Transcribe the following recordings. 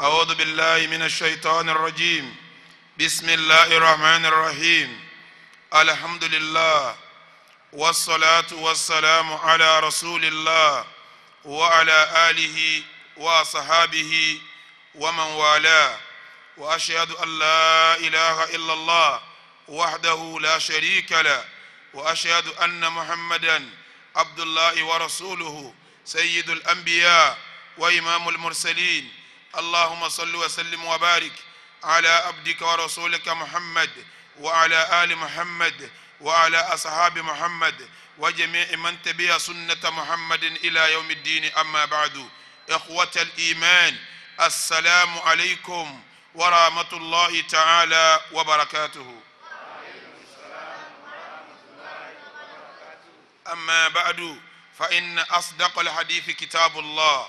أعوذ بالله من الشيطان الرجيم بسم الله الرحمن الرحيم الحمد لله والصلاة والسلام على رسول الله وعلى آله وصحابه ومن والاه وأشهد أن لا إله إلا الله وحده لا شريك له وأشهد أن محمدا عبد الله ورسوله سيد الأنبياء وإمام المرسلين اللهم صل وسلم وبارك على عبدك ورسولك محمد وعلى آل محمد وعلى أصحاب محمد وجميع من تبع سنة محمد إلى يوم الدين أما بعد إخوة الإيمان السلام عليكم ورحمة الله تعالى وبركاته أما بعد فإن أصدق الحديث كتاب الله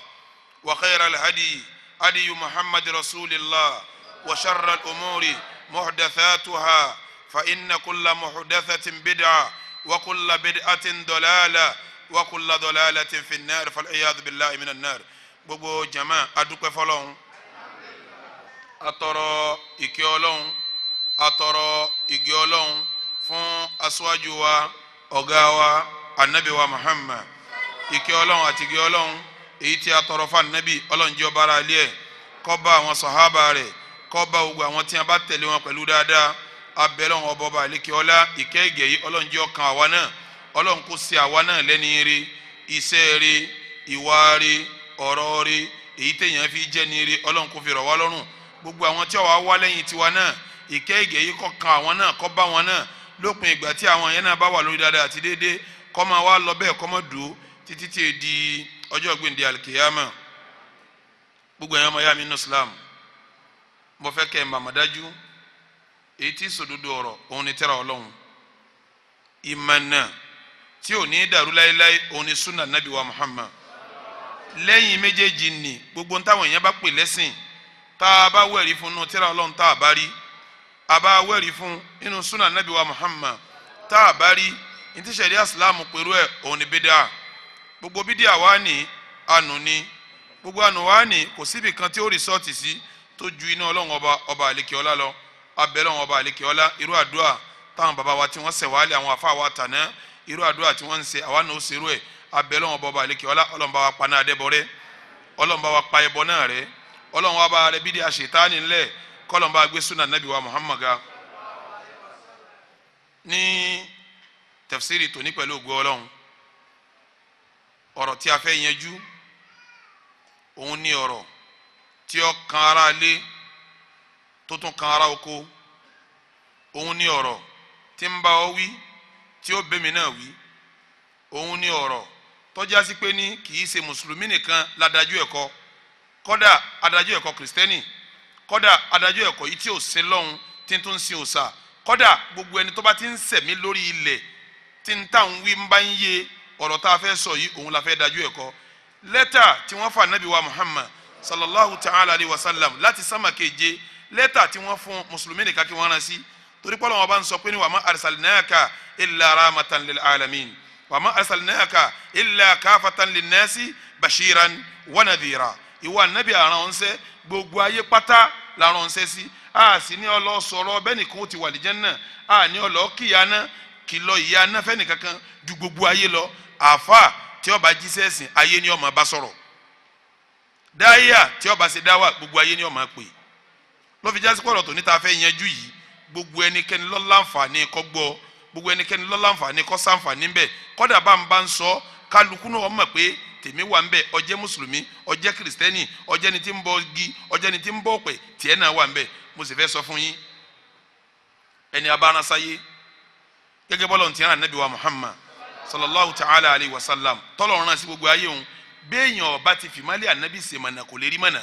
وخير الهدي هدي محمد رسول الله وشر الأمور محدثاتها فإن كل محدثة بدعة وكل بدعة ضلالة وكل ضلالة في النار فالعياذ بالله من النار gbogbo jama adúpẹ́ fọ́lọ́run atọrọ ìkẹ́ Ọlọ́run atọrọ ìgẹ́ Ọlọ́run fún aṣáájú wa ọ̀gá wa anabi wa Muhammad ìkẹ́ Ọlọ́run àti ìgẹ́ Ọlọ́run èyí tí a tọrọ fún anabi Ọlọ́run jẹ́ ọba ara ilé ẹ̀ kó bá àwọn sàhábà rẹ̀ kó bá gbogbo àwọn tí wọ́n bá tẹ̀lé wọn pẹ̀lú dáadáa abẹ́lẹ́ wọn ọba ọba àlékè ọlá ìkẹ́ ìgẹ̀ yìí ọlọ́run jẹ́ ọkàn àwa náà ọlọ́run kó ṣe àwa náà lẹ́ni rí iṣẹ́ rí ìwà rí ọ̀rọ̀ rí èyí téèyàn fi jẹ́ ni rí ọlọ́run kó fi rọ̀ wá lọ́rùn gbogbo àwọn tí ọ̀wá wá lẹ́yìn tiwa náà ìkẹ́ ìgẹ̀ yìí kọ́ kan àwọn náà kọ́ bá wọn náà lópin ìgbà tí àwọn yẹn náà bá wà lórí dáadáa àti déédéé kọ́ máa wá lọ bẹ́ẹ̀ kọ́ mọ́ dùn títí tí èdè ọjọ́ gbèǹde àlùkìyàmọ́ gbogbo ẹ̀yàn ọmọ ya mi nínú Islam mo fẹ́ kẹ́ ẹ̀ màmàdájú èyí tí sòdodo ọ̀rọ̀ òun ni tẹ́ra ọlọ́run ìmọ̀nà tí ò ní dàrú láéláé òun ni sunna nabi wa Muhammad lẹ́yìn méjèèjì ni gbogbo ń táwọn èèyàn bá pè lẹ́sìn tá a bá wẹ̀rí fún inú tẹ́ra ọlọ́run tá a bá rí a bá wẹ̀rí fún inú sunna nabi wa Muhammad tá a bá rí ní tíṣẹ̀rí àsìlámù pẹ̀lú ẹ̀ òun ni bídà gbogbo bídà wa ni ànú ni. gbogbo ànúwánì kò síbi kan tí ó rìsọ́ọ̀tì sí tó ju iná ọlọ́run ọba ọba àlekèọ́lá lọ abẹ́ ọba àlekèọ́lá irú àdúrà táwọn bàbá wa tí wọ́n ṣẹ̀ wálé àwọn ta wa tàná irú àdúrà tí wọ́n ń ṣe àwa náà ó ṣerú ẹ̀ abẹ́ ọba ọba àlekèọ́lá ọlọ́run bá wa pa náà dẹ́bọ ọlọ́run bá wa pa wa bá rẹ bídí àṣetáni ńlẹ̀ òun ní ọ̀rọ̀ tí ó kan ara ilé tó tún kan ara oko òun ní ọ̀rọ̀ tí ń bá ọ wí tí ó bẹ́mi náà wí òun ní ọ̀rọ̀ tọ́já sí pé ní kì í ṣe mùsùlùmí nìkan ládájú ẹ̀kọ́ kọ́dà adájú ẹ̀kọ́ kìrìsìtẹ́nì kọ́dà adájú ẹ̀kọ́ yìí tí ò sin lọ́hùn tí ń tún sin òòṣà kọ́dà gbogbo ẹni tó bá ti ń sẹ̀mí lórí ilẹ̀ tí ń tà wí ń bá ń yé ọ̀rọ̀ tá a fẹ́ sọ yìí òun la fẹ́ dájú ẹ̀kọ́ lẹ́tà tí wọ́n fà nábì wa Muhammad sallallahu ta'ala alayhi wa sallam láti sámà keje lẹ́tà tí wọ́n fún mùsùlùmí nìkan kí wọ́n rán sí torí pọ́lọ́ wọn bá ń sọ pé ní wàá ma illa rahmatan lil alamin wàá ma illa káfatan lil nasi bashiran wa ìwà nábì àrùn ọ̀nsẹ́ gbogbo ayé pátá làrùn ọ̀nsẹ́ sí a sì ní ọlọ́ sọ̀rọ̀ bẹ́ẹ̀ nìkan ó ti wà lìjẹ́ náà a ní ọlọ́ kíyà kìlọ̀ ìyá náà fẹ́ nìkankan ju gbogbo ayé lọ àfáà tí ó bá jíṣẹ́ sìn ayé ni ó máa bá sọ̀rọ̀ dáyà tí ó bá ṣe dáwà gbogbo ayé ni ó máa pè ló fi jásí pọ̀lọ̀ tó níta fẹ́ yanjú yìí gbogbo ẹnikẹ́ni ló láǹfààní kó gbọ́ gbogbo ẹnikẹ́ni ló láǹfààní kó ṣàǹfààní ń bẹ̀ kódà bá ń bá ń sọ kálukú náà mọ̀ pé tèmi wà ń bẹ̀ ó mùsùlùmí ó kìrìsìtẹ́nì ó ni tí ń bọ igi ó ni tí ń bọ ọ̀pẹ tiẹ̀ náà wà ń bẹ̀ mo sì fẹ́ sọ fún yín ẹni abárasáyé gẹ́gẹ́ bọ́lọ̀ ntìyàn ànábì Muhammad sallallahu ta'ala alayhi wa sallam tọ́lọ̀ rán sí gbogbo ayé òun béèyàn ọba ti fi ìmọ̀lẹ̀ ànábì ṣe mọ̀nà kò lè rí mọ̀nà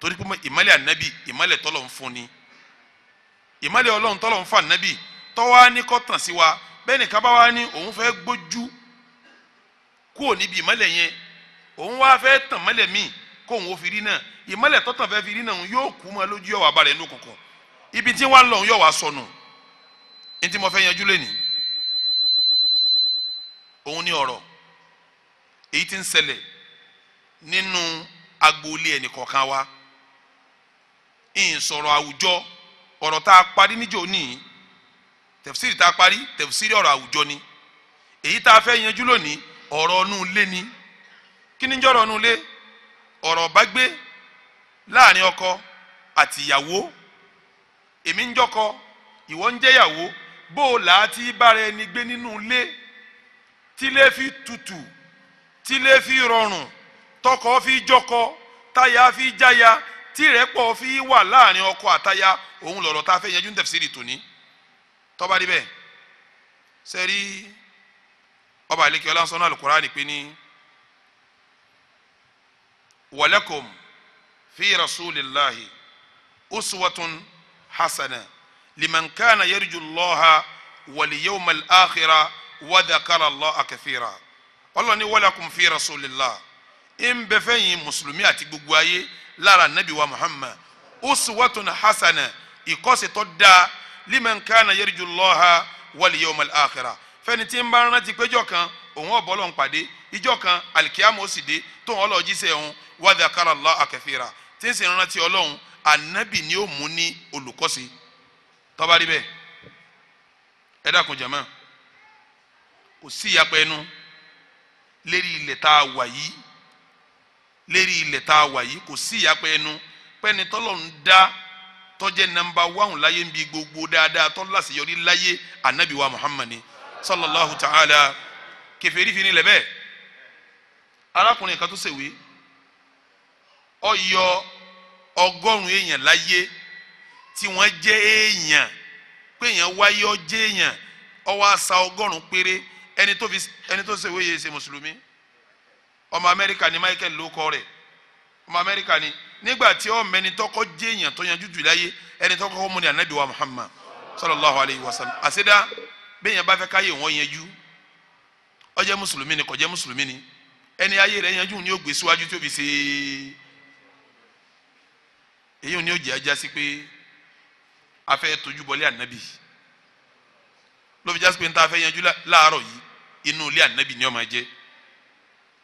torí pé ìmọ̀lẹ̀ ànábì ìmọ̀lẹ̀ tọ́lọ̀ ń fún ni ìmọ̀lẹ̀ ọlọ́run tọ́lọ̀ ń fún ànábì tọ́wá ní kọ́ tàn sí wa bẹ́ẹ̀ nìkan bá wá ní òun fẹ́ gbójú kúrò níbi ìmọ̀lẹ̀ yẹn òun wá fẹ́ tàn mọ́lẹ̀ míì kóun ó fi rí náà ìmọ̀lẹ̀ tọ́tàn fẹ́ fi rí náà yóò kú mọ́ lójú yọ̀wá balẹ̀ nínú kọ̀ọ̀kan ibi tí wọ́n ń lọ yọ̀wá sọnù ní tí mo fẹ́ yanjú lẹ́nìí òun ni ọ̀rọ̀ èyí ti ń ṣẹlẹ̀ nínú agboolé ẹnìkọ̀ọ̀kan wa ìsọ̀rọ̀ àwùjọ ọ̀rọ̀ tá a parí níjò ní tẹ̀fsírì tá a parí tẹ̀fsírì ọ̀rọ̀ àwùjọ ni èyí tá a fẹ́ yanjú lónìí ọ̀rọ̀ ọ̀nù ilé ni kí ni jọ̀rọ̀ ọ̀nù ilé ọ̀rọ̀ bá gbé láàrin ọkọ àti ìyàwó èmi ń jọkọ ìwọ ń jẹ́yàwó bó o là á ti bára ẹni gbé nínú ilé. tílé fi tutù tílé fi rọrùn tọkọ fi jọkọ táyà fi jáyà tìrẹ́pọ̀ fi wà láàrin ọkọ àtaya òun lọ̀rọ̀ tá a fẹ́ yanjú ní tẹ̀fsíìrì tòní tọ́ba dibẹ̀ sẹ́rí ọba àlekè ọlá ń sọ náà Al-Qur'ani pé ní walakum fi rasulillahi uswatun hasana liman kana yarju Allaha wa dhakara Allah kathira ọlọ́run ní walakum fi rasulillah ń bẹ fẹ́yìn mùsùlùmí àti gbogbo ayé lára nabi wa muhammad uswatun hasana ìkọ́sẹ̀ tó dáa liman kana yarju Allaha wal yawmal akhirah fẹ́ni tí ń bá rántí péjọ kan òun ọ̀bọ̀ lọ́n pàdé ìjọ kan alikiamu ó sì dé tóun ọlọ́ọ̀jísẹ́ òun wa dhakara Allah tí ń sì rántí ọlọ́run anabi ni ó mú ní olùkọ́sí tọ́ba rí bẹ́ẹ̀ ẹ kò sí ìyapa ẹnu lérí ilẹ̀ tá a wà yìí lérí ilẹ̀ tá a wà yìí kò sí ìyapa ẹnu pẹ́ni tọ́lọ́run dá tọ́jẹ́ nàmbà wáhùn láyé ń bi gbogbo dáadáa tọ́lá sì yọrí láyé ànábì wa Muhammad sallallahu ta'ala kẹfẹ́rí fi ni lẹ́bẹ̀ẹ́ arákùnrin kan tó ṣèwé ó yọ ọgọ́rùn-ún èèyàn láyé tí wọ́n jẹ́ èèyàn pé èèyàn wáyé ó èèyàn ó wá ọgọ́rùn péré ẹni tó fi ẹni tó ṣèwé yìí ṣe mùsùlùmí ọmọ amẹ́ríkà ni michael ló kọ rẹ̀ ọmọ amẹ́ríkà ni nígbà tí ọ mẹni tọkọ jẹ tó yanjú jù láyé ẹni tọkọ kọ mu ni anabi wa muhammad sallallahu alayhi wa sallam àṣedá bẹ́ẹ̀ yẹn bá fẹ́ káyé wọn yanjú ó jẹ́ mùsùlùmí ni kò jẹ́ mùsùlùmí ni ẹni ayé rẹ̀ yanjú ni ó gbé síwájú tó fi ṣe èyí ni ó jẹ́ ajá sí pé afẹ́ tójú bọ́lé anabi ló fi pé n ta fẹ́ yanjú láàárọ̀ yìí inú ilé ànábì ni ó máa jẹ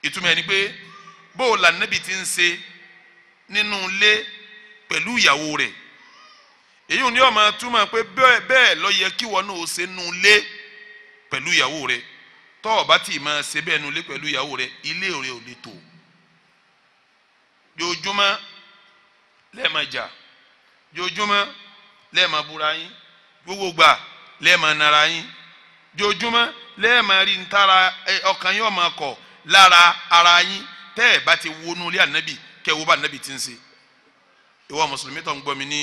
ìtumọ̀ ẹni pé bóò lànábì ti ń ṣe nínú ilé pẹ̀lú ìyàwó rẹ̀ èyí ni ó máa túmọ̀ pé bẹ́ẹ̀ bẹ́ẹ̀ ló yẹ kí wọn náà ó nínú ilé pẹ̀lú ìyàwó rẹ̀ tọ́ ọ bá tì máa ṣe bẹ́ẹ̀ nínú ilé pẹ̀lú ìyàwó rẹ̀ ilé rẹ̀ ò lè tò jojúmọ́ lẹ́ẹ̀mọ̀jà jojúmọ́ lẹ́ẹ̀mọ̀ yín gbogbo gbà lẹ́ẹ̀mọ̀ yín jojúmọ́ lẹ́ẹ̀mọ́ rí ntara ọkàn yóò máa kọ̀ lára ara yín tẹ́ ẹ̀ bá ti wọnú ilé ànábì kẹ́ ẹ̀ wo bá ànábì ti ń ṣe ìwọ mùsùlùmí tó ń gbọ́ mi ní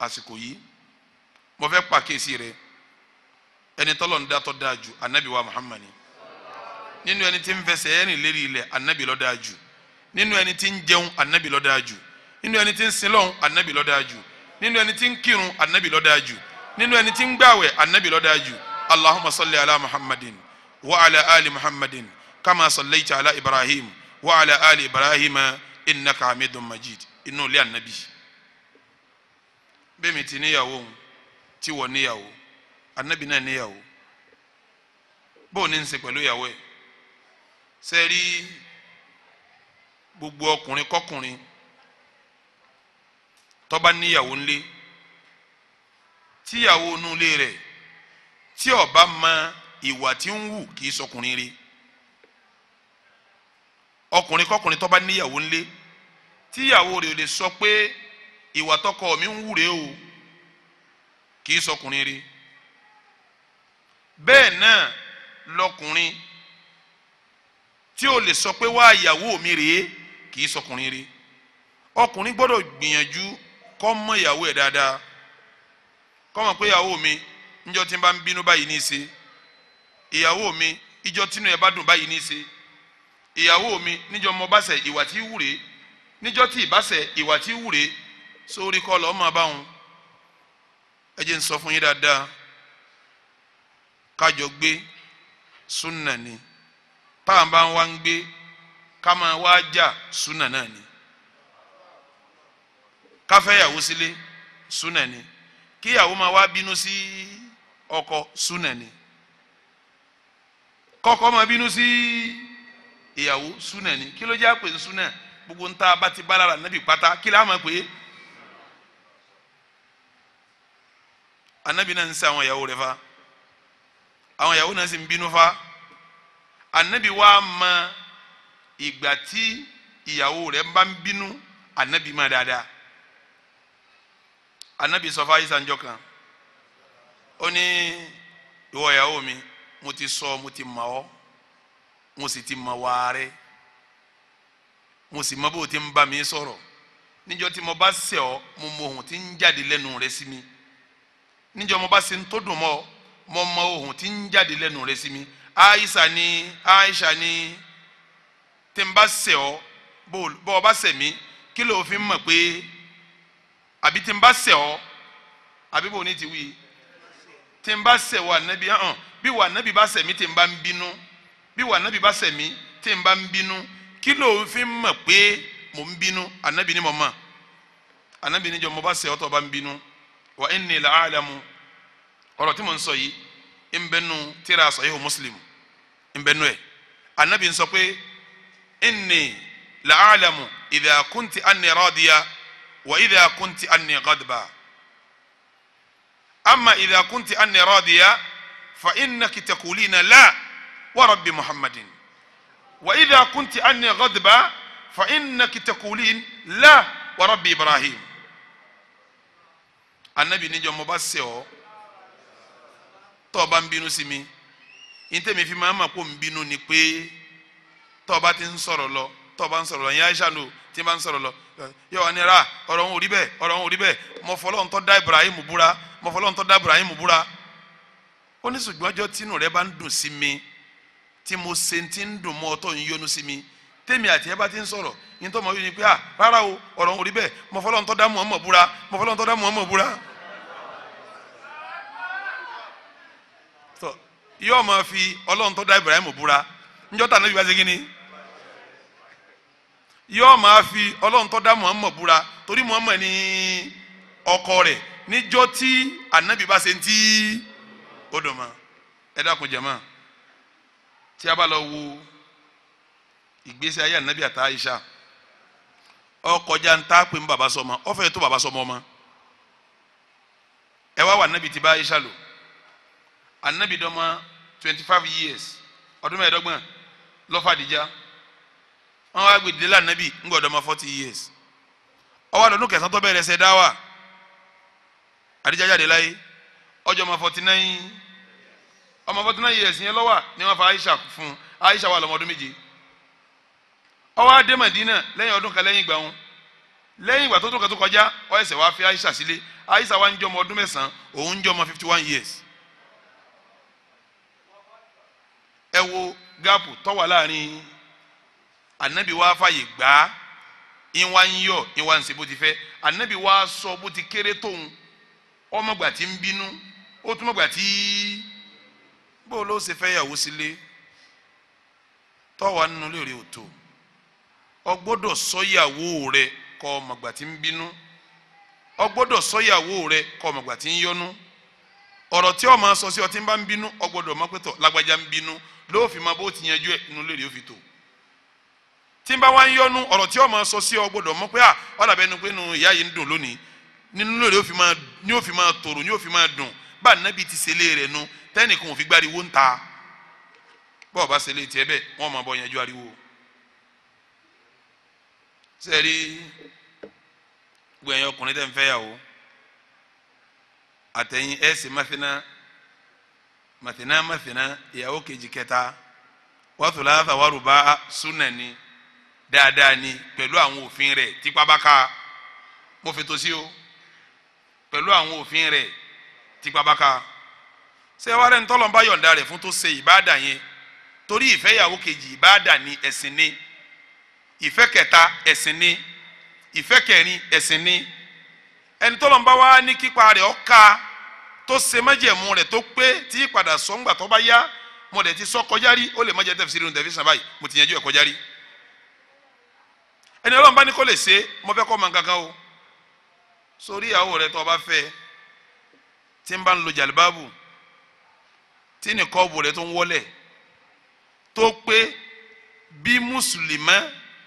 àsìkò yìí mo fẹ́ pàkíyèsí rẹ ẹni tọ́lọ̀ ń dátọ́ dáa jù ànábì wa Muhammad nínú ẹni tí ń fẹsẹ̀ ẹ̀rìn lérí ilẹ̀ ànábì ló dáa jù nínú ẹni tí ń jẹun ànábì ló dáa jù nínú ẹni tí ń sinlọ́hún ànábì ló dáa jù nínú ẹni tí ń kírun ànábì ló dáa jù nínú ẹni tí ń gbàwẹ̀ ànábì ló dáa jù اللهم صل على محمد وعلى آل محمد كما صليت على إبراهيم وعلى آل إبراهيم إنك حميد مجيد inú ilé ànábì bẹ́ẹ̀mi ti níyàwó òun tí wọ́n níyàwó ànábì náà níyàwó bóun ní ń ṣe pẹ̀lú ìyàwó ẹ̀ ṣe rí gbogbo ọkùnrin kọkùnrin tó bá níyàwó ńlé tíyàwó inú ilé rẹ̀ tí ọba mọ ìwà tí ń wù kì í sọkùnrin rí ọkùnrin kọkùnrin tó bá níyàwó ńlé tíyàwó rẹ̀ ò lè sọ pé ìwà tọkọ mi ń wù rèé o kì í sọkùnrin rí bẹ́ẹ̀ náà lọkùnrin tí ò lè sọ pé wá ìyàwó mi rèé kì í sọkùnrin rí ọkùnrin gbọ́dọ̀ gbìyànjú kó mọ ìyàwó ẹ̀ dáadáa kó mọ̀ pé ìyàwó mi níjọ́ tí n bá ń bínú báyìí ní í ṣe ìyàwó mi ìjọ́ tínú ẹ bá dùn báyìí ní í ṣe ìyàwó mi níjọ́ mo bá ṣe ìwà tí wúre níjọ́ tí ìbá ṣe ìwà tí wúre sórí kọ́ lọ́ọ́ máa bá ẹ jẹ́ ń sọ fún yín dáadáa kájọ gbé súnà ni táwọn bá ń wá ń gbé ká máa wá jà súnà náà ni káfẹ́yàwó sílé súnà ni kíyàwó máa wá bínú sí. Si ọkọ súnà ni ma máa bínú sí ìyàwó súnà ni kí ló jẹ́ àpè súnà gbogbo ń ta bá ti bá lára nàbì pátá kí lè máa pè é anabi náà ń sẹ àwọn ìyàwó rẹ̀ fa àwọn ìyàwó náà sì ń bínú fa anabi wa mọ ìgbà tí ìyàwó rẹ̀ bá ń bínú anabi má dáadáa anabi sọ fún ayisa njọ kan ó ní ìwọ ìyàwó mi mo ti sọ mo ti mọ̀ ọ́ mo sì ti mọ̀ wá rẹ mo sì mọ̀ bó o ti ń bá mi sọ̀rọ̀ níjọ́ tí mo bá ṣẹ̀ ọ́ mo mọ̀ ohun tí ń jáde lẹ́nu rẹ sí mi níjọ́ mo bá ṣe ń tó dùn mọ́ mo mọ̀ ohun tí ń jáde lẹ́nu rẹ sí mi aisha ni aisha ni tí n bá ṣẹ̀ ọ́ bó o bá ṣẹ̀ mí kí ló fi mọ̀ pé àbí tí n bá ṣẹ̀ ọ́ àbí bò ní ti wí tí n bá ṣẹ̀ wà nábì hàn bí wà nábì bá ṣẹ̀ mí tí n bá ń bínú bí wà nábì bá ṣẹ̀ mí tí n bá ń bínú kí ló fi mọ̀ pé mò ń bínú ànábì ni mo mọ̀ ànábì ni jọ mo bá ṣẹ̀ ọ́ tó bá ń bínú wa inni la alamu ọ̀rọ̀ tí mo ń sọ yìí ń bẹnu tíra Sahihu Muslim ń bẹnu ẹ̀ ànábì ń sọ pé inni la alamu idha kunti anni radiya wa idha kunti ama idha kunti anni radiya fa innaki taqulina la wa rabbi muhammadin wa idha kunti anni ghadba fa innaki taqulin la wa rabbi ibrahim anabi níjọ mo bá ṣe ọ tó o bá ń bínú sí mi ní tèmi fi máa ma kó ń bínú ni pé tó o bá ti ń sọ̀rọ̀ lọ tó bá ń sọ̀rọ̀ lọ ìyá Aisha nù tí bá ń sọ̀rọ̀ lọ yóò wá ní ra ọ̀rọ̀ òun ò rí bẹ́ẹ̀ ọ̀rọ̀ òun ò rí bẹ́ẹ̀ mo fọlọ́run tó dá Ibrahim búra mo fọlọ́run tó dá Ibrahim búra ó ní ṣùgbọ́n ọjọ́ tínú rẹ bá ń dùn sí mi tí mo ṣe ti ń dùn mọ́ ọ tó ń sí mi tèmi àti ẹ bá ti ń sọ̀rọ̀ yín tó mọ̀ yín ni pé à rárá o ọ̀rọ̀ òun ò rí bẹ́ẹ̀ mo fọlọ́run tó dá Muhammad búra mo fọlọ́run tó dá Muhammad búra. yóò máa fi ọlọ́run tó dá Ibrahim búra yóò máa fi ọlọ́run tó dá muhammed búra torí muhammed ní ọkọ rẹ̀ níjọ́ tí anabi bá ṣe ń tí ó dùn mọ́ ẹ dákun jẹ̀mọ́ tí a bá lọ wo ìgbésí ayé anabi àti aisha ọkọjá ń tá pé ń bàbá sọmọ ọfẹ tó bàbá sọmọ ọmọ ẹ wá wà anabi ti bá aisha lò anabi dọ́mọ twenty five years ọdún mẹ́ẹ̀ẹ́dọ́gbọ̀n lọ́fàdíjà. wọn wá gbèdé lànàbì ńgbà ọ̀dọ́ ọmọ forty years ọwọ́ àdọ́dún kẹsàn tó bẹ̀rẹ̀ ṣẹ̀ dáwà àdíjà láyé ọjọ́ ọmọ forty nine ọmọ forty nine years yẹn lọ́wà ni wọ́n fa Aisha fún Aisha wà lọ́mọdún méje ọdún kan ìgbà kọjá fi Aisha wa ń ọdún òun ń fifty one years ẹ wo anabi wa yi gbaa á ìwà ń yọ ìwà bó ti fẹ anabi wa sọ bó ti kéré tóun ọmọgbà tí ń bínú ó tún mọ̀gbà ti bó ló ṣe si yàwó sílé tọ́wọ́ nínú lè òtò ọ gbọ́dọ̀ sọ́yàwó rẹ kọ́ ọmọgbà tí ń bínú ọ gbọ́dọ̀ sọ́yàwó rẹ kọ́ ọmọgbà tí ń yọnu tí sọ sí ọtí bá ń bínú ọ gbọ́dọ̀ lágbájá ń bínú máa bó ti yanjú nínú tí n bá wá ń yọnu ọ̀rọ̀ tí ọmọ sọ sí ọ gbọdọ̀ mọ̀ pé à ọ̀là bẹ́ẹ̀ ni pé nu ìyá yìí ń dùn lónìí nínú lórí ó fi máa ní ó fi máa tòrò ní ó fi máa dùn bá nábì ti ṣe lé rẹ̀ nu tẹ́nìkan ò fi gbá ariwo ń ta bọ́ọ̀ bá ṣe lé tiẹ̀ bẹ́ẹ̀ wọ́n máa bọ̀ yanjú ariwo. sẹ́ẹ̀rí gbẹ̀yìn ọkùnrin tẹ́ ń fẹ́ yàwó àtẹ̀yìn ẹ̀ sì máfínà màtínà máfínà ìyàwó kejì kẹta wàtúlá àtàwárùbá súnà ni dáadáa ni pẹ̀lú àwọn òfin rẹ̀ tipa bá ka mo fètò sí o pẹ̀lú àwọn òfin rẹ̀ tipa bá ka ṣé wàá rẹ̀ ń tọ́lọ̀ ń bá yọ̀ǹda rẹ̀ fún tó ṣe ìbáàdà yẹn torí ìfẹ́ ìyàwó kejì ìbáàdà ni ẹ̀sìn ni ìfẹ́ kẹta ẹ̀sìn ni ìfẹ́ kẹrin ẹ̀sìn ni ẹni tọ́lọ̀ ń bá wá ní kípa rẹ̀ ọ̀ka tó ṣe májẹ̀mú rẹ̀ tó pé tí padà sọ́ngbà tó bá yá mo dẹ̀ ti sọ kọjá rí ó lè má jẹ́ tẹ̀fisiri báyìí mo ti yẹjú ẹ̀ kọjá rí ẹni ọlọ́run bá ní kó lè ṣe mo fẹ́ kọ́ ọmọ nǹkan kan o sórí ìyàwó rẹ tó o bá fẹ́ tí ń bá ń lo jàlibáàbù tí nìkọ́ọ̀bù rẹ tó ń wọlẹ̀ tó pé bí mùsùlùmá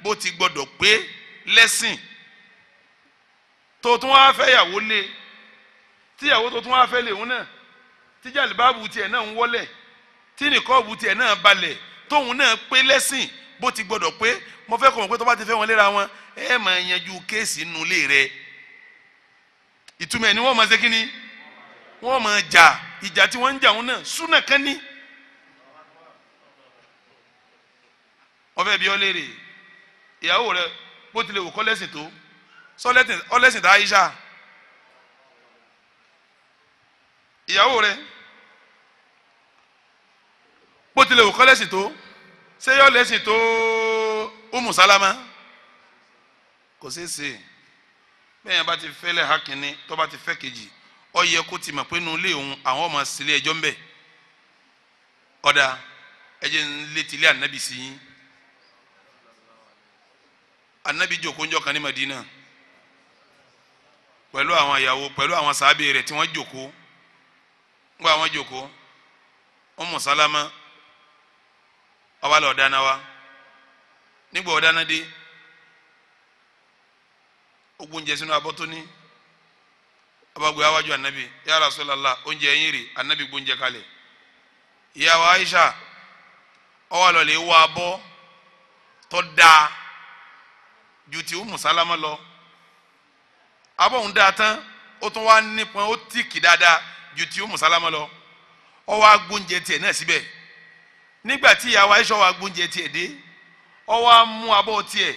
bó ti gbọdọ̀ pé lẹ́sìn tó tún wá fẹ́ yàwó lé tíyàwó tó tún wá fẹ́ lèun náà tí jàlibáàbù tiẹ̀ náà ń wọlẹ̀ tí nìkọ́ọ̀bù tiẹ̀ náà balẹ̀ tóun náà pé lẹ́sìn bó ti gbọdọ̀ pé mo fẹ́ kọ̀ mọ̀ pé tó bá ti fẹ́ wọn léra wọn ẹ máa yanjú kéèsì nínú ilé rẹ ìtumọ̀ ẹ̀ ni wọ́n máa ṣe kínní wọ́n máa jà ìjà tí wọ́n ń jà wọn náà súnà kan ní. ọfẹ bí ọ léèrè ìyàwó rẹ bó tilẹ̀ wò kọ́lẹ́sìn tó ọlẹ́sìn tá Aisha ìyàwó rẹ bó tilẹ̀ wò kọ́lẹ́sìn tó ṣé yọ lẹ́sìn tó umu salama kò ṣeé ṣe bẹ́ẹ̀ bá ti fẹ́ lẹ́ha kínní tó bá ti fẹ́ kejì ó yẹ kó ti mọ̀ pé inú ilé òun àwọn ọmọ sílé ẹjọ́ ń bẹ̀ ọ̀dà ẹjẹ́ ń lé tilé ànábì sí yín ànábì jókòó njọ́ kan ní Madina pẹ̀lú àwọn ìyàwó pẹ̀lú àwọn sàábì rẹ̀ tí wọ́n jókòó ń gbọ́ àwọn jókòó Ummu Salama ọba lọ dáná wa nígbà ọ̀dáná dé ogun oúnjẹ sínú abọ́ tó ní ọba gbé awájú anabi ya Rasulullah oúnjẹ ẹ̀yìn rè anabi gbóúnjẹ kalẹ̀ ìyá wa Aisha ọwọ́ lọ lè wọ abọ́ tó dáa ju ti Umu Salama lọ abọ́ òun dáa tán ó tún wá nípọn ó tìkì dáadáa ju ti Umu Salama lọ ọwọ́ agbóúnjẹ tiẹ̀ náà síbẹ̀ nígbà tí ìyàwó aṣọ wa gbóúnjẹ tiẹ̀ dé ọwọ́ á mú abọ́ tiẹ̀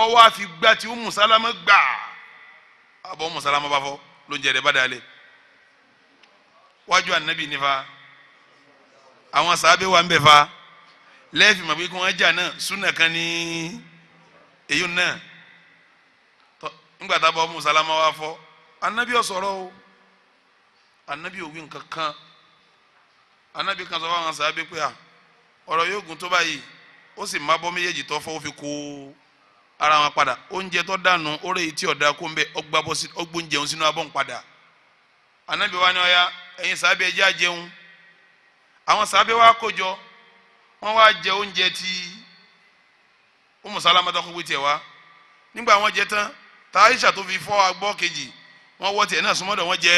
ọwọ́ á fi gbá tí Ummu Salama gbà abọ́ Ummu Salama bá fọ́ lóúnjẹ rẹ̀ bá dalẹ̀ wájú ànábì nífa àwọn sàábẹ̀ wa ń bẹ̀ fa lẹ́ẹ̀fì mọ̀ pé kí wọ́n jà náà súnà kan ní èyí náà ńgbà bọ́ Ummu Salama wa fọ́ ànábì ò sọ̀rọ̀ o ànábì ò wí nǹkan ànábì kan sọ fún àwọn sàábẹ̀ pé à. ọ̀rọ̀ yóò gùn tó báyìí ó sì má bọ́ méjèèjì tó fọ́ ó fi kó ara wọn padà oúnjẹ tó dànù ó rèé tí ọ̀dà kó ń bẹ ọgbà bọ́ ọgbọ́n jẹun sínú abọ́ padà anabi wa ni ọya ẹ̀yin sábẹ́ ẹjẹ́ àjẹun àwọn sábẹ́ wa kójọ wọ́n wá jẹ oúnjẹ tí Umu Salama tó kó gbé tiẹ̀ wá nígbà wọ́n jẹ tán ta taisha tó fi fọ́ agbọ́ kejì wọ́n wọ́ tiẹ̀ náà súnmọ́dọ̀ wọ́n jẹ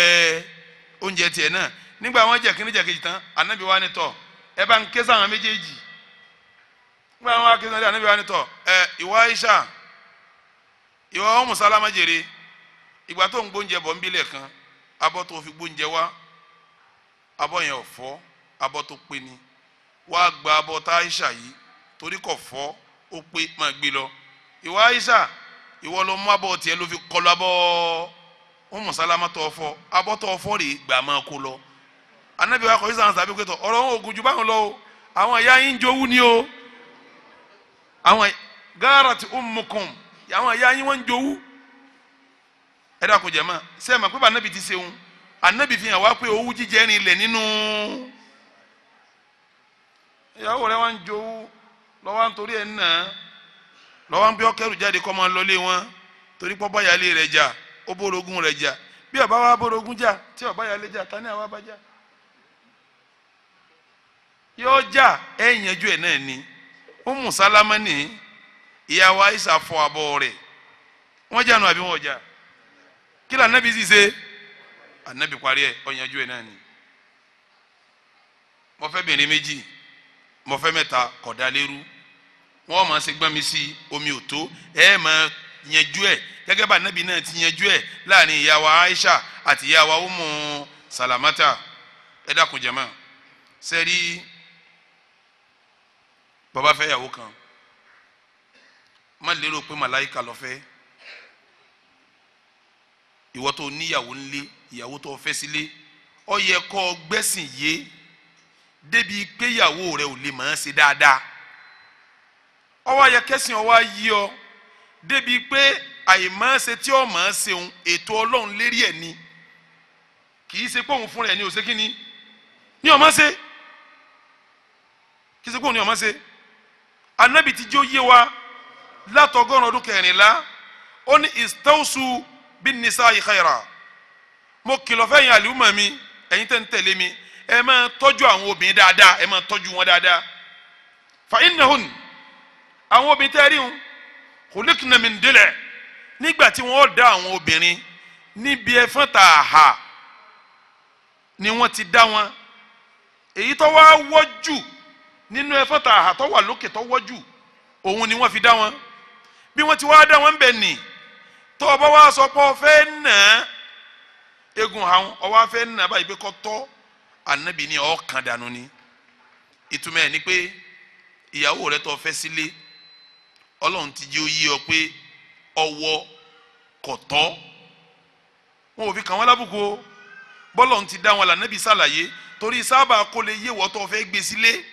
oúnjẹ tiẹ̀ náà nígbà wọ́n jẹ kíní kejì tán anabi wa ni tọ́ ẹ bá ń ké sáwọn méjèèjì nígbà wọn ké sáwọn anábìyà ni tọ ẹ ìwọ Aisha ìwọ ọmọ sálámà jèrè ìgbà tó ń gbóúnjẹ bọ̀ ń bílẹ̀ kan abọ́ tó fi gbóúnjẹ wá abọ́ yẹn ò fọ́ abọ́ tó pé ni wàá gba abọ́ tá Aisha yìí torí kò fọ́ ó pé máa gbé lọ ìwọ Aisha ìwọ ló mú abọ́ tiẹ̀ ló fi kọlu abọ́ ọmọ sálámà tó fọ́ abọ́ tó fọ́ rèé gbà máa kó lọ anabi wa kọjú sàn sàbí pẹtọ ọ̀rọ̀ wọn ògùn ju báwọn lọ o àwọn ìyá yín jowú ni o àwọn gaarat ummukum àwọn ìyá yín wọn jowú ẹ dà kó jẹ mọ anabi ti ṣeun anabi fi hàn wá pé owú jíjẹ ni ilẹ̀ nínú ìyàwó rẹ wọn jowú lọ́wọ́ nítorí ẹ̀ ń nà lọ́wọ́ ń bí ọkẹ́rù jáde kọ́ máa lọlé wọn torí pọ́ báyà lé rẹ̀ jà ó bórogún rẹ̀ jà bí ọba wa bórogún jà tí ọba yà jà ta àwa bá jà yóò jà ẹ yanjú ẹ náà ni Ummu Salama ni ìyàwó Aisha fọ abọ́ rẹ̀ wọ́n jà nù àbí wọ́n jà kí ló anabi sì ṣe anabi parí ẹ ọ yanjú ẹ náà ni mo fẹ́ bìnrin méjì mo fẹ́ mẹ́ta kọ̀dá lérú wọ́n máa ṣe gbọ́n mi sí omi ò ẹ máa yanjú ẹ gẹ́gẹ́ bá anabi náà ti yanjú ẹ láàrin ìyàwó Aisha àti ìyàwó Ummu Salamata ẹ dákun jẹ́ mọ́ sẹ́rí bàbá fẹ́ yàwó kan má lérò pé màláìka lọ fẹ́ ìwọ tó níyàwó ńlé ìyàwó tó fẹ́ sílé ó yẹ kó o gbẹ́sìn yé débi pé ìyàwó rẹ ò lè máa ṣe dáadáa ó wá yẹ kẹ́sìn ó ọ débi pé àìmọ̀ọ́ṣe tí ó mọ̀ọ́ ṣeun ètò ọlọ́run lérí ẹ̀ ni kì í ṣe pé òun fúnra ẹ̀ ni ò ṣe ni ní ọmọ ṣe kì í ṣe pé òun ni ọmọ ṣe anabi ti jó yé wa látọgọ́rùn ọdún kẹrìnlá ó ní istawsu bin nisa'i khayra mo kìlọ̀ fẹ́yìn àlùmọ̀ mi ẹ̀yin tẹ́ ń tẹ̀lé mi ẹ máa tọ́jú àwọn obìnrin dáadáa ẹ máa tọ́jú wọn dáadáa fa inahun àwọn obìnrin tẹ́ rí wọn khuliqna min dilẹ̀ nígbà tí wọ́n dá àwọn obìnrin níbi ẹ̀fọn tààhà ni wọ́n ti dá wọn èyí tó wá wọ́jú nínú ẹfọ́ ta àhàtọ́ wà lókè tó wọ́jú òun ni wọ́n fi dá wọn bí wọ́n ti wá dá wọn bẹ̀ nì tó ọba wa sọ pé ọ fẹ́ nà á egun àwọn ọwọ́ afẹ́ nà á báyìí pé kọ́ tọ́ ànábì ní ọ̀kan dànù ni ìtumọ̀ ẹ̀ ni pé ìyàwó rẹ tó fẹ́ sílé ọlọ́run ti jẹ́ ó yí ọ pé ọwọ́ kò tọ́ wọn ò fi kàn wọ́n lábùkù bọ́lọ̀ ń ti dá wọn lànàbì sàlàyé torí sábà kó lè yé wọ́tọ̀ fẹ́ gbé sílé. Si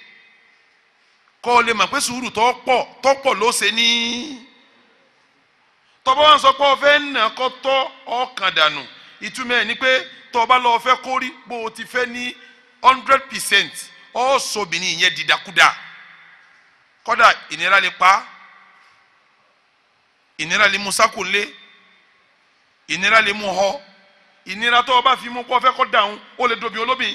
kọ́ ọ lè mọ̀ pé sùúrù tó pọ̀ tó pọ̀ ló ṣe ní. tọ́ba wọn sọ pé ọfẹ́ nà kọ́ tọ́ ọkàn dànù ìtumọ̀ ẹ̀ ni pé tọ́ba lọ fẹ́ kórí bó o ti fẹ́ ní hundred percent ọ̀ọ́sọ̀bìnrin yẹn dìdàkudà kọ́dà ìnira lè pa ìnira lè mú sákòlé ìnira lè mú họ ìnira tó o bá fi mú kó o fẹ́ kọ́ dàrún ó lè dobi olóbìn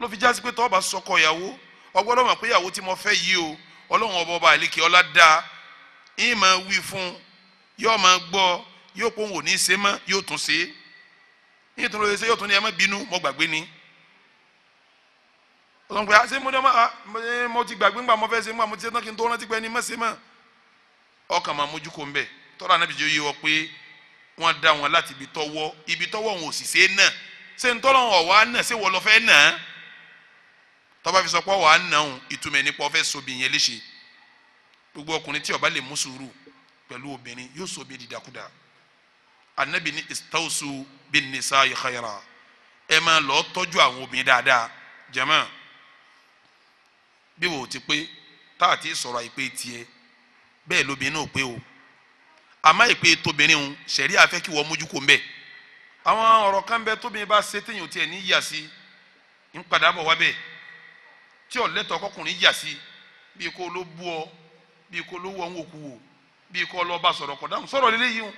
ló fi jásí pé tó o sọkọ ìyàwó ọgbọ́dọ̀ mọ̀ pé ìyàwó tí mo fẹ́ yìí o ọlọ́run ọba ọba àlekè ọlá dá yín máa wí fún yóò máa gbọ́ yóò pọ̀ wò ní í ṣe mọ́ yóò tún ṣe yín tún lóye ṣe yóò tún ní ẹ má bínú mo gbàgbé ni ọlọ́run pé àṣé ah, ah, mo ti gbàgbé ńgbà mo fẹ́ ṣe ńgbà mo ti ṣe tán kí n tó rántí pé ẹni má ṣe mọ́ ọkàn máa mójú kó ń bẹ̀ tọ́lá náà bìjọ́ yé wọ pé wọ́n dá wọn láti ibi tọ́wọ́ ibi tọ́wọ́ wọn ò sì ṣe é náà ṣé ń tọ́lọ́ wọn ọ̀wá náà ṣé wọ́n lọ fẹ́ náà tọ́ba fi sọ pé wàá nàún ìtumọ̀ ẹni pé ọfẹ́ sobi yẹn léṣe gbogbo ọkùnrin tí ó bá lè mú sùúrù pẹ̀lú obìnrin yóò sobi dìdàkudà anabi ní istawsu bin nisa'i khayra ẹ máa lọ tọ́jú àwọn obìnrin dáadáa jẹ́mọ́ bí wò ó ti pé tá a ti sọ̀rọ̀ àìpé tiẹ̀ bẹ́ẹ̀ lóbìnrin náà pé o àmọ́ ìpè tóbìnrin ń ṣẹ̀rí àfẹ́ kí wọ́n mójú kó ń bẹ̀ àwọn ọ̀rọ̀ kan bẹ tóbìnrin bá ṣe téèyàn tiẹ̀ ní yíyà sí ń padà bọ̀ wá bẹ́ẹ̀ tí ò lẹ́tọ̀ ọkọkùnrin yà sí bí kò ló bú ọ bí kò ló wọ òun òkú wò bí kò lọ bá sọ̀rọ̀ kọ̀ dáhùn sọ̀rọ̀ lélẹ́yìí o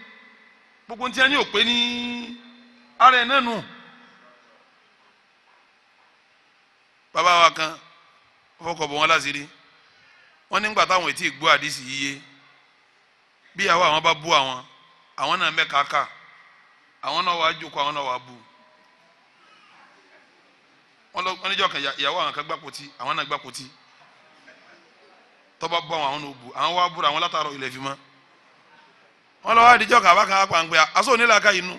gbogbo ntí a ní òpè ní ara ẹ̀ náà nù. bàbá wa kan fọkọ̀ bọ̀ wọn láṣìírí wọ́n nígbà táwọn ètí ìgbó àdìsí yíyé bí àwọn àwọn bá bú àwọn àwọn náà mẹ́ka ká àwọn náà wàá jókòó àwọn náà wàá bú wọ́n níjọ́ kan ìyàwó àwọn kan gbàpò tí àwọn náà gbàpò tí tọ́ba bọ́ àwọn náà bu àwọn wá búra àwọn látàrọ ilẹ̀ fi mọ́ wọ́n lọ́wọ́ àdìjọ́ kan àbákan apá ń pè aṣọ onílàka inú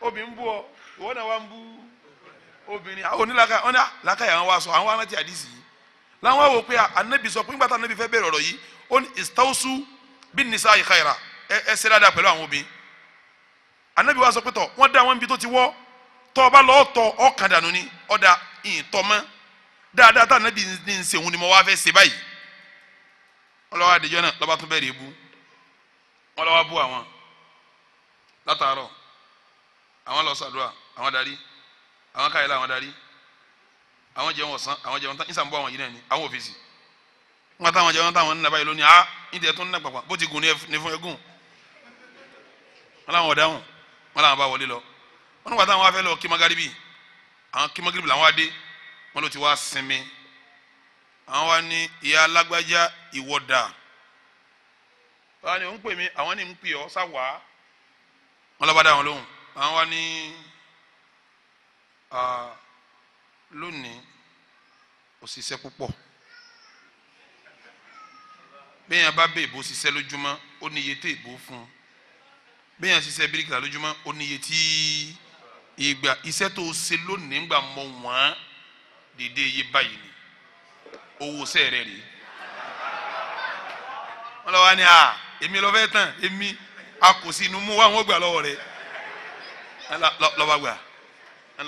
obìnrin bú ọ ìwọ náà wá ń bú obìnrin àwọn onílàka wọn náà làkàyà wọn wá sọ àwọn arántí àdìsí yìí làwọn wò pé anabi sọ pé nígbà tá anabi fẹ́ bẹ̀rẹ̀ ọ̀rọ̀ yìí ó ní ìsítàwùsù bí nìsa ìkàyàrà ẹ ṣe dáadáa pẹ̀lú àwọn obìnrin anabi wá sọ pé tọ̀ wọ́n dá wọn bí tó ti wọ́ tọ́ ọba lọ́ọ́ tọ ọkàn dànù ni ọ̀dà ìtọ́mọ́ dáadáa tá ànábì ní ń sèwọ́n ni mo wá fẹ́ ṣe báyìí ọlọ́wọ́ àdéjọ́ náà lọ́ba tún bẹ̀rẹ̀ ebú ọlọ́wọ́ bú àwọn látàárọ̀ àwọn lọ sàdúrà àwọn darí àwọn káyọ̀lá àwọn darí àwọn jẹun ọ̀sán àwọn jẹun tán ìsàmbọ̀ àwọn yìí náà ni àwọn òfìsì wọn táwọn jẹun táwọn nínú abáyé lónìí ah ní tiẹ̀ tó nínú pàpà bó ti gùn ní fún ẹgùn wọn làwọn ọ̀dáhùn wọn làwọn bá wọlé lọ wọn nígbà táwọn afẹ́ lọ kí magaribi àwọn kí mọ́gírìbì làwọn wá dé wọ́n ló ti wá sinmi àwọn wá ní ìyá alágbájá ìwọ́dà wọ́n ní ò ń pè mí àwọn ní ń pè ọ́ sáwà wọ́n lọ́ bá dá àwọn lóhùn àwọn wá ní lónìí òṣìṣẹ́ púpọ̀ bẹ́ẹ̀ yẹn bá bẹ́ẹ̀ bó ṣiṣẹ́ lójúmọ́ ó ní iye tẹ́ ìbò fún un bẹ́ẹ̀ yẹn ṣiṣẹ́ bíríkìlà lójúmọ́ ó ní iye tí. Tí ìgbà iṣẹ́ tó ṣe lónìí ńgbà mọ wọ́n dìde iye báyìí ni owó sẹ́ rẹ̀ rèé wọ́n lọ́wọ́ ni à èmi lọ fẹ́ tán èmi a kò sí inú mú wa wọ́n gbà lọ́wọ́ rẹ̀ lọ́ba gbà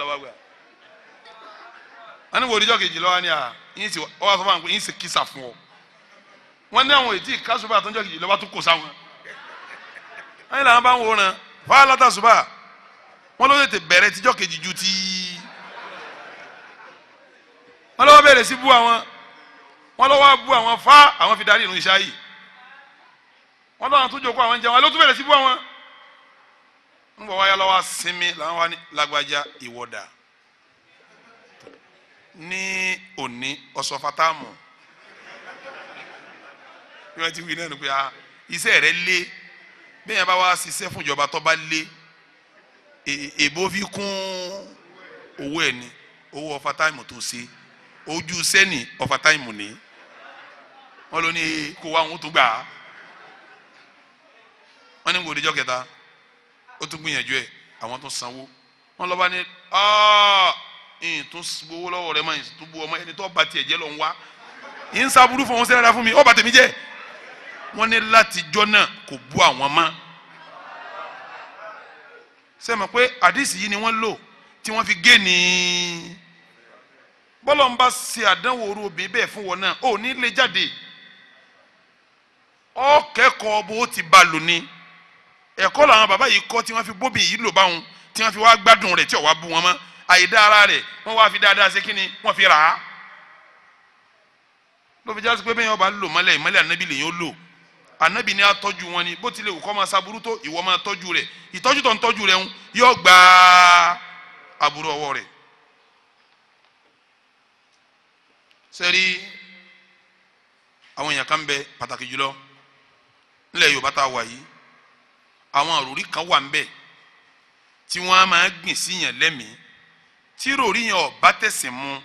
lọ́ba gbà wọ́n ní wo oníjọ́ kejì lọ́wọ́ ni à yín sì ọ wá fún ọ wọ́n ní àwọn ètí kásùbà àtọ́jọ́ kejì lọ́ba tó kò sáwọn wọ́n ní làwọn bá ń wòran fáwọn látàsùbà wọ́n ló tètè bẹ̀rẹ̀ tíjọ́ kejì ju ti wọ́n lọ́wọ́ bẹ̀rẹ̀ sí bú àwọn wọ́n lọ́wọ́ bú àwọn fá àwọn fi darí ìrun ìṣá yìí wọ́n lọ́wọ́ tó jókòó àwọn jẹun alótú bẹ̀rẹ̀ sí bú àwọn ń bọ̀ wáyà lọ́wọ́ sinmi làwọn wá ní lágbájá ìwọ́dà ní òní ọsọ bí wọ́n ti wí náà ni pé ah, iṣẹ́ rẹ̀ lé bí yẹn bá wá ṣiṣẹ́ fún ìjọba tó bá lé. E, èbó fi kún owó ẹ̀ ni owó ọ̀fà táìmù tó ṣe ojú sẹ́ni ọ̀fà táìmù ni wọ́n ló ní kó wá òun tó gbà á wọ́n ní kò díjọ́ kẹta ó tún gbìyànjú ẹ̀ àwọn tó sanwó wọ́n lọ́ba ní ẹ̀ẹ́n tó gbowó lọ́wọ́ rẹ̀ mọ́ ẹ̀yìn tó bu ọmọ ẹni tó bá tiẹ̀ jẹ́ lọ́n wá yín sábúrú fún wọn sẹ́ra fún mi ó bá tèmi jẹ́ wọ́n ní látijọ́ náà kò bú àwọn mọ́ sẹ́mi pé àdìsí yìí ni wọ́n lò tí wọ́n fi gé ní bọ́lọ̀ ń bá ṣe àdánwò orú obìnrin bẹ́ẹ̀ fún wọn náà ò ní lè jáde ọ kẹ́kọ̀ọ́ bó ti bá lò ní ẹ̀kọ́ làwọn bàbá yìí kọ́ tí wọ́n fi bóbì yìí lò báwọn tí wọ́n fi wá gbádùn rẹ̀ tí ò wá bú wọn mọ́ àyèdá ara rẹ̀ wọ́n wá fi dáadáa ṣe kí ni wọ́n fi rà á ló sí pé bẹ́ẹ̀ yẹn ọba lò mọ́lẹ̀ ìmọ́lẹ̀ ànábì lèyìn ó lò anabi ni atọ́jú wọn ni bó tilẹ̀ òkọ́ máa saburú tó ìwọ máa tọ́jú rẹ̀ ìtọ́jú tó ń tọ́jú rẹ̀ ń yọ gba aburú ọwọ́ rẹ̀ sẹ́rí àwọn èèyàn kan bẹ pàtàkì jùlọ nílẹ̀ Yorùbá tá a wà yìí àwọn àròrí kan wà ń bẹ tí wọ́n á máa gbìn síyàn lẹ́mìí tí ròrí yẹn ọ̀bá tẹ̀sìn mu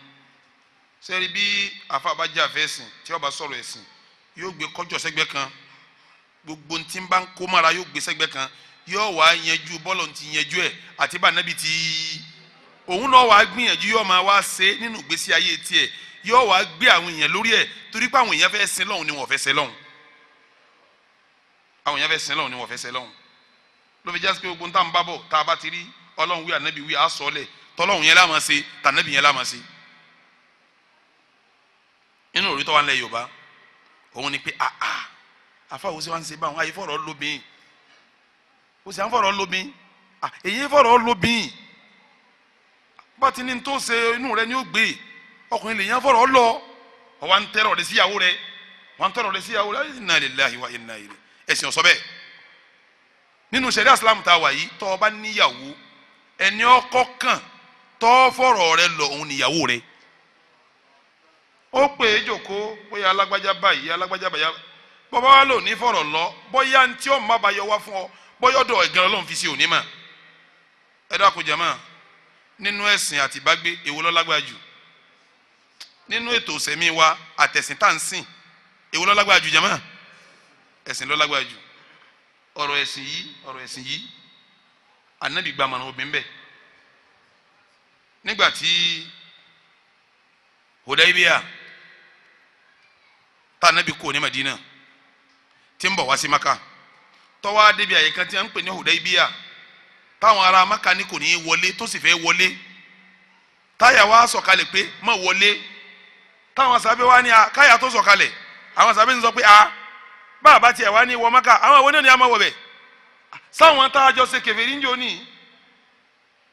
sẹ́rí bí afábájá fẹ́ sìn tí ọba sọ̀rọ̀ ẹ̀sìn yóò gbé kọjọ́ sẹ́gbẹ́ kan gbogbo ntí bá ń kó mọ́ra yóò gbé sẹ́gbẹ́ kan yóò wá yanjú bọ́lọ̀ ti yanjú ẹ̀ àti bá nábì tí òun náà wàá gbìyànjú yóò máa wá ṣe nínú ìgbésí ayé tiẹ̀ yóò wàá gbé àwọn èèyàn lórí ẹ̀ torí pé àwọn èèyàn fẹ́ sin lọ́hùn ni wọ́n fẹ́ sin lọ́hùn àwọn èèyàn fẹ́ sin lọ́hùn ni wọ́n fẹ́ sin lọ́hùn ló fi jásí pé gbogbo ntá ń bá bọ̀ tá a bá ti rí ọlọ́run wí ànábì wí àsọ̀ọ́lẹ̀ tọ́lọ́hùn yẹn láàmú ṣe tànábì yẹn láàmú ṣe nínú òrítọ́ wa ń lẹ Yorùbá òun ni pé àà àfa òsè wa ń ṣe báwọn àyè fọ̀rọ̀ lóbìn òsè à ń fọ̀rọ̀ lóbìn à èyí fọ̀rọ̀ lóbìn bá ti ní tó ṣe inú rẹ ni ó gbé ọkùnrin lè yàn fọ̀rọ̀ lọ ọwọ́ à ń tẹ́rọ̀ rẹ síyàwó rẹ wọ́n ń tẹ́rọ̀ rẹ síyàwó rẹ inna lillahi wa inna ilayhi ẹ̀sìn ọ̀sọ́ bẹ́ẹ̀ nínú sẹ̀rí àsìlámù tá a wà yìí tọ́ ọ bá níyàwó ẹni ọkọ kàn tọ́ fọ̀rọ̀ rẹ lọ òun níyàwó rẹ ó pè é jòkó bóyá alágbájá báyìí alágbájá báyìí bọ́bá wa lò ní fọ̀rọ̀ lọ bóyá ntí ọ̀ má ba yọ wá fún ọ bóyá ọ̀dọ̀ ẹ̀gán ọlọ́run fi sí òní mà ẹ dákun jàmá nínú ẹ̀sìn àti ìbágbé èwo ló jù nínú ètò ìsẹ̀mí wa àtẹ̀sìn tá à ń sìn èwo ló jù ẹ̀sìn tí ń bọ̀ wá sí maka tọ́wọ́ débi àyè kan tí wọ́n ń pè ní Hudaybiya táwọn ará maka ní kò ní í wọlé tó sì fẹ́ wọlé táyà wa sọ̀kalẹ̀ pé má wọlé táwọn sábẹ́ wa ní a káyà tó sọ̀kalẹ̀ àwọn sábẹ́ ń sọ pé a bàbá tiẹ̀ wá ní wọ maka àwọn àwọn oníyanì àmọ́ wọ̀ bẹ̀ sáwọn tá a jọ ṣe kèfèrí ń jò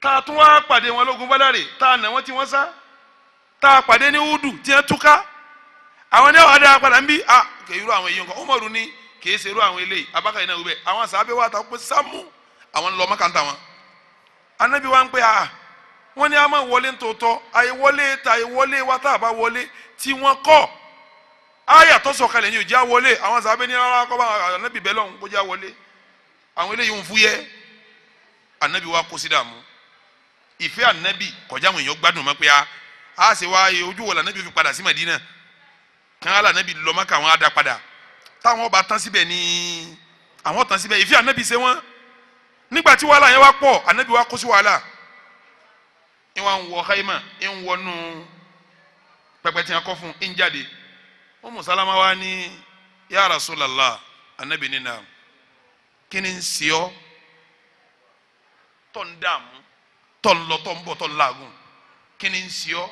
tá a tún wá pàdé wọn lógun bọ́dàrè tá a nà wọ́n tí wọ́n sá tá a pàdé ní údù tí túká àwọn ẹni àwọn adé apàdà ń bí a kèyúrò àwọn èèyàn kan ó mọ̀rún ní kìí ṣerú àwọn eléyìí abákàyè náà wíwẹ̀ àwọn sàábẹ̀ wà táwọn pé sámú àwọn ń lọ wọn anabi wa ń pè á ah, wọ́n ní a máa wọlé ntòótọ́ àìwọlé ta àìwọlé wa tá a bá wọlé tí wọ́n kọ́ àyà tó sọ̀kalẹ̀ ni ò já wọlé àwọn sàábẹ̀ ní rárá kọ́ bá anabi bẹ́ẹ̀ lọ́hùn kó já wọlé àwọn eléyìí ń fúyẹ́ anabi wa kó sí dààmú ìfẹ́ anabi kọjá àwọn èèyàn gbádùn mọ́ pé ah, a a sì wá ojú wọlé anabi fi padà sí Madina kàn án lànà bí lọ́mọ́ táwọn ọba tán síbẹ̀ ní àwọn tán síbẹ̀ ìfẹ́ ànábì ṣe wọ́n nígbà tí wàhálà yẹn wá pọ̀ ànábì wá kó sí wàhálà ìwà ń wọ haima ń wọnú pẹpẹ tí wọn kọ fún ń jáde Ummu Salama wa ní ya Rasulullah ànábì nínà kí ni ń sì ọ́ tọ́ ń dààmú tọ́ ń lọ tọ́ ń bọ̀ tọ́ ń làágùn kí ni ń sì ọ́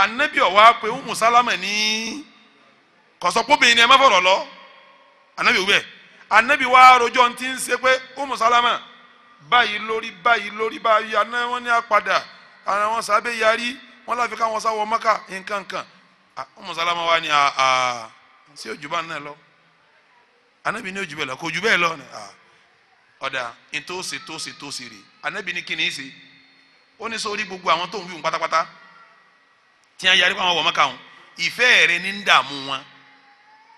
ànábì ó wá pé Ummu Salama ní kọ̀sọ́pọ̀ bẹ́ẹ̀ ni ẹ má fọ̀rọ̀ lọ anabi wúwẹ̀ anabi wa rojọ́ ti ń ṣe pé umu salama báyìí lórí báyìí lórí báyìí ana wọn ní apàdà ara wọn sábẹ́ yarí wọn láfi káwọn sáwọ mọ́kà nkankan umu salama wa ni àà sí ojúbà náà lọ anabi ní ojúbẹ̀ lọ kò ojúbẹ̀ lọ ọ̀dà ntòsí tòsí tòsí rè anabi ní kíni ṣe ó ní sórí gbogbo àwọn tó ń wí wọn pátápátá tí wọn yarí káwọn wọ mọ́kà wọn ìfẹ́ rẹ ní ń dààmú wọn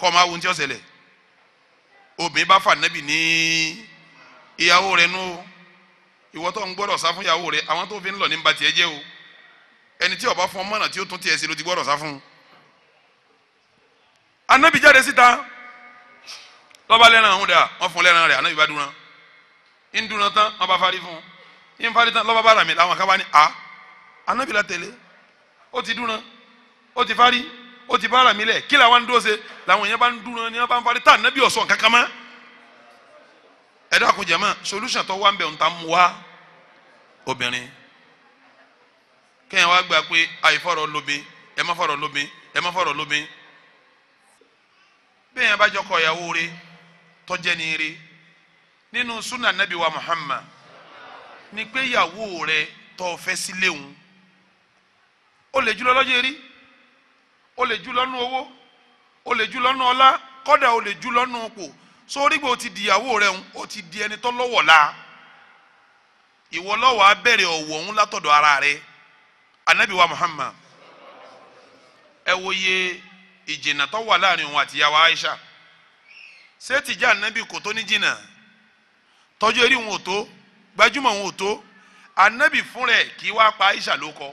kọ́ máa wo ní tí ó ṣẹlẹ̀ obìnrin bá fà nẹ́bì ní ìyàwó rẹ̀ nú ìwọ tó ń gbọ́dọ̀ sá fún ìyàwó rẹ̀ àwọn tó fi ń lọ ní ba tiẹ̀ jẹ́ o ẹni tí ó bá fún ọmọ náà tí ó tún tiẹ̀ sí ló ti gbọ́dọ̀ sá fún un. anabi jáde síta lọ́ba lẹ́ran ọ̀hún dà wọ́n fún lẹ́ran rẹ̀ anabi bá dúnra ń dúnra tán wọ́n bá fárí fún un ń fárí tán lọ́ba bá rà mí làwọn kan ní a anabi la tẹ̀lé ó ti dúnra ó ti fárí ó ti bára mi lẹ̀ kí làwọn ń dúró ṣe làwọn èèyàn bá ń dúró ní wọn bá ń parí tá nẹ́bí ọ̀sán kankan mọ́ ẹ dákun jẹ̀mọ́ solution tó wá ń bẹ̀ ń ta mú wá obìnrin kẹ́yìn wá gbà pé àìfọ̀rọ̀ lóbi ẹ má fọ̀rọ̀ lóbi ẹ má fọ̀rọ̀ lóbi bẹ́ẹ̀ yẹn bá jọ kọ ìyàwó rẹ̀ tọ́jẹ́ ní rẹ̀ nínú sunna nabi wa Muhammad ni pé ìyàwó rẹ̀ tó fẹ́ sílé òun ó lè jùlọ lọ́jọ́ rí o lè jù lọ́nú owó o lè jù lọ́nú ọlá kọ́dà o lè jù lọ́nú ipò sórí gbò ti dìyàwó rẹ̀ ń o ti di ẹni tó lọ́wọ́ la ìwọ lọ́wọ́ á bẹ̀rẹ̀ ń látọ̀dọ̀ ara rẹ̀ Anabiwa wa Muhammad ẹ wo ye ìjìnà tó wà láàrin òun àti yàwó Aisha ṣé tìjà anabi kò tó ní jìnà tọ́jú eré òun ò tó gbajúmọ̀ òun ò tó anabi fún rẹ̀ kí wàá pa Aisha ló kọ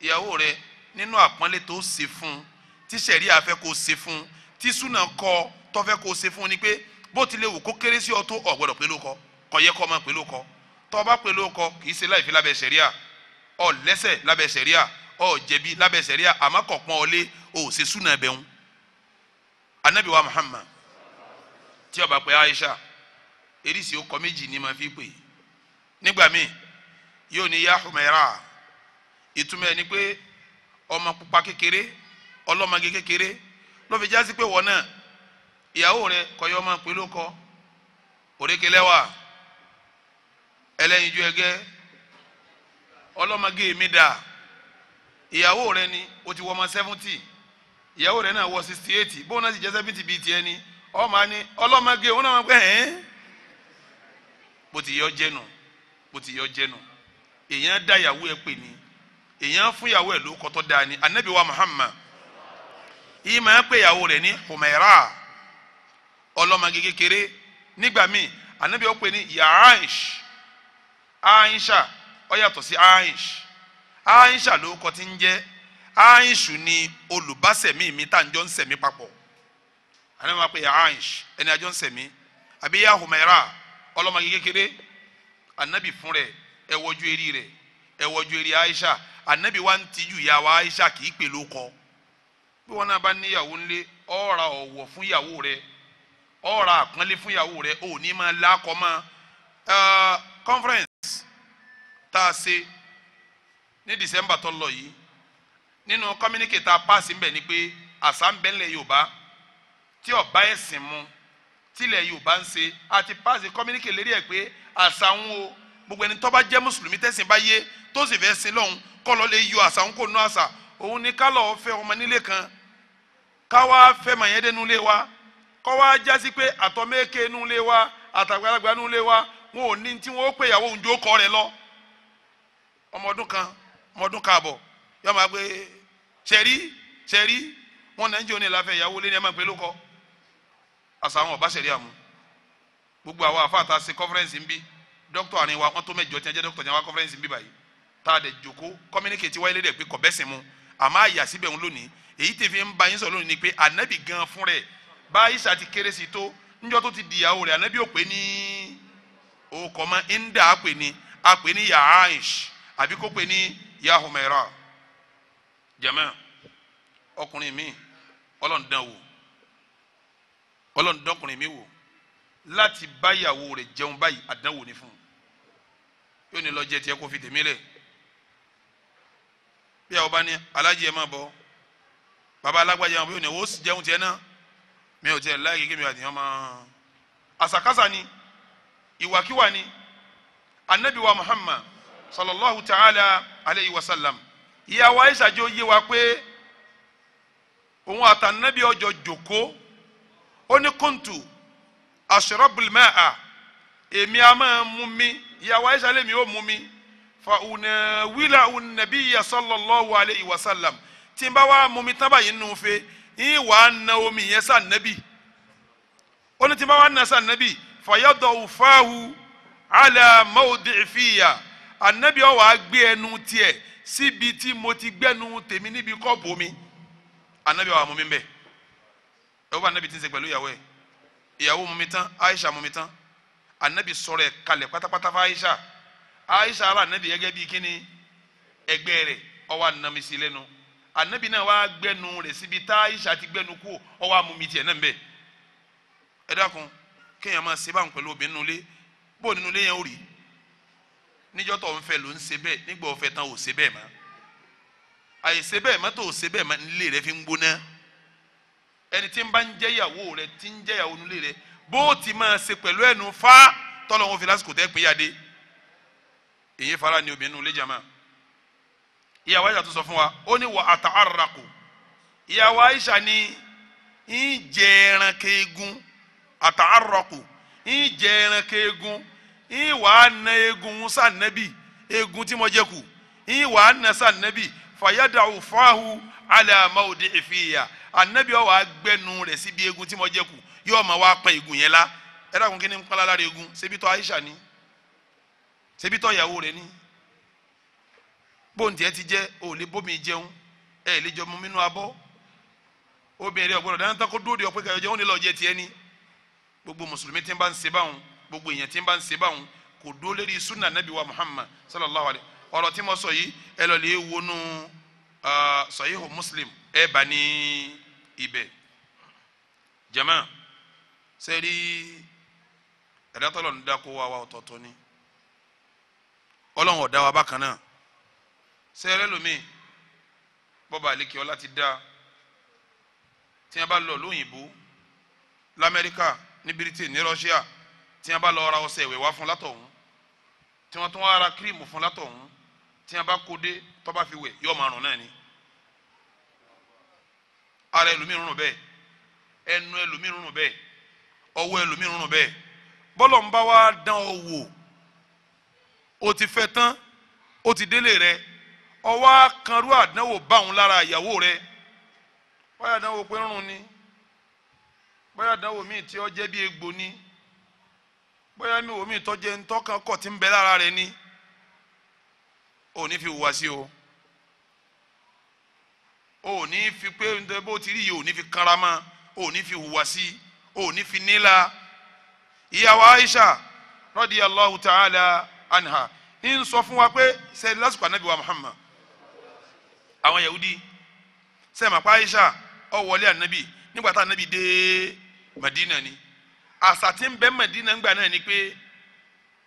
ìyàwó rẹ̀ nínú àpọ́nlé tó ṣe fún tí sẹ̀ríà fẹ́ kó ṣe fún tí súnà kọ tó fẹ́ kó ṣe fún ni pé bó tilẹ̀ wù kó kéré sí ọ tó ọ̀ gbọ́dọ̀ pé ló kọ kò yẹ kó máa pé ló kọ tó o bá pé ló kọ kì í ṣe láìfi lábẹ́ sẹ̀ríà ọ lẹ́sẹ̀ lábẹ́ sẹ̀ríà ọ jẹ̀bi lábẹ́ sẹ̀ríà àmọ́ kọ̀ pọ́n ọ lé o ò ṣe súnà ẹ̀bẹ̀ ń anabi wa Muhammad tí ó bá pè Aisha erisi ọkọ méjì ni ma fi pè nígbà míì yóò ní yá Humaira ìtumọ̀ ẹni pé ọmọ pupa kékeré ọlọ́mọge kékeré ló fi jásí pé wọ́n náà ìyàwó rẹ kọyọ ọmọ pé ló kọ òrékelẹ́wà ẹlẹ́yinjú ẹgẹ́ ọlọ́mọge mi dà ìyàwó rẹ ni o ti wọ ọmọ seventy ìyàwó rẹ náà wọ sixty eight bóun náà jẹ seventy bíi tiẹ̀ ni ọmọ ani ọlọ́mọge òun náà máa pẹ́ ẹ́ bó ti yọ jẹ́nu bó ti yọ jẹ́nu èèyàn dá ìyàwó ẹ pè ní èèyàn fún ìyàwó ẹ̀ lórúkọ tó dáa ni anabi wa muhammad yìí máa pè ìyàwó rẹ̀ ní humaira ọlọ́mọge kékeré nígbà míì anabi ó pè ní yaash aisha ó yàtọ̀ sí aish aisha lórúkọ tí ń jẹ́ aishu ní olùbásẹ̀mí mi tá à ń jọ ń sẹ̀mí papọ̀ anabi máa pè yà aish ẹni àjọ ń sẹ̀mí àbí ya humaira ọlọ́mọge kékeré anabi fún rẹ̀ ẹ wọ́jú eré rẹ̀ ẹ̀wọ̀jú eré Aisha anabi wa ń tijú ìyàwó Aisha kì í pè ló kọ bí wọn náà bá níyàwó ńlé ó ra ọ̀wọ̀ fún ìyàwó rẹ̀ ó ra fún ìyàwó rẹ̀ ò ní máa lákọ mọ́ conference tá a ṣe ní December tó lọ yìí nínú communique a pass ń bẹ̀ ni pé àṣà ń bẹ́ńlẹ̀ Yorùbá tí ọba ẹ̀sìn mu tílẹ̀ Yorùbá ń ṣe àti pass communique lérí ẹ̀ pé àṣà ń gbogbo ẹni tó bá jẹ́ mùsùlùmí tẹ̀sìn bá yé tó sì fẹ́ sin lọ́hùn kọ́ lọ lè yọ àṣà òun kò nú àṣà òun ni ká lọ́ọ́ fẹ́ ọmọ nílé kan ká wá fẹ́ màyẹ́dẹ́nu lé wa kọ́ wá jásí pé àtọ́mẹ́kẹ́ nu lé wa àtàgbàlagbà nu lé wa wọn ò ní tí wọn ó pè ìyàwó òǹjọ́ kọ́ rẹ lọ ọmọ ọdún kan ọmọ ọdún káàbọ̀ yọ máa gbé ṣẹ̀rí ṣẹ̀rí wọn náà ń jẹ́ òní ìlàfẹ́ ìyàwó lé ní ẹ̀ máa ń àṣà àwọn ọ̀bá ṣẹ̀rí àmú gbogbo àwọn àfa àtàṣe kọ́fẹ́rẹ́nsì ń bí dókítà àárín wa wọn tó mẹ́jọ tí wọn jẹ dókítà tí wọn wá kọfẹrẹnsì bíbá yìí tá a dẹ jòkó kọmíníkèétì wáyé lédè pé kọbẹsìn mu àmọ́ àyà síbẹ̀ ń lónìí èyí tèfi ń ba yín sọ lónìí ni pé ànábì gan fún rẹ báyìísà ti kéré sí tó níjọ́ tó ti dìyàwó rẹ ànábì ò pé ní òkò mọ ndà á pè ní á pè ní yahaish àbí kó pè ní yahumera jẹmọ ọkùnrin mi ọlọ́ọ̀dán wò ọlọ́ọ̀dán ọkùnrin mi wò láti báyàwó rẹ jẹun báyìí àdánwò ni fún un yóò ní lọ jẹ tiẹ̀ kó fi tèmi lẹ̀ bí àwọn bá ní alájí ẹ má baba alágbájá wọn bí yóò ní owó jẹun tiẹ̀ náà mi ò tiẹ̀ láàyè kí mi àdìyàn máa àsàkásà ni ìwàkiwà ni anabi muhammad sallallahu ta'ala alayhi wa sallam ìyàwó aisha jẹ́ oyé wa pé òun àtànábì ọjọ́ jòkó ó ní kóńtù ashrabul ma'a èmi a máa mú mi ìyàwó Aisha lèmi ó mú mi fa una wila unabiya sallallahu alayhi wa sallam tí n bá wá mú mi tán báyìí nù fe yín wà á na omi yẹn sá nàbì ó ní tí n bá wá na sá nàbì fàyàdọ̀ òfáhu ala mawdi' fiya ànábì ó wá gbé ẹnu tiẹ̀ síbi tí mo ti gbẹ́nu tèmi níbi kọ́ọ̀bù mi ànábì ó wá mú mi bẹ́ẹ̀ ẹ̀ wọ́n bá ànábì ti ń ṣe pẹ̀lú ìyàwó ẹ̀ ìyàwó mú mi tán Aisha mú mi tán anabi sọ̀rọ̀ ẹ̀ kalẹ̀ pátápátá fún aisha aisha ara anabi gẹ́gẹ́ bíi kíni ẹgbẹ́ rẹ̀ ọwọ́ anamisi lẹ́nu anabi náà wàá gbẹnu rẹ̀ síbi tá aisha ti gbẹnu kú ọwọ́ amumi tiẹ̀ náà ń bẹ̀ ẹ dákun kéèyàn máa ṣe báwọn pẹ̀lú obìnrin nulẹ̀ bó nínú ilé yẹn ó rí níjọ́ tó ń fẹ́ ló ń ṣe bẹ́ẹ̀ nígbà ọ̀fẹ́ tán ò ṣe bẹ́ẹ̀ mọ́ àìṣe bẹ́ẹ̀ mọ́ tó ò ṣe bẹ́ẹ̀ mọ́ nílé rẹ fi ń gbóná ẹni tí ń bá ń jẹ́ ìyàwó rẹ tí ń jẹ́ ìyàwó nílé rẹ bó o ti máa ṣe pẹ̀lú ẹnu fa tọ́lọ̀ wọn fi lásìkò tẹ́ pé èyí fara ni obìnrin nulẹ̀ jama ìyàwó Aisha tó sọ fún wa ó ní wà àtàràkù ìyàwó Aisha ni ń jẹ ẹran keegun àtàràkù ń jẹ ẹran keegun ń wà á na eegun sànẹ́bì eegun tí mo jẹ kù ń wà á na sànẹ́bì fàyàdà fáhu alàmà òde èfìyà ànẹ́bì ọ̀ wà á gbẹnu rẹ̀ síbi eegun tí mo jẹ kù yóò máa wá pẹ́ igun yẹn la ẹ dàgùn kí ni ń pálá lára Aisha ni ṣebí tọ́ ìyàwó rẹ̀ ni bóńtì ẹ ti jẹ́ ò lè bómi jẹun ẹ lè jọ mu mínú abọ́ obìnrin ọ̀gbọ́dọ̀ dáná tán kó dúró de ọ̀pẹ́ kẹjọ jẹun nílò ọjẹ́ tiẹ̀ ni gbogbo mùsùlùmí tí ń bá ń ṣe báwọn gbogbo èèyàn tí ń ń ṣe báwọn kò dúró lérí sunna nabi wa Muhammad sallallahu alayhi ọ̀rọ̀ tí mo sọ yìí ẹ lọ lè wọnú Sahihu Muslim ẹ bá ní ibẹ̀ jama sẹ́ẹ̀rí ẹ̀dá tọ́lọ̀ ń dáko wa wa ọ̀tọ̀ọ̀tọ̀ ni ọlọ́run ọ̀dá wa bákan náà sẹ́ẹ̀rẹ́ lómi bọ́ba àlékè ọlá ti dá tí wọ́n bá lọ lóyìnbó lamẹ́ríkà ní britain ní russia tí wọ́n bá lọ ra ọṣẹ ìwẹ̀ wá fún látọ̀hún tí wọ́n tún wá ra kírímù fún látọ̀hún tí wọ́n bá kó dé tó fi wẹ̀ yóò máa náà ni ara ẹlòmíràn rùn bẹ́ẹ̀ ẹnu ẹlòmíràn rùn bẹ́ẹ̀ ọwọ́ ẹlòmíràn rùn bẹ́ẹ̀ bọ́lọ̀ ń bá wá dán ọ wò o ti fẹ́ tán o ti délé rẹ ọwọ́ kanrú àdánwò báwọn lára ìyàwó rẹ bóyá àdánwò pé rùn ni bóyá àdánwò míì tí ọ jẹ́ bí egbò ni bóyá mi wò mí tọ́jẹ́ ntọ́kàn kọ̀ tí ń bẹ lára rẹ ni ò ní fi wá sí o ò ní fi pé bó ti rí yìí ò ní fi kára mọ́ ò ní fi wá sí i ò ní fi nílà ìyàwó Aisha radiyallahu ta'ala anha ń sọ fún wa pé sẹ́yìn lásìkò anabi wa Muhammad àwọn Yahudi sẹ́yìn màpá Aisha ó wọlé anabi nígbà tá anabi dé Madina ni àṣà tí ń bẹ Madina ńgbà náà ni pé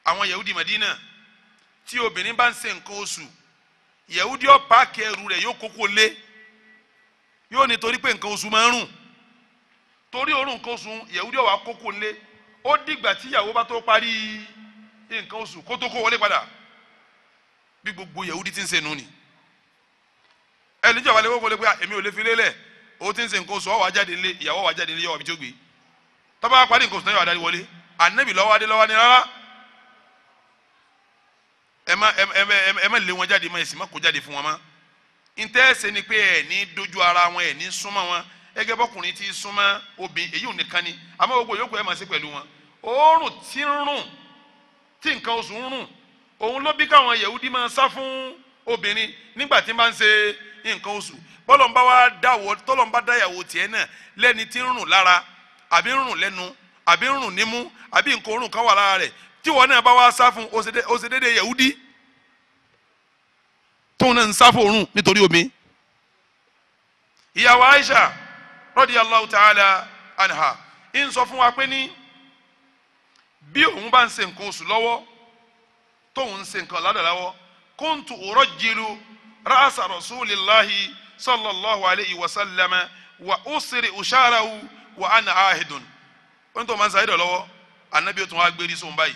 àwọn Yahudi Madina tí obìnrin bá ń ṣe nǹkan oṣù Yahudi ó páàkì ẹrù rẹ̀ yóò kókó lé yóò nítorí pé nǹkan oṣù máa ń rùn torí oorun nǹkan oṣù yẹ̀wúdí ọ̀wá kókó lé ó dìgbà tí ìyàwó bá tó parí nǹkan oṣù kó tó kó wọlé padà bí gbogbo yẹ̀wúdí ti ń ṣe nù ni ẹni jọba lè wọ́pọ̀ lé pé èmi ò lè fi lélẹ̀ ó ti ń ṣe nǹkan oṣù ọ̀wá jáde lé ìyàwó ọ̀wá jáde lé yọ̀wọ̀ bí gbé tọ́ba parí nǹkan oṣù náà yọ̀ adarí wọlé ànẹ́bì lọ́wọ́ adé lọ́wọ́ ni rárá ẹ má ẹ má lé wọn jáde má ẹ sì má kó jáde fún wọn má ntẹ́ ẹ ni pé ẹ ní dojú ara wọn ẹ ní súnmọ́ wọn gẹ́gẹ́ bọ́kùnrin ti súnmọ́ obìnrin èyí ò nìkan ni àmọ́ gbogbo yòókù ẹ̀ máa ṣe pẹ̀lú wọn òórùn tí ń rùn tí nǹkan oṣù ń rùn òun ló bí káwọn yẹ̀wúdí máa sá fún obìnrin nígbà tí ń bá ń ṣe nǹkan oṣù bọ́lọ̀nba wa dáwọ́ tọ́lọ̀nba dáyàwó tiẹ̀ náà lẹ́ni tí ń lára àbí ń kan wà lára rẹ̀ tí wọn náà bá Aisha radiyallahu ta'ala anha ń sọ fún wa pé ní bí òun bá ń ṣe nǹkan oṣù lọ́wọ́ tóun ń ṣe nǹkan ládàláwọ́ kuntu urajjilu ra'sa rasulillahi sallallahu alayhi wa sallam wa usri usharahu wa ana ahidun wọn tó máa ń sáyé lọ́wọ́ anabi tó wá gbérí e sóun báyìí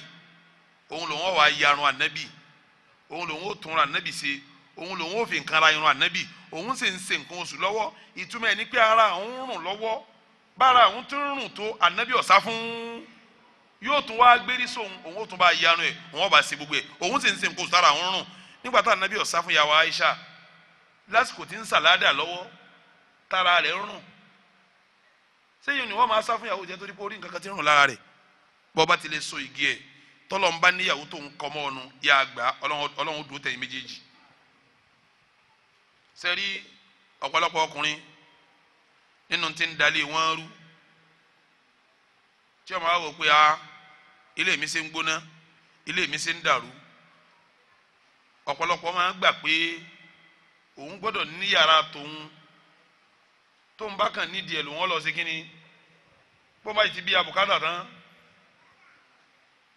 òun lòun wà yarun anabi òun lòun ó tún ra anabi ṣe òun lòun ò fi nǹkan ara irun ànábì òun si ń ṣe nǹkan oṣù lọ́wọ́ ìtumọ̀ ẹ̀ ara òun rùn lọ́wọ́ bára òun tún rùn tó ànábì ọ̀sá fún yóò tún wá gbérí sóhun òun ó tún bá yanu ẹ̀ òun ó bá gbogbo ẹ̀ òun sì ń ṣe nǹkan oṣù tára òun rùn nígbà tá ànábì ọ̀sá fún yàwó Aisha lásìkò tí ń sàládà lọ́wọ́ tára rẹ̀ rùn sẹ́yìn ni wọ́n máa sá fún yàwó jẹ́ torí pé orí nǹkan kan ti sẹ́rí ọ̀pọ̀lọpọ̀ ọkùnrin nínú tí ń dalé wọn rú tí ọmọ àwọn òpè a ilé mi ṣe ń gbóná ilé mi ṣe ń dàrú ọ̀pọ̀lọpọ̀ máa ń gbà pé òun gbọ́dọ̀ ní yàrá tòun tóun bá kàn nídìí ẹ̀ lòun ọ lọ sí kínní bó bá ti bí abùkádà tán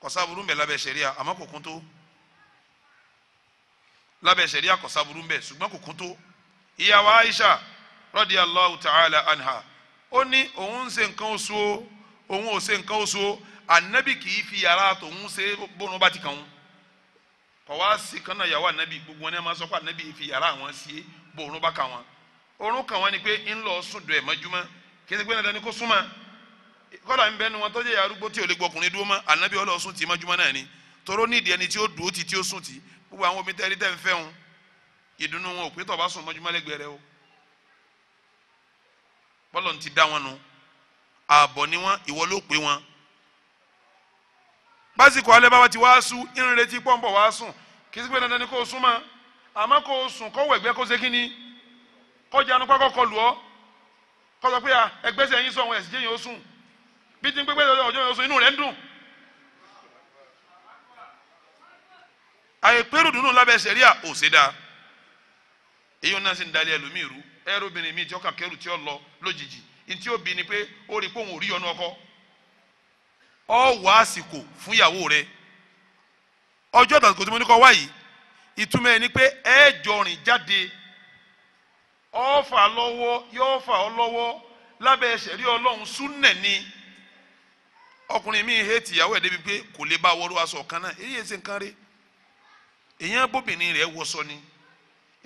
kọ̀sáburú ń bẹ lábẹ́ sẹ̀ríà àmọ́ kò kún tó lábẹ́ sẹ̀ríà kọ̀sáburú ń bẹ ṣùgbọ́n kò kún tó. ìyàwó Aisha radiyallahu ta'ala anha ó ní òun ń ṣe nǹkan oṣù o òun ò ṣe nǹkan oṣù o kì í fi yàrá tòun ṣe bá ti wọn kan náà yàwó gbogbo wọn ni a máa sọ pé ànábì fi yàrá àwọn sí bóun bá kàn wọn orun kàn wọn ni pé ń lọ sùn kí pé ni ń ni toró ẹni tí ó dùn ó ti tí ó sùn gbogbo àwọn omi ìdùnnú wọn ò pé tọ́ba sùn mọ́júmọ́ lẹ́gbẹ̀ẹ́ rẹ o bọ́lọ̀ ń ti dá wọn nu ààbọ̀ ni wọn ìwọ ló pé wọn básìkò alẹ́ bá wa ti wá sùn ìrìnrètí pọ́ǹpọ̀ wá sùn kì í sí pé dandan ni kó o sún mọ́ àmọ́ kó sùn kó wẹ̀gbẹ́ kó ṣe kí ni kó jẹun kọ́kọ́ kọ lù ọ́ kó sọ pé à ẹgbẹ́sẹ̀ yín sọ̀hún ẹ̀sìn jẹ́yìn ó sùn bí ti ń pé pé ọjọ́ yẹn ó sùn inú rẹ̀ ń dùn. àyè dùnú lábẹ́ sẹ̀ríà ò ṣe dáa èyí náà sì ń dalẹ̀ ẹlòmíì rú ẹrú obìnrin mi tí ọkà kẹrù tí ó lọ lójijì ntí ó bi ni pé ó rí i pé òun ò rí ọ̀nà ọkọ ọ wà àsìkò fún ìyàwó rẹ ọjọ́ àtàkùn tí mo ní kọ́ wáyìí ìtumọ̀ ẹ ni pé ẹ jọ jáde ọ fà lọ́wọ́ yóò fà ọ lọ́wọ́ lábẹ́ ẹsẹ̀ rí ọlọ́run súnẹ̀ ni ọkùnrin mi hẹ́ẹ̀tì ìyàwó ẹ̀ débi pé kò lè bá wọ́ọ́rọ́ aṣọ kan náà èyí ẹ̀ ṣe nǹkan rí èyí bóbìnrin rẹ̀ wọ́sọ ni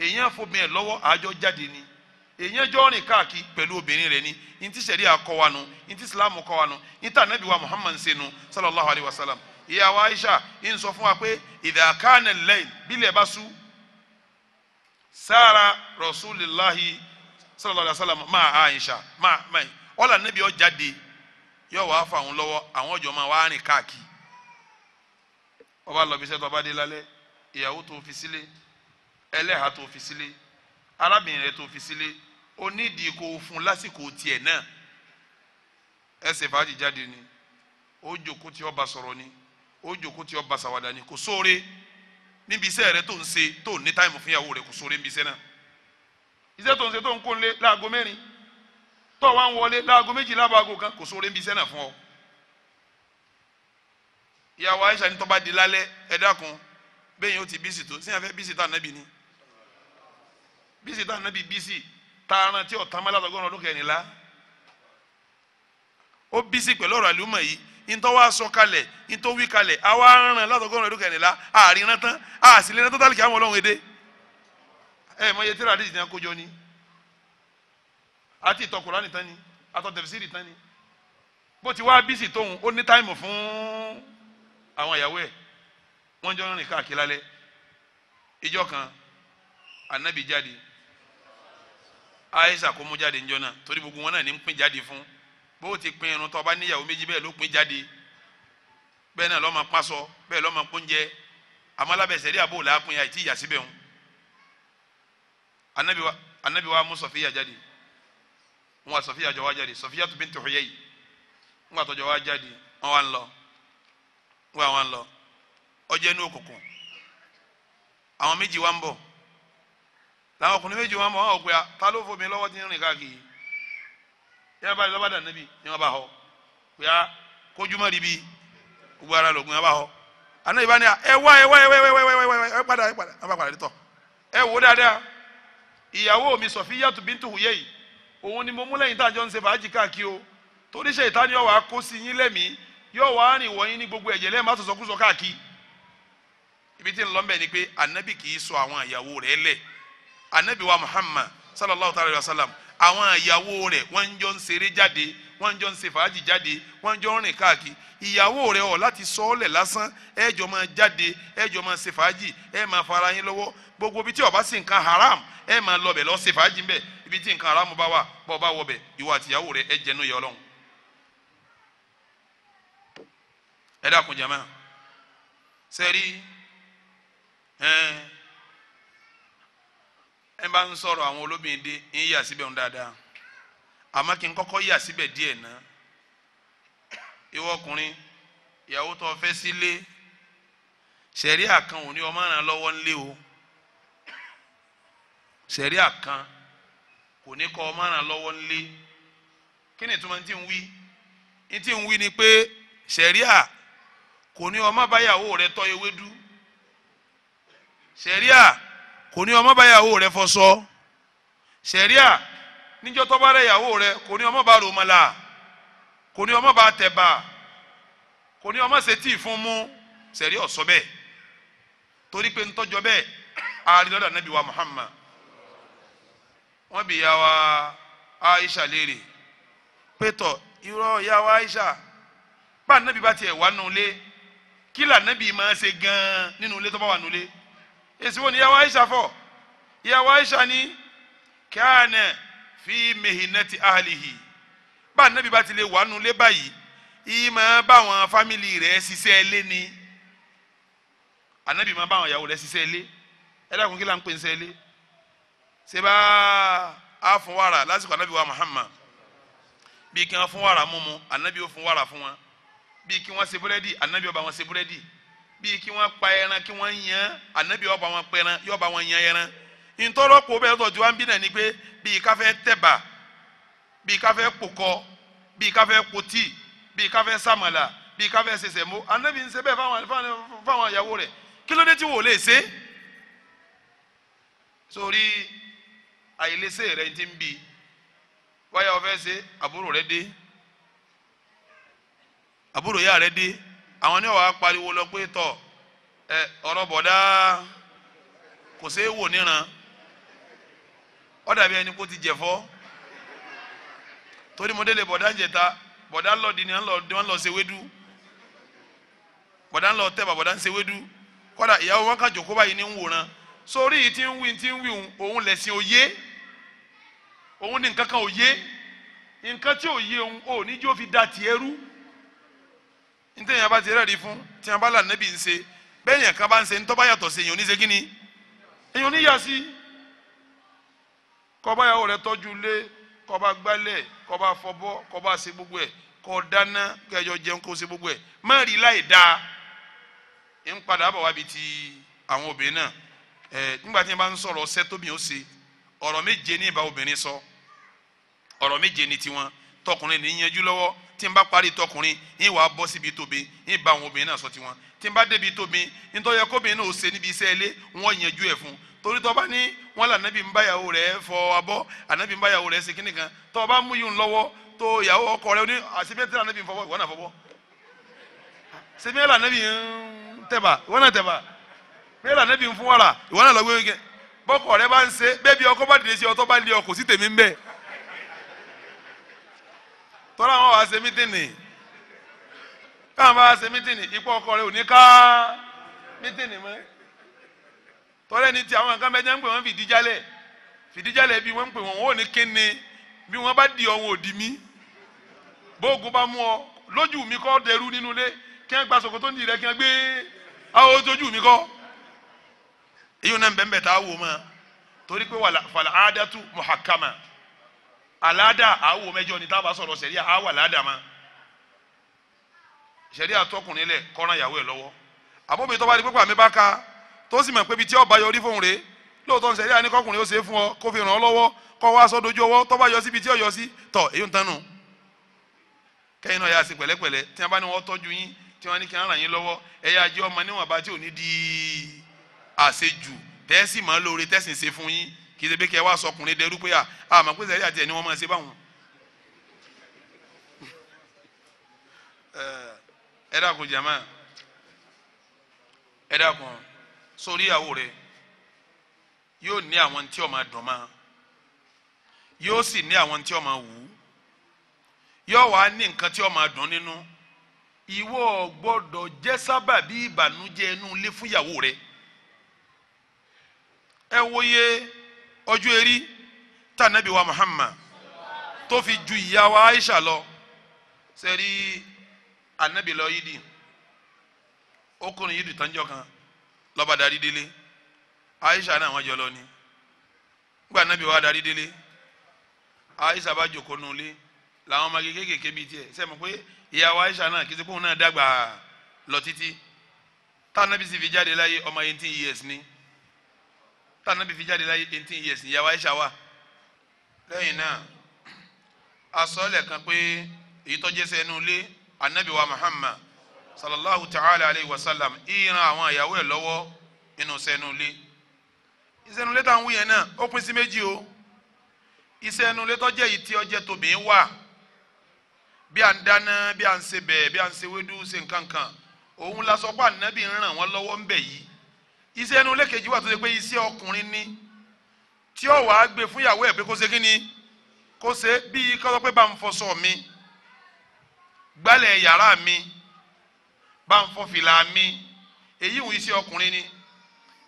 èyàn fobìn ẹ̀ lọ́wọ́ àjọ jáde ni èyàn jọ rìn káàkiri pẹ̀lú obìnrin rẹ̀ ni ntí sẹ̀rí àkọwánu ntí sìlámù kọwánu ntí anabi wa muhammad senu sallallahu alayhi wa sallam ìyá wa aisha ń sọ fún wa pé idha kana al-layl bílẹ̀ bá sú sára rasulillahi sallallahu alayhi wa sallam máa aisha máa máa ọ̀là anabi ó jáde yóò wá fà wọn lọ́wọ́ àwọn ọjọ́ máa wá rìn káàkiri ọba lọ́bi sẹ́tọ̀ ọba dé lálẹ́ ìyàwó tó fi sílé ẹlẹ́hàá tó fi sílé arábìnrin rẹ tó fi sílé ó nídìí kó fún lásìkò tiẹ̀ náà ẹsẹ̀ fàájì jáde ni ó jòkó tí ó bá sọ̀rọ̀ ni ó jòkó tí ó sàwádà ni kò sóore níbi iṣẹ́ rẹ tó ń ṣe tó ní táìmù fún ìyàwó rẹ kò sóore níbi iṣẹ́ náà iṣẹ́ tó ń ṣe tó ń kó ń lé láago mẹ́rin tó wá ń wọlé láago méjì láago kan kò sóore níbi iṣẹ́ náà fún ọ. ìyàwó Aisha ní tó bá di lálẹ́ ẹ dákun bẹ́ẹ̀ yóò ti bísí tó sí àfẹ́ bísí tó ànábì ni bísí tá ànábì bísí taaran tí ọ̀tá mẹ́lá lọ́gọ́rùn ọdún kẹrìnlá ó bísí pẹ̀lú ọ̀rọ̀ àlùmọ̀ yìí ntọ́ wa sọ kalẹ̀ ntọ́ wí kalẹ̀ àwa ràn látọ̀gọ́rùn ọdún kẹrìnlá àríran tán àsìlẹ̀ tán tálíkì àwọn ọlọ́run èdè ẹ mọ iye tíra àdìsí ní akójọ ni àti ìtọ́ Kùránì tán ni àtọ̀ tẹ̀físírì tán ni bó ti wá bísí tóun ó ní táìmù fún àwọn ìyàwó ẹ̀ wọ́n jọ rìn káàkiri lálẹ́ ìjọ kan ànábì jáde aisa kó mú jáde níjọ náà torí gbogbo wọn náà ní pín jáde fún bó ti pín irun tó bá níyàwó méjì bẹ́ẹ̀ ló pín jáde bẹ́ẹ̀ náà lọ́mọ pásọ bẹ́ẹ̀ lọ́mọ pọ́njẹ àmọ́ rí àbò làápin àìtí ìyà síbẹ̀ hùn anabi anabiwa jáde jọ jáde tó tọjọ jáde wọn ń lọ wọn làwọn ọkùnrin méjì wọn mọ àwọn ọgbẹ́ ta ló fòmí lọ́wọ́ tí rìn káàkiri yẹn bá lọ́ba dà níbi ni wọ́n bá họ bóyá ya ribi gbogbo ara lògùn yẹn bá họ àná ìbá ẹ wá ẹ wá ẹ wá ẹ wá ẹ wá ẹ wá ẹ padà ẹ padà ẹ bá padà ẹ wò dáadáa ìyàwó mi Sọfíyàtù bíntu Huyay òun ni mo mú lẹ́yìn táàjọ ń ṣe fàájì káàkiri o torí ṣe ìta ni yóò kó sí yín yóò wá rìn anabi wa muhammad sallallahu alayhi wa sallam àwọn ìyàwó rẹ̀ wọ́n ń jọ ń ṣeré jáde wọ́n ń jọ ń ṣe fàájì jáde wọ́n ń jọ ń rìn káàkiri ìyàwó rẹ̀ ọ̀ láti sọ ọ́ lẹ̀ lásán ẹ jọ máa jáde ẹ jọ máa ṣe fàájì ẹ máa fara yín lọ́wọ́ gbogbo ibi tí ó bá sí nǹkan haram ẹ máa lọ bẹ̀ lọ ṣe fàájì bẹ̀ ibi tí nǹkan haram bá wà bọ́ bá wọ bẹ̀ ìwọ àti ìyàwó rẹ̀ ẹ jẹnu yẹ ọlọ́run. ẹ dákun jama sẹ́rí ẹ́ẹ́. ẹ bá àwọn olóbìnrin dé ń yà síbẹ̀ ń dáadáa àmọ́ kí n kọ́kọ́ yà síbẹ̀ díẹ̀ ná kan o ni ọmọ ràn lọ́wọ́ ńlé o sẹ̀ríà kan kò ní kọ́ ọmọ lọ́wọ́ ńlé kí ni ìtumọ̀ tí ń wí tí ń wí ni pé ma kò ní ọmọ rẹ tọ́ ewédú kò ní ọmọ bá yàwó rẹ fọṣọ sẹ̀ríà níjọ́ tó bá rẹ yàwó rẹ kò ní ọmọ bá rọmọlà kò ní ọmọ bá tẹ̀bà kò ní ọmọ ṣètì fún mú sẹ̀ríà ọ̀sọ́ bẹ́ẹ̀ torí pé ntọ́jọ́ bẹ́ẹ̀ àrídọ́dà nàbí wa Muhammad wọ́n bí ya wa Aisha léèrè pétọ̀ irọ́ ya wa Aisha bá nàbí bá tiẹ̀ wà nulẹ̀ kí là nàbí máa ṣe gan nínú ilé tó bá wà nulẹ̀ esi wo ni yàwó aisha fọ yàwó aisha ni kẹ́hánẹ̀ fi mehinẹ́ti ahalihi bá anabi bá ti lè wà nulẹ̀ báyìí yìí máa bá àwọn fámìlì rẹ̀ ṣiṣẹ́ lé ni anabi máa bá àwọn ìyàwó rẹ̀ ṣiṣẹ́ lé ẹ dákun kí la ń pè ń ṣe lé ṣe bá anabi wa muhammad bí kí wọ́n fún wàrà mú mu anabi ó fún wàrà fún wọn bí kí wọ́n ṣe búrẹ́dì anabi ó bá wọn ṣe búrẹ́dì bíi kí wọ́n pa ẹran kí wọ́n yan ànábì yóò bá wọn pẹran yóò bá wọn yan ẹran ntọ́rọ́pọ̀ bẹ́ẹ̀ tọ́jú wa ń bí náà ni pé bíi káfẹ́ tẹ̀bà bíi káfẹ́ pòkọ bíi káfẹ́ potí bíi káfẹ́ sàmàlà bíi káfẹ́ sẹsẹ̀ mọ́ ànábì ń ṣe bẹ́ẹ̀ fáwọn fáwọn ìyàwó rẹ̀ kí ló dé tí wò lè ṣe sórí àìlèsè rẹ̀ ti ń bi wáyà ọ̀fẹ́ ṣe àbúrò rẹ̀ dé àbúrò yá rẹ̀ dé. àwọn ní ọ̀wá pariwo lọ pé tọ̀ ẹ ọ̀rọ̀ bọ̀dá kò ṣeé wò níran ọ dàbí ẹni kó ti jẹ̀fọ́ torí mo délé bọ̀dá jẹ̀ta bọ̀dá lọ́ọ̀dì ni wọ́n lọ ṣe wédú bọ̀dá ń lọ tẹ́bà bọ̀dá ń ṣe wédú kọ́dà ìyàwó báyìí ti ń ti ń wí òun lẹ̀sìn òye òun ní nǹkan kan òye nǹkan tí òye òun ò ní fi da nítorí yẹn bá ti rẹ́ẹ̀rí fún tí yẹn bá là nẹ́bí ń ṣe bẹ́ẹ̀ yẹn kan bá ń ṣe ńtọ́ bá yàtọ̀ sí èyàn oníṣe kínní èyàn oníyà sí kọ́ bá yàwó rẹ tọ́jú lé kọ́ bá gbálẹ̀ kọ́ bá fọbọ́ kọ́ bá ṣe gbogbo ẹ̀ kọ́ dáná kẹjọ jẹun kó ṣe gbogbo ẹ̀ má rí láì dáa ń padà bọ̀ wábi ti àwọn obìnrin náà ẹ nígbà tí wọn bá ń sọ̀rọ̀ ọsẹ tóbi ó ṣe ọ̀rọ̀ méje ní ìbá obìnrin sọ ọ̀rọ̀ méje ní tiwọn tọkùnrin ní yanjú lọ́wọ́ tí n bá parí tọkùnrin yín wàá bọ́ síbi tóbi yín bá àwọn obìnrin náà sọ tiwọn tí n bá débi tóbi nítorí ọkọ̀bìnrin náà ó ṣe níbi iṣẹ́ ilé wọ́n yanjú ẹ̀ fún torí tọ́ba ní wọ́n là ànábì ń báyàwó rẹ̀ fọ abọ́ ànábì ń báyàwó rẹ̀ ṣe kíní kan tọ́ba mú yìí ń lọ́wọ́ tó ìyàwó ọkọ rẹ̀ ó ní àṣebíyẹ́tì ànábì ń fọwọ́ ìwọ náà fọwọ́ ṣebíyẹ́tì ànábì ń tẹ̀bà ìwọ náà tẹ̀bà bẹ́ẹ̀ ànábì ń fún wàrà tọ́lá wọn wá ṣe mítìnì káwọn bá ṣe mítìnì ipò ọkọ rẹ ò ní ká mítìnì mọ́ tọ́lá ẹni tí àwọn nǹkan bẹ́ẹ̀ jẹ́ ń pè wọ́n fìdíjálẹ̀ fìdíjálẹ̀ bí wọ́n ń pè wọ́n wọ́n ò ní kéne bí wọ́n bá di ọ̀hún òdì mí bóògùn bá mú ọ lójú mi kọ́ dẹrú nínú ilé kí wọ́n gba sòkòtò nìyí rẹ kí wọ́n gbé àwọn ojú mi kọ́ èyí wọn náà bẹ́ẹ̀ bẹ́ẹ̀ a wò mọ́ torí aláàdà àwò mẹ́jọ ni tábà sọ̀rọ̀ sẹ̀ríà àwà aláàdà ma sẹ̀ríà tọkùnrin lẹ̀ kọ́ran ìyàwó ẹ̀ lọ́wọ́ àbóbi tó bá di pípa mi bá ka tó sì mọ̀ pé ibi tí ọba yọrí fóun rè lóòótọ́ sẹ̀ríà ní kọkùnrin ó ṣe é fún ọ kó fi ràn ọ́ lọ́wọ́ kọ́ wá sọ dojú ọwọ́ tó bá yọ síbi tí ó yọ sí tọ̀ èyí ń tanú kẹ́yìn náà yà sí pẹ̀lẹ́pẹ̀lẹ́ tí wọ́n bá ní wọ́n tọ́jú yín tí wọ́n ní kí wọ́n ràn yín lọ́wọ́ ẹ̀yà ajé ọmọ níwọ̀nba tí kì í ṣe pé kí ẹ wá sọkùnrin dẹrú pé àmọ́ pé sẹ́yìn àti ẹ̀ ni wọ́n máa ṣe báwọn. ẹ dákun jama ẹ dákun sórí ìyàwó rẹ yóò ní àwọn tí ó máa dùn máa yóò sì ní àwọn tí ó wù ú yóò wá ní nǹkan tí ó dùn nínú ìwọ gbọ́dọ̀ jẹ́ sábàbí ìbànújẹ́ inú ilé fún ìyàwó rẹ ẹ wòye. E ọjọ́ erí tá ànábì wa Muhammad tó fi ju ìyá wa Aisha lọ sẹ́rí ànábì lọ yídì ọkùnrin yídì tánjọ́ kan lọ́ba darí délé Aisha náà wọ́n jọ lọ ni nígbà ànábì wa darí délé Aisha bá jòkó nulẹ̀ làwọn ọmọ kékèké bíi tiẹ̀ sẹ́mi pé ìyá wa Aisha náà kìí ṣe pé òun náà dàgbà lọ títí tá ànábì sì fi jáde láyé ọmọ eighteen years ni tànà bí fi jáde láyé eighteen years ìyàwó Aisha wa lẹ́yìn náà asọ́lẹ̀ kan pé èyí tó jẹ́sẹ̀ ẹnu ilé anabi wa Muhammad sallallahu ta'ala alayhi wa sallam ìran àwọn ìyàwó ẹ̀ lọ́wọ́ inú sẹ́nu ilé ìsẹ́nu ilé táwọn wúyẹn náà ó pín sí méjì o ìsẹ́nu ilé tó jẹ́ èyí tí ọjẹ́ tóbi wà bí à ń dáná bí à ń sebẹ̀ bí à ń sewédú ṣe nǹkan kan òun la sọ pé anabi ń ràn wọ́n lọ́wọ́ ń bẹ̀ yìí iṣẹ́ ẹnu lẹ́kẹ̀jì wà tó ṣe pé iṣẹ́ ọkùnrin ni tí ó wàá gbé fún ìyàwó ẹ̀ pé kó ṣe kí ni kó ṣe bíi kọ́sọ́ pé bá ń fọṣọ mi gbálẹ̀ yàrá mi bá ń fọ fìlà mi èyí wù iṣẹ́ ọkùnrin ni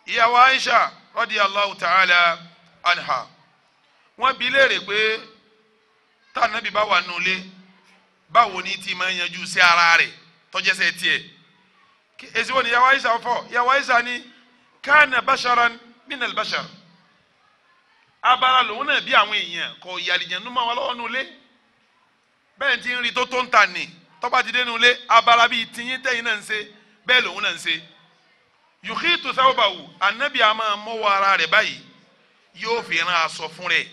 ìyàwó Aisha radiyallahu ta'ala anha wọ́n bi léèrè pé tá ànábì bá wà nulẹ̀ báwo ni tí máa yanjú sí ara rẹ̀ tọ́jẹ́sẹ̀ tiẹ̀ èsì wo ni ìyàwó Aisha fọ ìyàwó Aisha ni kana basharan min al-bashar abara lòun náà bí àwọn èèyàn kò yàlìjẹ̀nu mọ́ wọn lọ́wọ́ nulẹ̀ bẹ́ẹ̀ ti ń rí tó tó ń ta ni tọ́ba ti dé nulẹ̀ abara bíi tiyín tẹ́yìn náà ń ṣe bẹ́ẹ̀ lòun náà ń ṣe yùkìtù sábàwù anabi àmà mọ́wọ́ ara rẹ̀ báyìí yóò fi ran aṣọ fún rẹ̀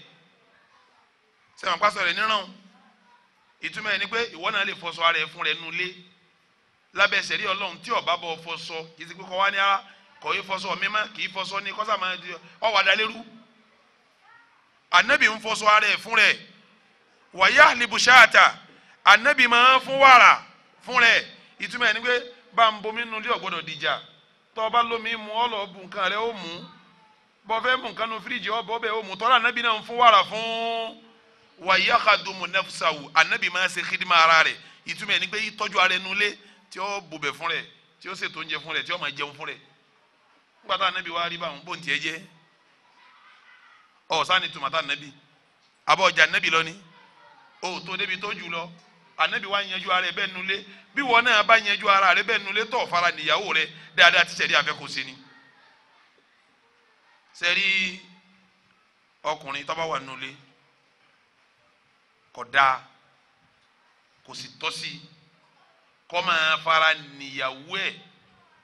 sẹ́wọ̀n pásọ rẹ̀ níran ìtumọ̀ ẹ̀ pé ìwọ náà lè fọṣọ ara rẹ̀ fún rẹ̀ nulẹ̀ lábẹ́ sẹ̀rí ọlọ́run tí ọba bọ̀ fọṣọ kìí kọ́ wá ní ara kò í fọṣọ mímọ́ kì í fọṣọ ní kọ́sà máa di ọwọ́ adalérú anabi ń fọṣọ ara ẹ̀ fún rẹ̀ wàyà libuṣáàtà anabi máa ń fún wàrà fún rẹ̀ ìtumọ̀ ẹni pé bá ń bomi nu lé ọ̀gbọ́dọ̀ dìjà tọ́ ọ bá lómi mu ọlọ́ bu nǹkan rẹ̀ ó mú bọ́ fẹ́ mú nǹkan nu fíríjì ọ̀bọ̀ ọbẹ̀ ó mú tọ́lá anabi náà ń fún wàrà fún wàyà kadumu nafsawu anabi máa ń ṣe xidima ara rẹ̀ ìtumọ̀ ẹni pé ìtọ́jú ara ẹnu lé tí ó bùbẹ̀ fún rẹ̀ tí ó ṣètò oúnjẹ fún rẹ̀ tí ó máa jẹun fún rẹ̀ nígbà tá ànábì rí báwọn bóun tiẹ̀ jẹ́ ọ̀sán ni tùmọ̀ tá ànábì àbọ̀ lọ ni o tó débi tó jù lọ ànábì wá yanjú ara rẹ bẹ́ẹ̀ nulẹ̀ bí wọn náà bá yanjú ara rẹ bẹ́ẹ̀ nulẹ̀ tó fara níyàwó rẹ dáadáa ti sẹ́rí afẹ́ kò sí ni sẹ́rí ọkùnrin tó wà nulẹ̀ kò kò sì tọ́ sí kó máa fara níyàwó ẹ̀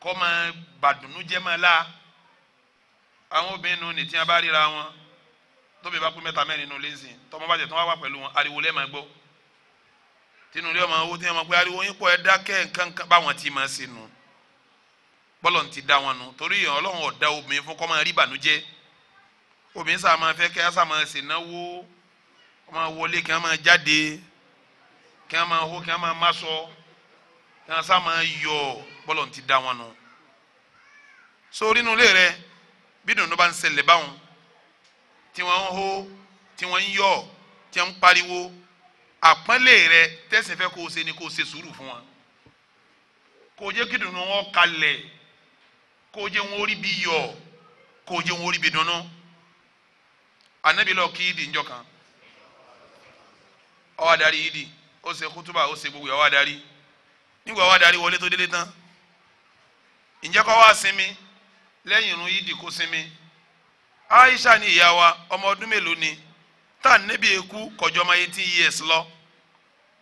kọ́ máa la àwọn obìnrin nu nìtí a bá ríra wọn tóbi bá kú mẹ́ta mẹ́rin nu lẹ́sìn tọmọ bàjẹ́ tó wá wà pẹ̀lú wọn ariwo lẹ́ẹ̀ máa gbọ́ tinu ilé ọmọ owó tí wọn pe ariwo yín pọ̀ ẹ dákẹ́ nǹkan kan báwọn ti máa ṣe nu bọ́lọ̀ ti dá wọn nu torí ọlọ́run ọ̀dá obìnrin fún kọ́ máa rí bànújẹ́ obìnrin sáà máa fẹ́ kẹ́ ẹ́ sáà máa ṣe náwó ọmọ wọlé kí wọ́n máa jáde kí wọ́n máa hó kí wọ́n máa má sọ kí wọ́n sáà máa yọ̀ bọ́lọ̀ ti dá wọn nu so rínú ilé rẹ bí dùnú bá ń ṣẹlẹ̀ báwọn tí wọ́n ń hó tí wọ́n ń yọ̀ tí wọ́n ń pariwo àpọ́nlé rẹ tẹ̀sán fẹ́ kó o ṣe ni kó o ṣe sùúrù fún wọn kó o jẹ́ kí dùnú wọn kalẹ̀ kó o jẹ́ wọn orí bí yọ̀ kó o jẹ́ wọn orí bí dùnú anabi lọ kí ìdí njọ́ kan ó wá darí ìdí ó ṣe kútúbà ó ṣe gbogbo ó wá darí nígbà ó darí wọlé tó délé tán ǹjẹ́ kọ́ wá sinmi lẹ́yìn irun yídì kó sinmi Aisha ni ìyá wa ọmọ ọdún mélòó ni tá níbi eku kọjọ ọmọ eighteen years lọ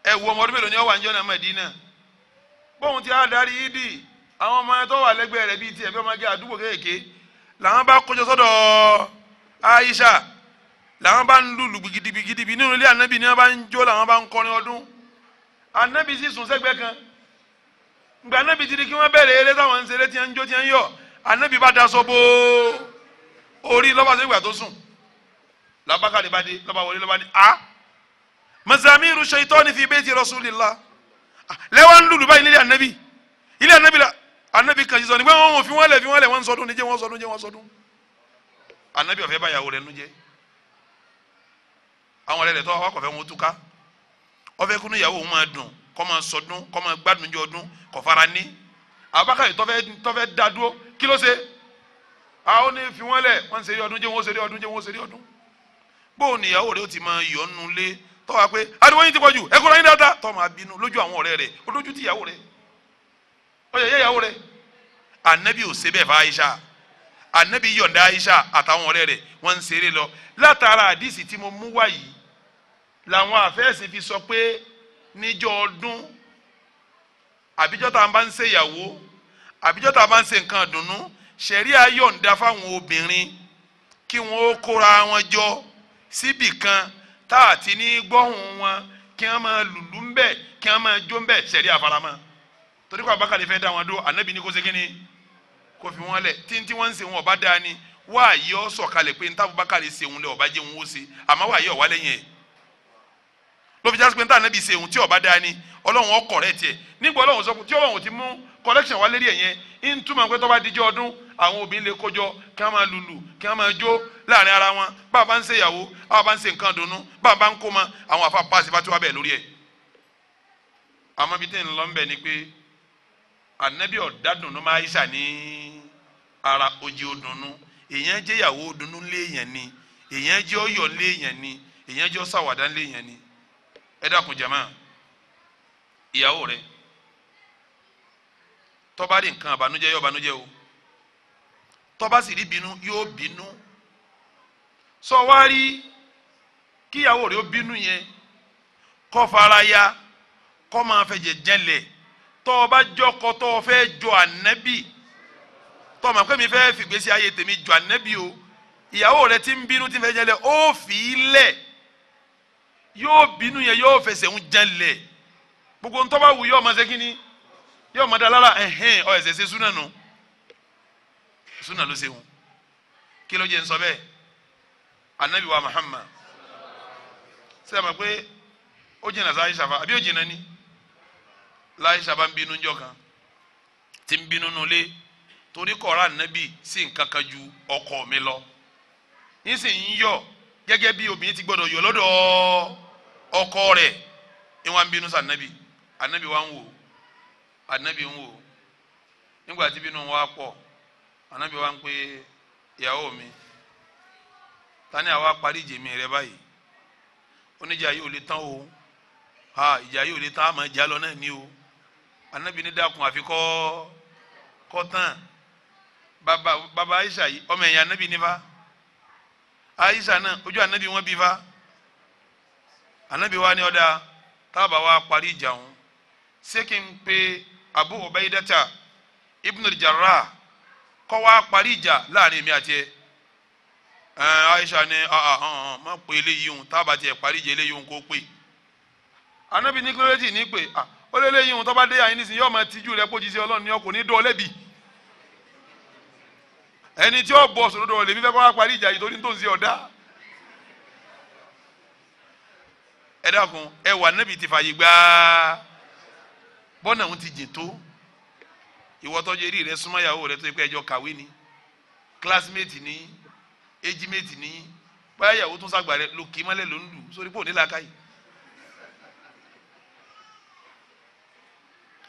ẹ wo ọmọ ọdún mélòó ni ọ wà ń jọ́nà Mẹ́dínà bóun ti á darí yídì àwọn ọmọ yẹn tó wà lẹ́gbẹ̀ẹ́ rẹ̀ bíi tiẹ̀ bí ọmọ gẹ́ àdúgbò kéèké làwọn bá kójọ sọ́dọ̀ Aisha làwọn bá ń lùlù gidigidigidi nínú ilé ànábì ni wọ́n bá ń jó làwọn bá ń kọrin ọdún ànábì sì sùn sẹ́gbẹ́ kan ngbà anabi ti di kí wọ́n bẹ̀rẹ̀ eré táwọn ń ṣeré tí ń jó tí ń yọ̀ anabi bá daṣọ bo orí lọ́ba sí ìgbà tó sùn làbákàlì bá di lọ́ba wọlé lọ́ba ni a mazamiru shaitani fi bayti rasulillah lẹ́wọ̀n ń lùlù báyìí nílé anabi ilé anabi la anabi kan sísọ ni pé wọn ò fi wọn lẹ fi wọn lẹ wọn sọdún níjẹ wọn sọdún jẹ wọn sọdún anabi ọ̀fẹ́ báyàwó rẹ̀ nu jẹ́ àwọn ọ̀rẹ́ rẹ̀ tọ́ àwọn akọ̀fẹ́ wọn túká ọ̀fẹ́ kúnú ìyàwó wọn máa dùn kọ́ máa sọdún kọ́ máa gbádùn jẹ ọdún kọ́ fara ní Abubakar yìí tọ́fẹ́ tọ́fẹ́ dá dúró kí ló ṣe àwọn ní fi wọ́n lẹ̀ wọ́n ń ṣeré ọdún jẹ́ wọ́n ṣeré ọdún jẹ́ wọ́n ṣeré ọdún bóun ni ìyàwó rẹ̀ ó ti máa yọ̀ nù lé tọ́wọ́ pé ariwo yín ti pọ̀jù ẹ kúrò yín dáadáa tọ́ máa bínú lójú àwọn ọ̀rẹ́ rẹ̀ ó lójú ti ìyàwó rẹ̀ ó yẹ ìyàwó rẹ̀ ànábì ò ṣe bẹ́ẹ̀ fa Aisha ànábì yọ̀ǹda Aisha àtàwọn ọ̀rẹ́ rẹ̀ wọ́n ń ṣeré lọ látara àdìsí tí mo mú wáyìí làwọn àfẹ́sìn fi sọ pé níjọ́ ọdún àbíjọ́ tá a bá ń ṣe ìyàwó àbíjọ́ tá a bá ń ṣe nǹkan ìdùnnú ṣẹ̀rí ayọ̀ǹda fáwọn obìnrin kí wọ́n ó kóra wọn jọ síbì kan tá a ti ní gbọ́hùn wọn kí wọ́n máa lùlù ń bẹ̀ kí wọ́n máa jó ń bẹ̀ ṣẹ̀rí àfaramọ́ torí kó abákàlẹ̀ fẹ́ dá wọn dó ànábì ní kó ṣe kí ni kó fi wọn lẹ̀ tí tí wọ́n ń ṣe wọn ọba dáa ni wáàyí ọ̀ sọ̀kalẹ̀ pé ní tábùbákàlẹ̀ ṣe òun lẹ̀ ọba jẹ́ òun ó ṣe àmọ́ wáàyí ọ̀wálẹ̀ yẹn ló fi jásí pé ntànà bíi ṣe òun tí ọba dá ni ọlọ́run ọkọ̀ rẹ̀ tiẹ̀ nígbà ọlọ́run sọ tí ọlọ́run ti mú collection wá lérí ẹ̀ yẹn ń túmọ̀ pé tọ́ba díjọ́ ọdún àwọn obìnrin lè kójọ kí wọ́n máa lùlù kí wọ́n máa jó láàrin ara wọn bàbá ń ṣe ìyàwó bàbá ń ṣe nǹkan dùnnú bàbá ń kó ma àwọn àfa paasi bá tí wọ́n bẹ̀ lórí ẹ̀. àmọ́ bíi tẹ́yìn lọ ń bẹ̀ ni pé ànábì ọ̀dádùn máa ṣà ní ara ojì odùnnú èèyàn jẹ́ ìyàwó odùnnú léèyàn ni èèyàn jẹ́ ọyọ̀ léèyàn ni èèyàn jẹ́ ọ̀sàwàdà léèyàn ni ẹ dákun jama ìyàwó rẹ tó bá rí nǹkan àbànújẹ́ yóò bànújẹ́ o tó bá sì rí bínú yóò bínú sọ wá rí kíyàwó rẹ ó bínú yẹn kó fara ya kó máa fẹ̀jẹ̀ jẹlẹ̀ tó o bá jọkọ tó o fẹ́ jọ ànábì tó o máa pẹ́ mi fẹ́ fìgbésí ayé tèmi jọ ànábì o ìyàwó rẹ ti ń bínú ti fẹ́ jẹlẹ̀ ó fi í lẹ̀. yóò binu ya yóò fẹsẹ̀ ń jẹ́lẹ̀ gbogbo ntọ́ bá wù yóò ma ṣe yóò máa da lára ẹ̀hẹ́n ọ ẹ̀sẹ̀ ṣe súnà nù súnà ló ṣe kí ló jẹ́ ń sọ bẹ́ẹ̀ anabi wa Muhammad ṣe é ma pé ó jìnnà sáà ìṣàfà àbí ó jìnnà ni láìṣà bá ń bínú jọ kan tí ń bínú nulẹ̀ torí kọ̀ọ̀rọ̀ ànábì sí nǹkan kan ju ọkọ mi lọ nísìnyí yọ gẹ́gẹ́ bí obìnrin ti gbọ́dọ̀ yọ lọ́dọ̀ọ́ ọkọ rẹ̀ ìwọ̀n bínú sí anabi anabi wa ń anabi ń wò nígbà tí bínú wa pọ̀ anabi wa ń pè mi tani àwa parí jèmi rẹ báyìí oníjà yìí ò lè tán o ha ìjà yìí ò lè tán àmọ́ ìjà lọ náà ni o anabi ní dákun àfi kọ́ kọ́ tán baba baba aisha yìí ọmọ ẹ̀yìn anabi nífa aisha náà ojú anabi wọn bí fa anabi wa ni ọ̀dà tábà wa parí ìjà òun n pe abu ubaidata ibnu al-jarrah kọ́ wa parí ìjà láàrin èmi àti ẹ aisha ni ma pe eléyìí òun tábà tiẹ̀ parí ìjà eléyìí òun kó pè anabi ní kílódé ní pé ó lé eléyìí òun tọ́ba dé àyín nísìnyí yóò máa tijú rẹ pójú sí ọlọ́run ní ọkọ̀ ní dọ́ọ́ lẹ́bi tí ó bọ̀ sọ̀rọ̀ dọ̀ọ́ lèmi fẹ́ kọ́ wa parí ìjà yìí torí ní tòun sí ọ̀dà. edekun ewu annabi ti fayigba aaa bono ntijin to iwotanjiiri re suna ayawu re to ikpe ejo kawini klasmeti ni ejimetini nkpa ayawu tun sagbara re lokima le lo n du sori po onilaka yi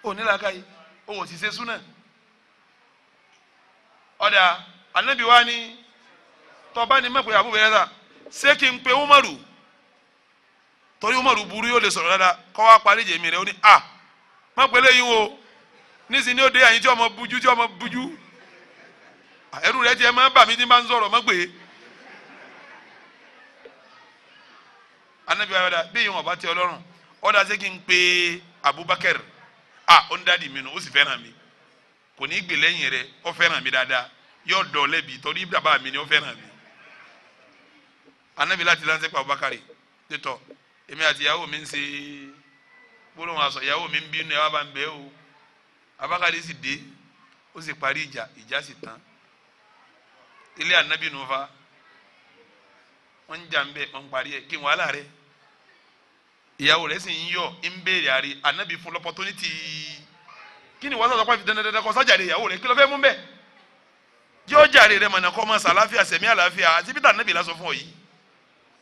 o nilaka yi o wo si se suna odi annabi wa ni toba nimepe abubuwe reza se ki umaru torí umaru burú yóò lè sọ̀rọ̀ dáadáa kọ́ wá parí jèmi rẹ̀ ó ní a ah, má pẹ́ lẹ́yìn o nísìnyí ó dé àyín tí ọmọ bujú tí ọmọ bujú ẹrú rẹ̀ tiẹ̀ máa ń bà mí ń sọ̀rọ̀ má pè é. anabi ayọ̀dá bí yìí wọn bá ọlọ́run ọ̀dà ṣé kí n pe abubakar a ó ń dádì mi nù ó sì fẹ́ràn mi kò ní í gbè lẹ́yìn rẹ̀ ó fẹ́ràn mi dáadáa yóò dọ̀ lẹ́bi torí bàbá mi ni ó fẹ́ràn mi anabi láti lánṣẹ́ pa abubakar tètò èmi àti ìyàwó mi ń ṣe gbólóhùn aṣọ ìyàwó mi ń bínú ẹ wá bá ń bẹ o abakari sì dé ó sì parí ìjà ìjà sì tán ilé ànábì nù fa wọn ń jà ń bẹ wọn ń parí ẹ kí n wàhálà rẹ ìyàwó rẹ sì ń yọ ń béèrè àrí ànábì fún lọpọtọ́nìtì kí ni wọ́n sọ̀rọ̀ pàfi dandandandan kọ́ sájàre ìyàwó rẹ kí ló fẹ́ mú bẹ́ẹ̀ yóò jàre rẹ mọ̀nà kọ́ mọ́ sàlàáfíà sẹ̀mí àlàáfíà àti bí tànábì lásán fún ọ yìí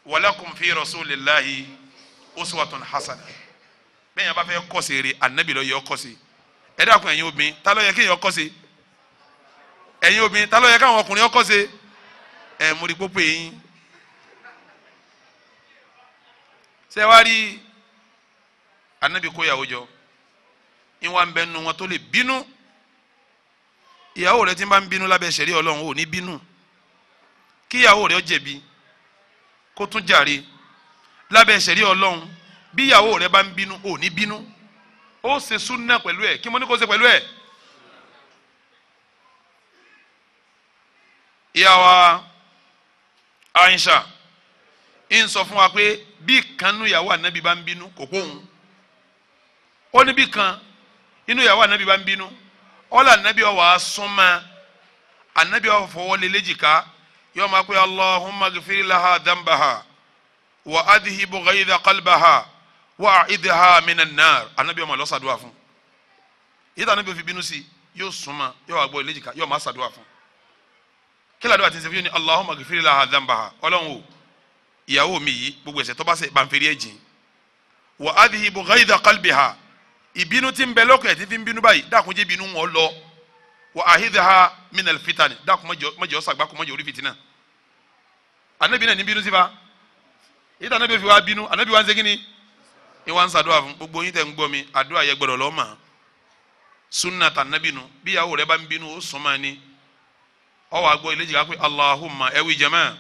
walakum fi rasulillahi. uswatun hasana bẹ́ẹ̀ yẹn bá fẹ́ kọ́sì rere anabi ló yẹ ọ́ ẹ̀yin obìnrin ta ló yẹ kéèyàn ẹ̀yin obìnrin ta ló yẹ káwọn ọkùnrin ó kọ́sì pópó rí anabi kó yàwó jọ ìwà ń bẹ nu wọn tó lè bínú ìyàwó rẹ ti ń bínú lábẹ́ ṣẹ̀rí ọlọ́run ò ní bínú kíyàwó rẹ ó jẹ̀bi lábẹ́ ìṣẹ̀rí ọlọ́run bí ìyàwó rẹ bá ń bínú ò ní bínú ó ṣe súnà pẹ̀lú ẹ̀ kí mo ní kó ṣe pẹ̀lú ẹ̀. ìyàwó Aisha ń sọ fún wa pé bí kan nínú ìyàwó ànábì bá ń bínú kò kóhun ó ní bí kan inú ìyàwó ànábì bá ń bínú ọ̀là ànábì ó wá súnmọ́ ànábì ó fọwọ́ lé léjìká yóò máa pé Allahumma gfir dambaha wa adhibu ghayda qalbaha wa idha minan nar anabi ọmọ lọ́sàdúrà fún yíta anabi òfin bínú sí yóò súnmọ́ yóò wà gbọ́ ìlẹ́jìká yóò má sàdúrà fún kílà àdúrà tí ń ṣe fún yóò ní Allahumma ghfir laha dhanbaha ọlọ́run o ìyàwó mi yìí gbogbo ẹ̀ṣẹ̀ tó bá ṣẹ̀ bá ń fèrè ẹ̀ jìn wa adhibu ghayda qalbiha ìbínú tí ń bẹ lọ́kọ̀ ẹ̀ tí fi ń bínú báyìí dákun jẹ́ ìbínú wọn lọ wa ahidha minal fitani dákun mọ́jọ́ sàgbákò mọ́jọ́ orí fìtínà anabi náà ní bínú sí fa yìí tànàbí fi wá bínú ànàbí wá ń segin ni ni wá ń sàdúrà fún gbogbo yín tẹ̀ ń gbọ́ mi àdúrà yẹ gbọ́dọ̀ lọ́ọ́ mà sunna tànàbí nu bí ìyàwó rẹ bá ń bínú ó sùn máa ní ọ wàá gbọ́ ilé jìgá pé Allahumma ẹwì jẹ́mẹ́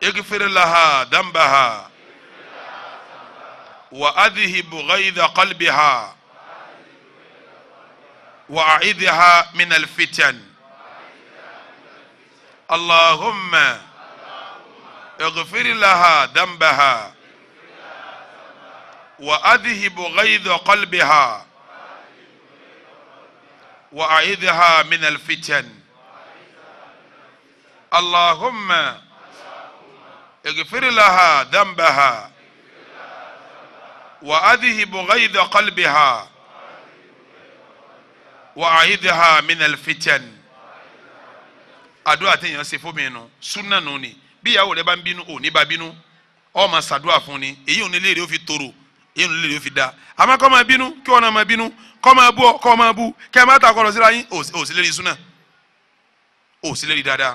ekifirilaha dambaha wa adihi bugayda qalbiha wa aidha min alfitan Allahumma. اغفر لها ذنبها وأذهب غيظ قلبها وأعذها من الفتن اللهم اغفر لها ذنبها وأذهب غيظ قلبها وأعذها من الفتن أدعو يصفو منه سنة نوني bí ìyàwó rẹ bá ń bínú ò ní bá bínú ọ máa fún ni èyí òun lè ó fi toro èyí ó fi da kọ́ máa bínú kí wọ́n náà máa bínú kọ́ máa bú ọ kọ́ máa bú kẹ́ síra yín ò sì lè ò dáadáa nínú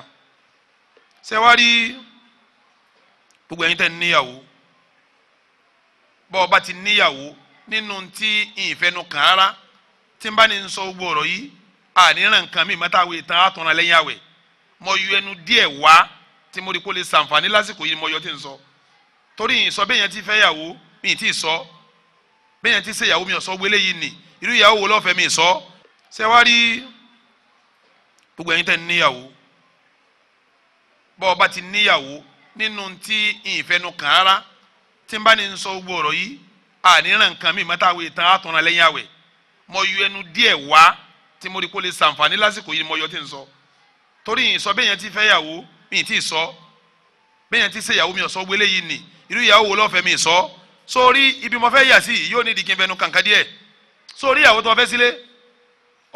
tí rárá tí bá ní sọ gbogbo ọ̀rọ̀ yìí mi tán lẹ́yìn àwẹ̀ ẹnu wá tí mo rí kó lè sàǹfààní lásìkò yìí mo yọ tí n sọ torí yìí sọ bẹ́ẹ̀ yẹn ti fẹ́ yàwó mi ì tí ì sọ bẹ́ẹ̀ yẹn ti ṣe yàwó mi ò sọ gbélé yìí nì irú ìyàwó wo lọ́fẹ̀ẹ́ mi ì sọ ṣé wá rí gbogbo ẹ̀yin tẹ́ ń níyàwó bọ́ ọ bá ti níyàwó nínú tí ìfẹ́nu kàn án tí n bá ní n sọ gbogbo ọ̀rọ̀ yìí àníran nǹkan mi mọ́tàwé ìtàn àtúnra lẹ́yìn àwẹ̀ mo yọ ẹnu díẹ̀ wá tí mo rí kó lè sàǹfààní lásìkò yìí mo yọ tí n sọ torí yìí bẹ́ẹ̀ yẹn ti fẹ́ yàwó ní ìtì sọ bẹ́ẹ̀ ti ṣe ìyàwó mi ọ̀sọ́ wọlé yìí nì irú ìyàwó wo lọ́fẹ̀ẹ́ mi sọ sórí ibi mo fẹ́ yà sí yóò ní ìdíkin bẹnu kàǹkà díẹ̀ sórí ìyàwó tó fẹ́ sílé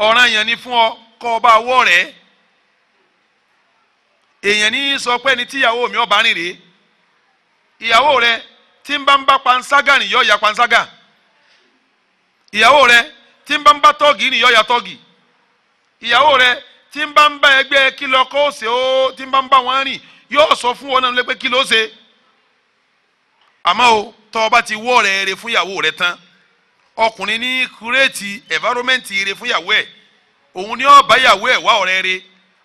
ọ̀ràn yẹn ni fún ọ kọ́ ọ bá wọ́ rẹ̀ èèyàn ní sọ pé ni tíyàwó mi ọba rìn rèé ìyàwó rẹ tí ń bá ń bá panṣágà nìyọ ìyá panṣágà ìyàwó rẹ tí ń bá ń bá tọ́ọ̀gì nìyọ ìyá tọ́ọ̀gì ìyàwó rẹ tí ń bá ń bá ẹgbẹ́ kí lọ kó ṣe ó tí ń bá ń bá wọn rìn yóò sọ fún wọn náà lé kí ló ṣe àmọ́ o tọ́ ọba ti wọ́ rẹ̀ rẹ̀ fún ìyàwó rẹ̀ tán ọkùnrin ní kúrẹ́ẹ̀tì environment rẹ̀ fún ìyàwó ẹ̀ òun ni ó bá ìyàwó ẹ̀ wá ọ̀rẹ́ rẹ̀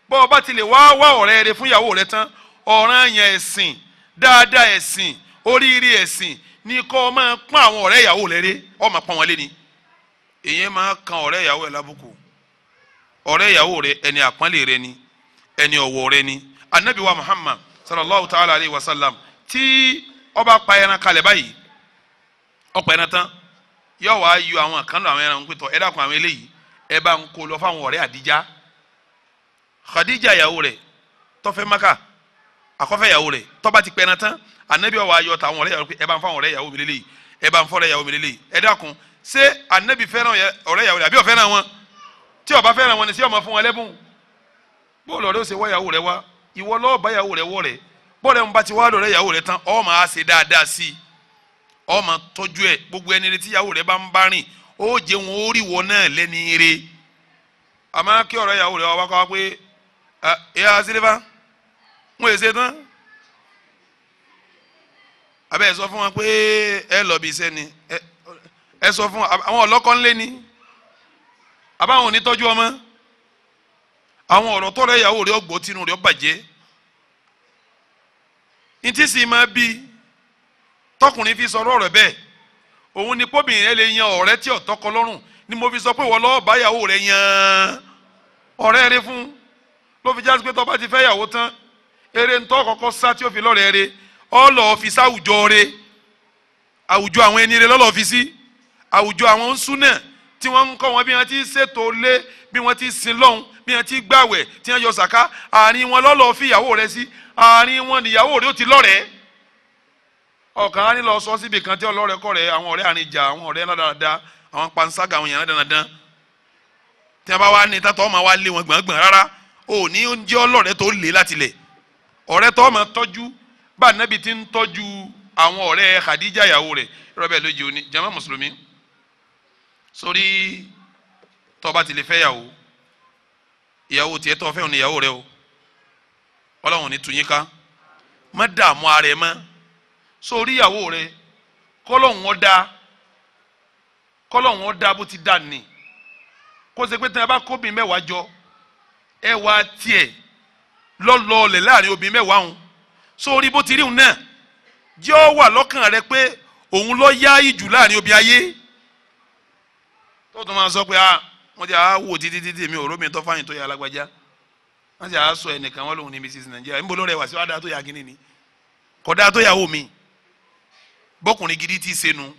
bọ́ ọba ti lè wá wá ọ̀rẹ́ rẹ̀ fún rẹ̀ tán ọ̀ràn yẹn ẹ̀sìn dáadáa ẹ̀sìn oríire ẹ̀sìn ni kọ́ ọ máa pọ́n àwọn ọ̀rẹ́ ìyàwó rẹ̀ rẹ̀ ọ máa pọ́n wọn lé ni èyí máa kan ọ̀rẹ́ ìyàwó ẹ̀ lábùkù ọ̀rẹ́ ìyàwó rẹ ẹni àpọ́nlé rẹ ni ẹni ọ̀wọ̀ rẹ ni anabi muhammad sallallahu ta'ala alayhi wa sallam tí ó bá pa ẹran kalẹ̀ báyìí ó pa ẹran tán yóò wá yọ àwọn kan lọ àwọn ẹran pẹ̀tọ̀ ẹ dákun àwọn eléyìí ẹ bá ń kó lọ fáwọn ọ̀rẹ́ àdíjá khadija ìyàwó rẹ tó fẹ́ maka àkọ́fẹ́ ìyàwó rẹ tó bá ti pẹ́ ẹran tán anabi wa yọ tàwọn ọ̀rẹ́ ìyàwó ẹ bá ń fáwọn ọ̀rẹ́ ìyàwó mi lélẹ́yìí ẹ bá ń fọ́ọ̀rẹ́ ìyàwó mi lélẹ́yìí ẹ dákun ṣé anabi fẹ́ràn ọ̀rẹ́ ìyàwó rẹ àbí ó wọn tí ọba bá fẹ́ràn wọn ni sí ó máa fún wọn lẹ́bùn bóòlù ọ̀rẹ́ ó wáyàwó rẹ wá ìwọ lọ́ọ́ báyàwó rẹ wọ̀ rẹ bóòlù ẹ̀mú bá ti wá lọ́rẹ́ ìyàwó rẹ tán ó máa ṣe dáadáa sí i ó máa gbogbo ẹni rẹ tí yàwó rẹ bá ń bá rìn ó wọn ó rí wọn náà lẹ́ni rẹ àmọ́ kí rẹ wá tán ni ẹ sọ fún àwọn ọlọ́kọ́ ni. àbáwọn onítọ́jú ọmọ àwọn ọ̀rọ̀ tọrọ ìyàwó rẹ̀ ọgbọ tinú rẹ̀ ọbàjẹ́ ntí sì máa bí tọkùnrin fi sọ̀rọ̀ rẹ̀ bẹ́ẹ̀ òun ni pọbìnrin rẹ̀ lè yan ọ̀rẹ́ tí ọtọkọ lọ́rùn ni mo fi sọ pé wọ́n lọ́ọ́ bá ìyàwó rẹ̀ yan ọ̀rẹ́ rẹ̀ fún ló fi jásí pé tó bá ti fẹ́ ìyàwó tán eré ntọ́ kọ́kọ́ sá tí ó fi lọ́rẹ̀ẹ́ rẹ̀ ọlọ́ ọ́fíìsì àwùjọ rẹ̀ àwùjọ àwọn ẹni rẹ̀ lọ́lọ́ ọ́fíìsì àwùjọ àwọn ń sún náà tí wọ́n ń kọ́ wọn bí wọ́n ti ṣètò lé bí wọ́n ti sin lọ́hùn bí wọ́n ti gbàwẹ̀ tí wọ́n yọ sàká àárín wọn lọ́lọ́ fi ìyàwó rẹ sí àárín wọn nìyàwó rẹ ó ti lọ́rẹ̀ẹ́ ọ̀kan á ní lọ sọ síbi kan tí ọlọ́rẹ̀ kọ́ rẹ̀ àwọn ọ̀rẹ́ àrìnjà àwọn ọ̀rẹ́ ládàáda àwọn panṣágà àwọn yàrá dandan tí wọ́n bá wá ní tátọ́ ọmọ wa lé wọn gbọ̀ngbọ̀n rárá ò ní jẹ́ ọlọ́rẹ̀ tó lé láti lẹ̀ Khadija ìyàwó rẹ̀ rọ́bẹ̀ lójú ni sórí tó bá ti lè fẹ́ yàwó ìyàwó tiẹ̀ tó fẹ́ràn ìyàwó rẹ o ọlọ́run ní tuyín ká má dààmú ara ẹ mọ́ sórí ìyàwó rẹ kọ́lọ́hún wọn da kọ́lọ́hún wọn da bó ti dà ní kó ṣe pé tí wọn bá kóbìn mẹ́wàá jọ ẹwà tiẹ̀ lọ́lọ́ọ̀lẹ̀ láàrin obìnrin mẹ́wàá òun sórí bó ti rí òun náà jẹ́ ọ wà lọ́kàn rẹ pé òun ló yááyì jù láàrin obìnrin ayé tó tún máa sọ pé ah wọ́n ti àá wò títí títí mi ò rómi tó fáyìn tó yẹ alágbájá wọ́n ti àá sọ ẹnìkan wọn lòun ní Mrs Nigeria níbo ló rẹ wá sí wàá dáa tó yà kí nìyí kódà tó yàwó mi bọ́kùnrin gidi ti senu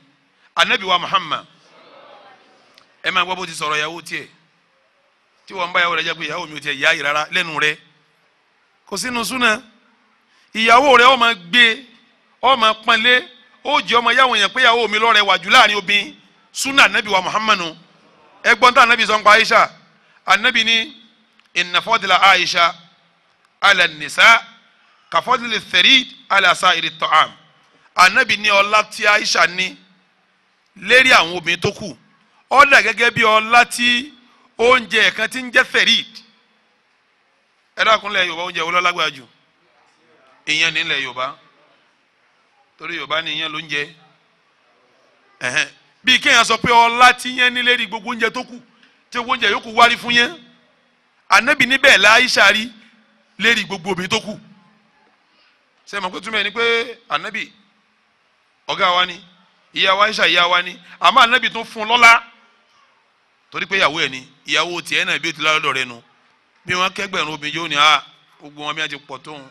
anabi Muhammad ẹ máa gbọ́ bó ti sọ̀rọ̀ yàwó tiẹ̀ tí wọ́n bá yàwó rẹ jẹ́ pé yàwó mi ò tiẹ̀ yá yìí rárá lẹ́nu rẹ kò sínú súnà ìyàwó rẹ ó máa gbé ó máa ó jẹ́ ọmọ yàwó yẹn pé yàwó mi lọ́rẹ̀ wàjú láàrin obìnrin súnà anabi wa Muhammadu ẹgbọ́n tá anabi sọ ń pa aisha anabi ni inna aisha ala nisa ka fadli tharid ala sa'iri ta'am anabi ni ọlá tí aisha ní lérí àwọn obìnrin tó kù ọ̀dà gẹ́gẹ́ bí ọlá tí oúnjẹ kan ti ń jẹ́ tharid ẹ̀rọ àkúnlẹ̀ yorùbá oúnjẹ wo ló jù ìyẹn nílẹ̀ yorùbá torí yorùbá ni ìyẹn ló ń jẹ bíi kéèyàn sọ pé ọlá tí yẹn nílé rí gbogbo oúnjẹ tó kù tí owó oúnjẹ yòókù wárí fún yẹn ànábì níbẹ̀ láìsà rí lérí gbogbo obìnrin tó kù ṣe mọ̀ pé túmọ̀ ẹni pé ànábì ọ̀gá wa ni ìyá wa Aisha ìyá wa ni àmọ́ ànábì tó fún lọ́lá torí pé ìyàwó ẹ̀ ni ìyàwó tiẹ̀ náà bí ó ti lọ́dọ̀ rẹ nu bí wọ́n kẹ́gbẹ̀rún obìnrin yóò ní a gbogbo wọn bí wọ́n ti pọ̀ tóun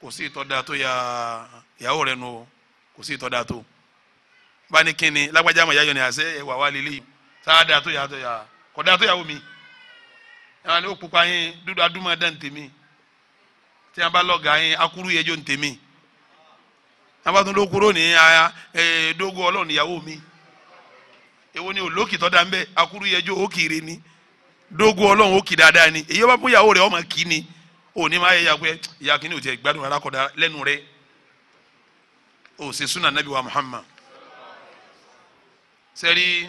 kò sí ìtọ́da tó ya ìyàwó rẹ nu kò sí ìtọ́da tó bá ní kíni lágbájá mọ̀ yáyọ ni àṣẹ ẹwà wa lélẹ̀ sáádà tó yà tó yà kọ̀dá tó yàwó mi ẹ̀wọ̀n ni ó pupa yín dúdú adúmọ̀dá ń tèmi tí wọ́n bá lọ́gàá yín akúrú yẹjọ́ ń tèmi wọ́n ló kúrò ní dógó ọlọ́run ìyàwó mi èwo ni olókì tó dá ń bẹ́ akúrú yẹjọ́ ó kì í re ni dógó ọlọ́run ó kì í dáadáa ni èyí bá fún ìyàwó ọmọ kì ni òní máa yẹ yàgbẹ́ ìyá kìíní ò tiẹ̀ gbádùn arákọ̀dá lẹ́nu rẹ̀ ó ṣe súnà wa Muhammad sẹ́rí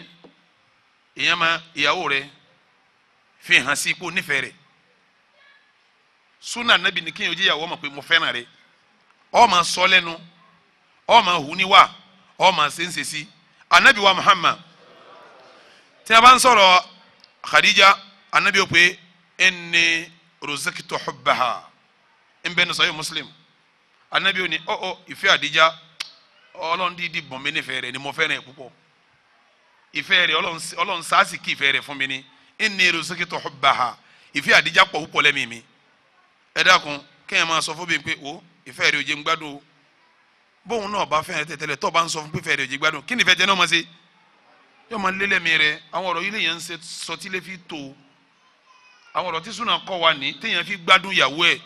èèyàn máa ìyàwó rẹ fi hàn sí ipò nífẹ̀ẹ́ rẹ súnà nàbì ní kéèyàn jíyàwó ọmọ pé mo fẹ́ràn rẹ ó máa sọ lẹ́nu ó máa hù níwà ó máa ṣe ń ṣe sí anabi wa Muhammad tí a bá ń sọ̀rọ̀ Khadija anabi ó pé ẹni rozikitu hubbaha ń bẹ́ẹ̀ ní sọ́yìn Muslim anabi ó ní ọ̀ oh, ọ̀ oh, ìfẹ́ àdíjà ọlọ́run dídí bọ̀mí nífẹ̀ẹ́ rẹ̀ ni mo fẹ́ràn ẹ̀ púpọ̀ ìfẹ́ rẹ̀ ọlọ́run kí ìfẹ́ rẹ̀ fún mi ní inni rusakito hubbaha ìfẹ́ àdíjà pọ̀ púpọ̀ lẹ́mìí mi ẹ dákun kéèyàn máa sọ fún mi pé o ìfẹ́ rẹ̀ ò ń gbádùn o bóun náà bá fẹ́ràn tẹ̀tẹ̀lẹ̀ tó bá ń sọ fún pé rẹ̀ ò gbádùn kí ni ìfẹ́ tẹ náà máa ṣe yóò máa lé lẹ́mìí rẹ̀ àwọn ọ̀rọ̀ yìí lèèyàn ń ṣe sọtílé fi tó àwọn ọ̀rọ̀ tí súnà kọ́ wa ní téèyàn fi gbádùn ìyàwó ẹ̀.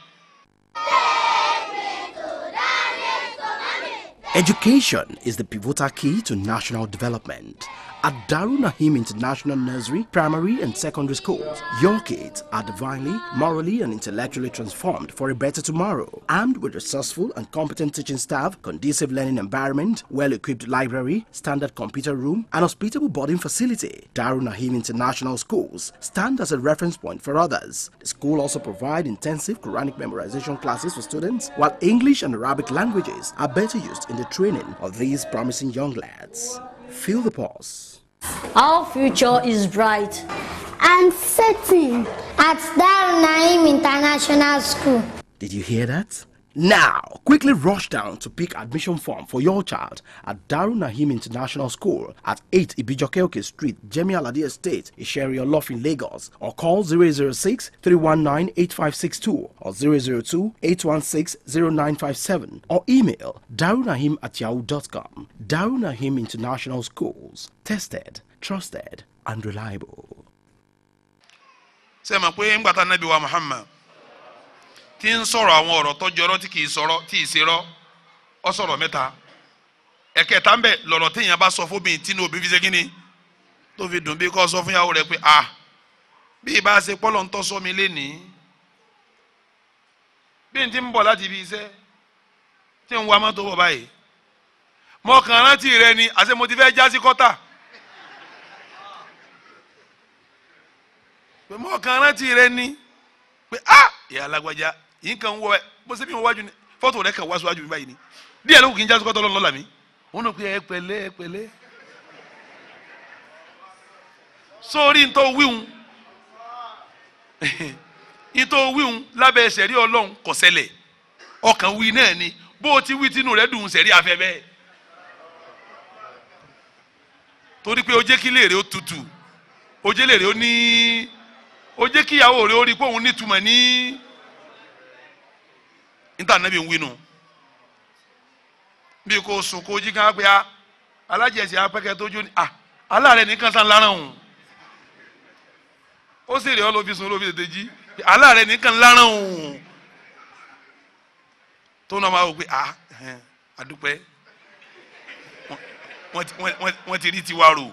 Education is the pivotal key to national development At Daru Nahim International Nursery, Primary and Secondary Schools, your kids are divinely, morally and intellectually transformed for a better tomorrow. Armed with resourceful and competent teaching staff, conducive learning environment, well-equipped library, standard computer room and hospitable boarding facility, Daru Nahim International Schools stand as a reference point for others. The school also provides intensive Quranic memorization classes for students, while English and Arabic languages are better used in the training of these promising young lads. Feel the pulse. Our future is bright and certain at Darul Naim International School. Did you hear that? Now, quickly rush down to pick admission form for your child at Darul Nahim International School at 8 Ibijokeoke Street, Jemi Aladi Estate, Isheri in Lagos or call 006 319 8562 or 002 816 0957 or email darunahim at yahoo.com. into International Schools, tested, trusted, and reliable. sẹ́mi pé ńgbàtà nàbí wa Muhammad tí ń sọ̀rọ̀ àwọn ọ̀rọ̀ tọ́jọ́rọ́ tí kìí sọ̀rọ̀ tí ì ṣerọ́ ọ sọ̀rọ̀ mẹ́ta ẹ̀kẹta ń bẹ̀ lọ̀rọ̀ téèyàn bá sọ fóbìnrin tí inú òbí fi ṣe kínní tó fi dùn bí kò sọ fún yàwó rẹ̀ pé ah bí ìbá ṣe pọ́lọ̀ ń tọ́ sọ mi lénìí bí n ti ń bọ̀ láti ibi iṣẹ́ tí ń mọ́tò bọ̀ báyìí mọ̀kàn rántí rẹ ni àti mo ti fẹ́ já sí kọ́tà. pé mọ̀kàn rántí rẹ ni pé a ìyá alágbájá yìí kan wọ ẹ bó ṣe mi wọ wájú ni fọ́tò rẹ kàn wá síwájú mi báyìí ni díẹ̀ ló kù kí n já sí kọ́tà lọ́nà lọ́la mi wọn nù pé ẹ pẹ̀lẹ́ ẹ pẹ̀lẹ́ sórí ntọ́ wíwùn ntọ́ wíwùn lábẹ́ sẹ̀rí ọlọ́run kò ọkàn wí náà ni bó o ti wí tinú rẹ dùn sẹ̀rí afẹ́ bẹ́ẹ̀. torí pé o jẹ́ kí léèrè ó tutù o jẹ́ léèrè ó ní o jẹ́ kí ìyàwó rẹ̀ ó rí pé òun nítumọ̀ ní níta nàbí ń winu bí kò sùn kò jí kan á pé a ah, alájẹsì tó jó ni a ah, aláàrẹ̀ nìkan sàn láràn òun ó sì rè ọ́ ló fi sùn ló fi tètè jí aláàrẹ̀ nìkan láràn òun tó náà máa wò pé ah, a àdúpẹ́ wọ́n ti rí tiwa rò.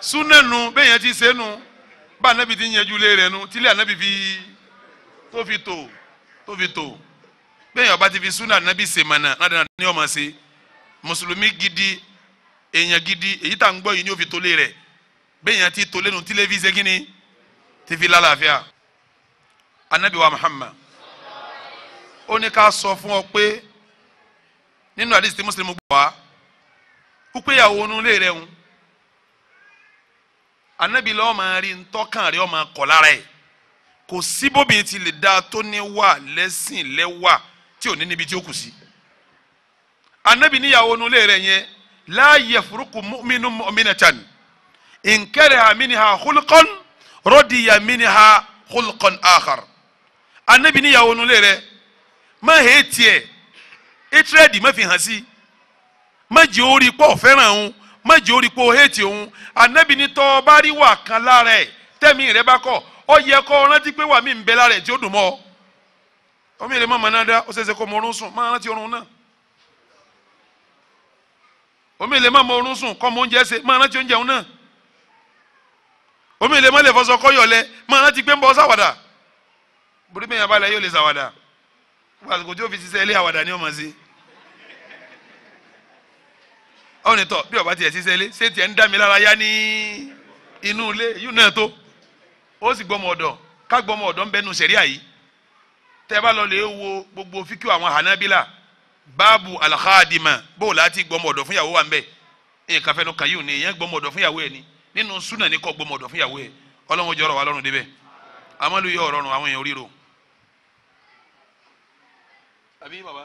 súnẹ̀nu bẹ́ẹ̀ yẹn ti sẹ́nu bá anabi ti yẹn julẹ̀ rẹ̀ nu tílé anabi fi tó fi tò tó fi tò bẹ́ẹ̀ yẹn ọba ti fi súnà anabi sèmánà ládàá ní ọmọ sí mùsùlùmí gidi èèyàn gidi èyí tá à gbọ́ yìí ni ó fi tolé rẹ̀ bẹ́ẹ̀ yẹn ti tolé nu tílé fi ṣe kínní ti fi lálàáfíà anabi wa muhammad ó ní ká sọ fún ọ pé nínú àdìsí tí mùsùlùmí gbọ́ wá wípé ìyàwó onú lè rẹ̀ ń anabi lọ́wọ́ máa rí ntọ́kàn rẹ̀ ọmọ akọ̀ lára ẹ̀ kò sí bóbìnrin ti lè dáa tó ní wà lẹ́sìn lẹ́wà tí ò ní níbi tí ó kù sí anabi níyàwó onú lè rẹ̀ yẹn láàyè furuku mímínú mọ́mínàtàn nkẹ́rẹ́ ha mí rọ́dìyà mí ni àhàr anabi níyàwó onú lè rẹ̀ má he tiẹ̀ etirẹ́dì má fi hàn si má jẹ́ orí pọ̀ fẹ́ràn òun má jẹ́ orí pọ̀ hẹ́ẹ̀tì òun ànábì ní tọ́ bá wà kan lára rẹ bá ọ yẹ pé wà mí ń bẹ lára tí o dùn mọ́ ọ ọmọ ìrẹ́ mọ̀mọ́ náà dá ó ṣẹ̀ṣẹ̀ orun sùn má rántí náà má mọ sùn mọ ṣe má rántí náà má lè má rántí pé ń àsìkò tí ó fi ṣiṣẹ́ ilé àwàdà ni ó mọ̀ sí. ọ̀hún ni tọ̀ bí ọba tiẹ̀ ṣiṣẹ́ ilé ṣé tiẹ̀ ń dá mi lára yá ní inú ilé yìí náà tó ó sì gbọmọ ọ̀dọ̀ ká gbọmọ ọ̀dọ̀ ń bẹnu sẹ̀ríà yìí tẹ́ bá lọ lè wo gbogbo fíkú àwọn hanabila báàbù alakadima bóò láti gbọmọ ọ̀dọ̀ fún ìyàwó wa ń bẹ èyí kàfẹ́ nu kàyí òní èyàn gbọmọ ọ̀dọ̀ fún ìyàwó ẹ̀ ni nínú súnà ní kọ́ gbọmọ ọ̀dọ̀ fún ìyàwó ẹ̀ ọlọ́run jọrọ wa lọ́rùn débẹ̀ àmọ́ lu yọ ọ̀rọ̀rùn àwọn èèyàn oríro àbí bàbá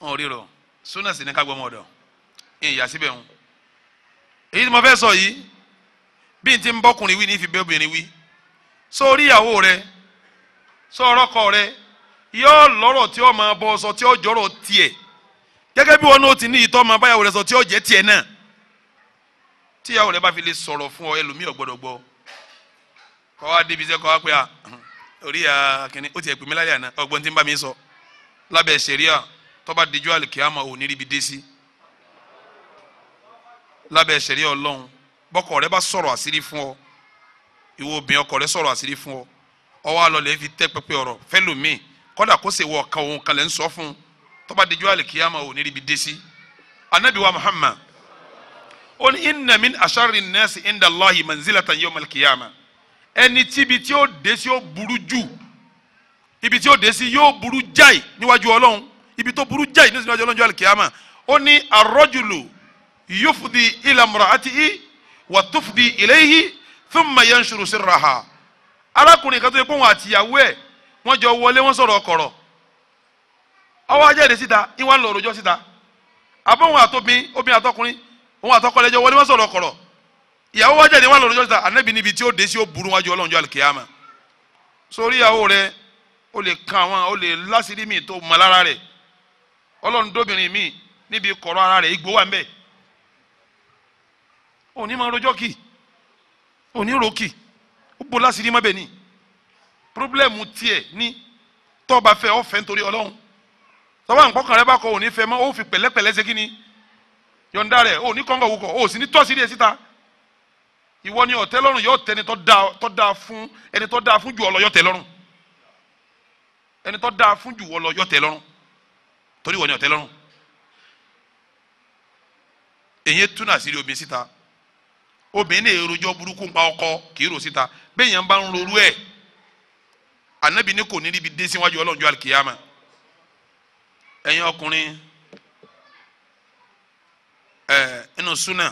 wọn ò ríro súnà sí ní ká gbọmọ ọdọ ìyá síbẹ̀ ń èyí tí mo fẹ́ sọ yìí bí n ti ń bọ́kùnrin wí fi bẹ́ẹ̀ obìnrin So sórí ìyàwó rẹ so kọ rẹ yóò lọ́rọ̀ tí ó máa bọ́ sọ tí ó jọ̀rọ̀ tiẹ̀ gẹ́gẹ́ bí wọn náà ti ní ìtọ́ máa báyàwó rẹ sọ tí ó jẹ́ tiẹ̀ náà tíyàwó rẹ bá fi lè sọ̀rọ̀ fún ọ ẹlòmíì ò gbọ́dọ̀ wa débi sẹ́ kọ́ wa pé a. Ah, orí akínní ó ti ẹ̀ pè mí lálẹ́ àná ọgbọ́n tí ń bá mi sọ lábẹ́ sẹ̀ríà tọ́ba díjú àlìkíyàmọ̀ ò ní ríbi dé sí lábẹ́ sẹ̀ríà ọlọ́run bọ́kọ rẹ bá sọ̀rọ̀ àṣírí fún ọ ìwọ obìnrin ọkọ rẹ sọ̀rọ̀ àṣírí fún ọ ọwọ́ alọ́lẹ̀ fi tẹ́ pẹpẹ ọ̀rọ̀ fẹ́lòmíì kọ́dà kó ṣe wọ ọ̀kan òun kan lẹ́ ń sọ fún tọ́ba díjú àlìkíyàmọ̀ ò ní ríbi dé sí anabiwa Muhammad ó ní inna min asharri nasi inda Allahi manzilatan yawm al-qiyamah ẹni tí ibi tí ó dé sí ó burú jù ibi tí ó dé sí yóò burú jáì níwájú ọlọ́run ibi tó burú jáì níwájú ọlọ́run jọ àlìkìyàmà ó ní arọ́jùlù yófùdí ìlàmùrà àti í wà tófùdí ìléyìí fún mayan ṣòro sí raha arákùnrin kan tó yẹ pé àtìyàwó ẹ̀ wọ́n jọ wọlé wọ́n sọ̀rọ̀ ọkọ̀rọ̀ ọwọ́ ajáde síta ìwà ń lọ síta àbọ̀ òun obìnrin àtọkùnrin òun àtọkọ lẹ́jọ́ wọlé wọ́n sọ̀rọ̀ ọkọ̀rọ̀ ìyàwó wa ni wọn lọ lọ́jọ́ sita anabi níbi tí ó dé sí ó burú wájú ọlọ́run jọ alikiyama sórí ìyàwó rẹ ó lè kan àwọn ó lè lásìrí mi tó mọ lára rẹ ọlọ́run dóbìnrin mi níbi kọ̀rọ̀ ara rẹ igbó wà ń bẹ òní máa rojọ́ kì òní ro kì ó bo lásìrí má bẹ ni pírọ́blẹ́mù tiẹ̀ ní tọ́ba fẹ́ ọ̀fẹ́ nítorí ọlọ́run tọ́ba nǹkan kan rẹ bá kọ òní fẹ́ mọ́ ó fi pẹ̀lẹ́pẹ̀lẹ́ ṣe kí ni yọ̀ǹda rẹ̀ òní kọ́ńgọ̀ wò òsì ní tọ́sí rẹ̀ síta. Si ìwọ ni ọ̀tẹ́ lọ́rùn yóò tẹ ẹni tó dáa fún ẹni tó dáa fún jù ọ lọ yóò tẹ lọ́rùn ẹni tó dáa fún jù ọ lọ yóò tẹ lọ́rùn torí ìwọ ni ọ̀tẹ́ lọ́rùn èyí túnà sí obìnrin síta obìnrin náà èròjọ burúkú ń pa ọkọ kì í rò síta bẹ́ẹ̀ yẹn bá ń rorú ẹ̀ anabi ní kò ní níbi dé síwájú ọlọ́njọ́ alikiyama ẹ̀yin ọkùnrin ẹ̀ inú súnà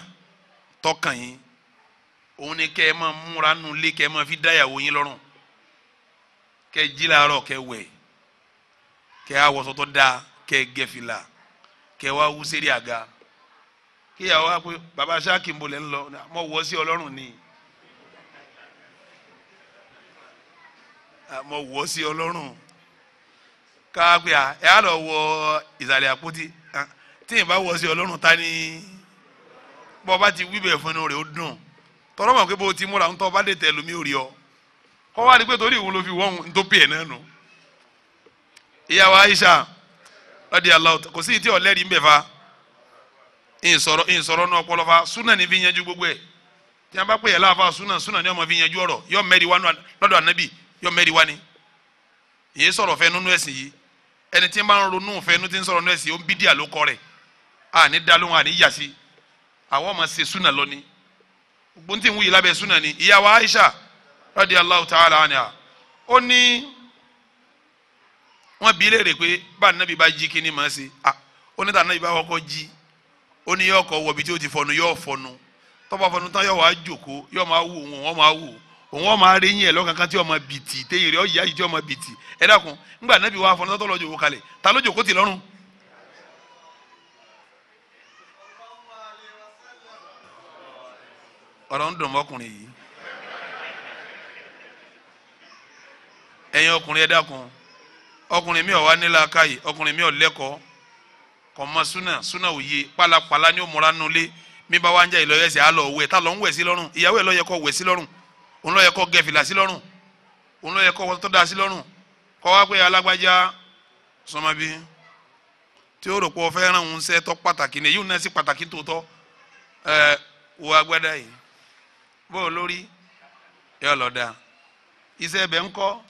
tọkàn yín òun ni kẹ́ ẹ máa múra nù lé kẹ́ ẹ máa fi dáyàwó yín lọ́rùn kẹ́ ẹ jí làárọ̀ kẹ́ ẹ wẹ̀ kẹ́ ẹ awọ̀sọ̀ tó dáa kẹ́ ẹ gẹ̀fìlà kẹ́ ẹ wá wú sérí àga kíyàwó wa pé baba ṣáàkì ń bolẹ̀ ń lọ mọ̀ wọ́ sí ọlọ́run ni mọ̀ wọ́ sí ọlọ́run ká à ẹ á lọ wọ ìsàlẹ̀ àpótí tí ìbá wọ́ sí ọlọ́run ta ni bọ́ bá ti wíbẹ̀ fún inú rẹ̀ ó dùn tọ́lọ́ mọ̀ pé bó o ti múra ńtọ́ bá dé tẹ̀ lómi ò rí ọ kọ́ wá rí pé torí ìwọ ló fi wọ́n ń tó pè é náà nù. ìyàwó Aisha lọ́dí aláwọ̀ kò sí ìtí ọ̀lẹ́rìí ń bẹ̀ fa ìsọ̀rọ̀ ìsọ̀rọ̀ náà ọpọlọ fa súnà ní fi yanjú gbogbo ẹ̀ tí a bá pè yẹ láàfa súnà súnà ní ọmọ fi yanjú ọ̀rọ̀ yọ mẹ́rin wá lọ́dọ̀ ànábì yọ mẹ́rin wá ni èyí sọ̀rọ̀ fẹ́ nínú ẹ̀sìn yìí ẹni tí ń bá ń ronú fẹ́ nínú tí ń sọ̀rọ̀ nínú ẹ̀sìn ó ń bídí àlókọ rẹ̀ à ní dalóhùn à ní yàsí àwọn ọmọ ṣe súnà lọ ni gbóntì wúyi lábẹ́ súnà ni ìyá wa Aisha radiyallahu ta'ala anha ó ní wọ́n bi léèrè pé bá nàbí bá jí kí ni màá ṣe à ó ní tà nàbí bá kọ́kọ́ jí ó ní yọ ọkọ̀ wọ̀bi tí ó ti fọnu yọ fọnu tọ́ba fọnu tán yọ wàá jòkó yọ máa wù òun wọ́n máa wù òun wọ́n máa rí yín ẹ̀ lọ́kankan tí ọmọ bìtì téyìn rẹ̀ ọ̀yà yìí tí ọmọ bìtì ẹ dákun ńgbà nàbí wàá fọnu tọ́tọ́ lọ́jọ́ wò kalẹ̀ ta ló jòkó ti lọ́rùn ọ̀rọ̀ ń dùn mọ́kùnrin yìí ẹ̀yin ọkùnrin ẹ dákun ọkùnrin mi ò wá nílá káyè ọkùnrin mi ò lẹ́kọ̀ọ́ kò mọ súnà súnà òye pálapàla ní òmùra nulẹ̀ mi bá wá ń jẹ́ ìlọ́yẹsẹ̀ á lọ wẹ̀ tá lọ ń wẹ̀ sí lọ́rùn ìyàwó ẹ̀ lọ́yẹ kọ́ wẹ̀ sí lọ́rùn òun lọ́yẹ kọ́ gẹ̀ sí lọ́rùn òun lọ́yẹ kọ́ wọ́n da sí lọ́rùn kọ́ wá pé alágbájá sọmọbí tí ó rò pé ọ fẹ́ràn òun sẹ́ tọ́ pàtàkì ní èyí ò náà sí pàtàkì tòótọ́ ẹ wo agbádá yìí bó o ya yọ lọ ebe nkọ bụ ńkọ́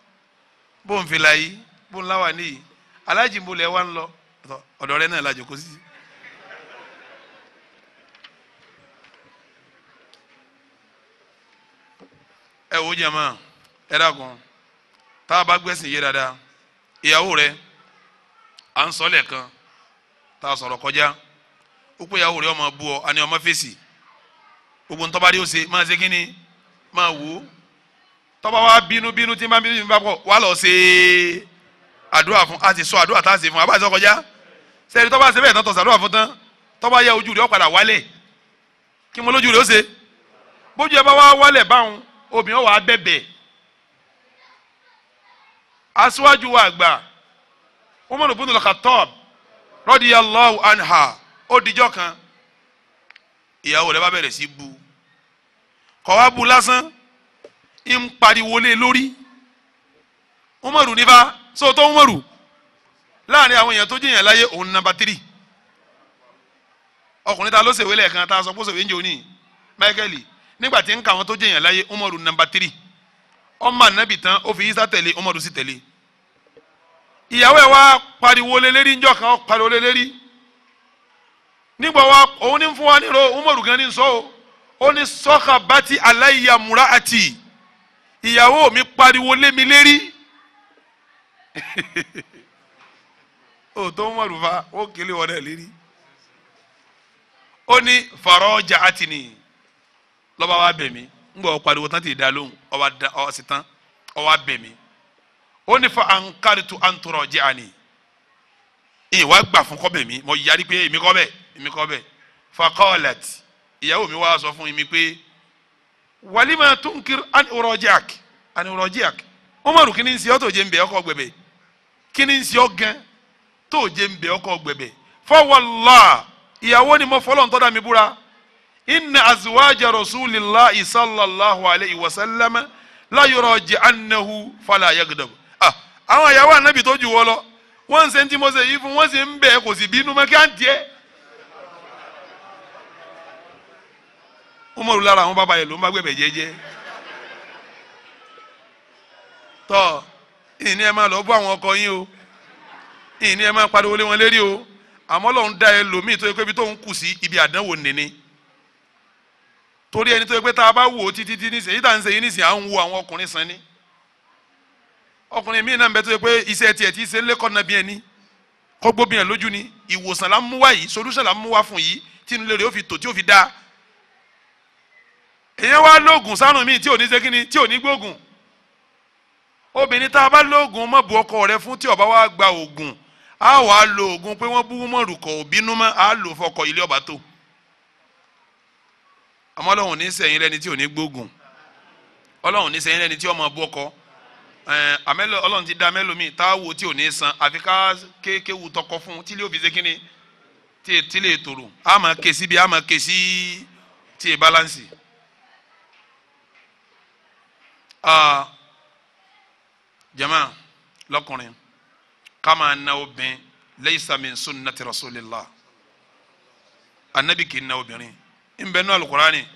bụ ń fìlà yìí bó ń láwà níyì alájì mo lẹ̀ wá ẹ jama ẹ tá a bá gbẹ̀sìn yé dada ìyàwó rẹ à ń sọ lẹ́ẹ̀kan tá a sọ̀rọ̀ kọjá ó pé ìyàwó rẹ ọmọ bú ọ àní ọmọ fèsì. gbogbo ń tọ́ba rí ma ṣe máa ṣe kí ni wa bínú bínú tí n bá bínú bínú bá pọ̀ wà lọ ṣe àdúrà fún a sì sọ àdúrà tá a ṣe fún abáyé sọkọjá sẹ́ni tọ́ba ṣe bẹ́ẹ̀ tán tọ̀sán àdúrà fún tán tọ́ba yẹ ojú rẹ̀ ó padà wálẹ̀ kí mo lójú rẹ̀ ó ṣe bójú ẹ bá wá wálẹ̀ báwọn obìnrin wà á bẹ̀bẹ̀ aṣíwájú wa àgbà Umar ibn al-Khattab anha ó dijọ́ kan ìyàwó rẹ̀ bá bẹ̀rẹ̀ sí bu kọ̀ wá bu lásán ń pariwo lórí umaru nífa sóòtọ́ umaru láàrin àwọn èèyàn tó jẹyàn láyé òun nàmbà tírì ọkùnrin ta ló ṣèwé lẹ́ẹ̀kan ta sọ pé ṣèwé ń jẹ òní michael nígbà tí ń ka àwọn tó jẹyàn láyé umaru nàmbà tírì ọmọ ànábì tán ó fi isa tẹ̀lé umaru sì tẹ̀lé ìyàwó ẹ̀ wá pariwo lé lérí ńjọ́ kan pariwo lé lérí nígbà wa òun ní fún wa nírò umaru gan ní sọ o ó ní sọ́kà bá ti aláìyá múra àti ìyàwó mi pariwo lé mi lérí ó tó ń mọ̀rù fa ó kélé wọn náà lérí ó ní farọ́jà àti ni lọ́ba wa bẹ̀ mí ń bọ̀ pariwo tán ti dá lóhùn ọba da ọ sí tán ọba bẹ̀ mí ó ní fa àǹkárí tu àǹtọ̀rọ̀ jẹ́ àní ìwà gbà fún kọ́ bẹ̀ mí mo yarí pé èmi kọ́ bẹ̀ èmi kọ́ bẹ̀ fakọ́ọ̀lẹ̀tì ìyàwó mi wá sọ fún mi pé walima tunkir ani urojak ani urojak umaru kí ni ń ṣe ọ́ tó jẹ́ ń bẹ̀ ọkọ̀ gbẹ̀bẹ̀ kí ni ń ṣe ọ́ gan tó jẹ́ ń bẹ̀ ọkọ̀ gbẹ̀bẹ̀ fọwọ́lá ìyàwó ni mo fọlọ́ ń tọ́da mi búra inna azuwaja rasulillahi sallallahu alayhi wa sallam la yoroji annahu fala yagdab ah àwọn ìyàwó anabi tó ju wọ lọ wọ́n ń ṣe ń tí yìí fún wọ́n sì ń bẹ̀ kò sì bínú mọ́ kí ń tiẹ̀. ó mọ̀rún lára àwọn bàbá yẹn ló ń bá gbẹ̀bẹ̀ jẹ́jẹ́ tọ́ ìní ẹ máa lọ bọ́ àwọn ọkọ yín o ìní ẹ máa pariwo lé wọn lérí o àmọ́ lọ́n da ẹ lòmíì tó yẹ pé ibi tó ń kù sí ibi àdánwò nìní torí ẹni tó yẹ pé tá a bá wò ó títí tí nísìnyí tá ń ṣe yín nísìnyí à ń wo àwọn ọkùnrin sàn ni ọkùnrin míì náà ń bẹ tó yẹ pé iṣẹ́ tiẹ̀ tí ṣe ń lékọ́ náà bí ẹni kọ́gbó bí ẹ lójú ni ìwòsàn là ń mú wá yìí solution là ń mú wá fún yìí tí inú lè rè ó fi tò tí ó fi dáa èèyàn wá lóògùn sárùn míì tí ò ní ṣe kí ni tí ò ní gbóògùn obìnrin tá a bá lóògùn mọ̀ bu ọkọ rẹ fún tí ọba wa gba òògùn á wà á lo òògùn pé wọ́n bú mọ̀rù kọ̀ òbínú mọ́ á lò fọkọ̀ ilé ọba tó àmọ́ ọlọ́run ní sẹ́yìn ni tí ò ní gbóògùn ọlọ́run ní sẹ́yìn lẹ́ni tí ọmọ bu ọkọ àmẹ́lò ti da mẹ́lò mi tá a wo tí ò ní san àfi ká kéékéwu tọkọ fún tí ilé òfin ṣe kí ni tí ètí lè tòrò á máa ké síbi á máa ké sí tí è bálánsì jama lọkùnrin ká máa na obìnrin laysa min sunnati rasulillah anabi kì í na obìnrin nbẹ nínú alukurani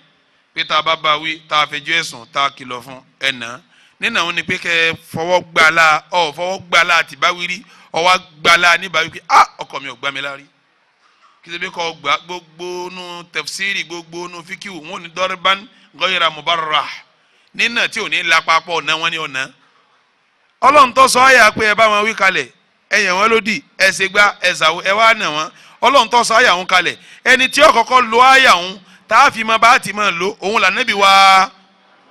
pé tá a bá bá wí tá a fẹjọ́ ẹ̀sùn tá a kìlọ̀ fún ẹ nà nínú àwọn ni pé kẹ fọwọ́ gbala ọ fọwọ́ gbala àti báwí rí ọwọ́ gbala ní báwí pé a ah, ọkọ mi ò gbá mi lárí kìsìbí kọ gbogbo nu tafsiri gbogbo nu fíkìwù wọn ò ní dọ́rẹ́bán gọ́yẹ̀rà mubarrah nínà tí ò ní lápapọ̀ ọ̀nà wọn ni ọ̀nà ọlọ́run tó sọ àyà pé ẹ bá wọn wí kalẹ̀ ẹ yàn wọn lódì ẹ ṣe gbá ẹ ṣàwọ ẹ wá nà wọn ọlọ́run tó sọ àyà wọn kalẹ̀ ẹni tí ó kọ́kọ́ lo àyà wọn tá a fi máa bá a ti máa lo òun là nẹ́bi wá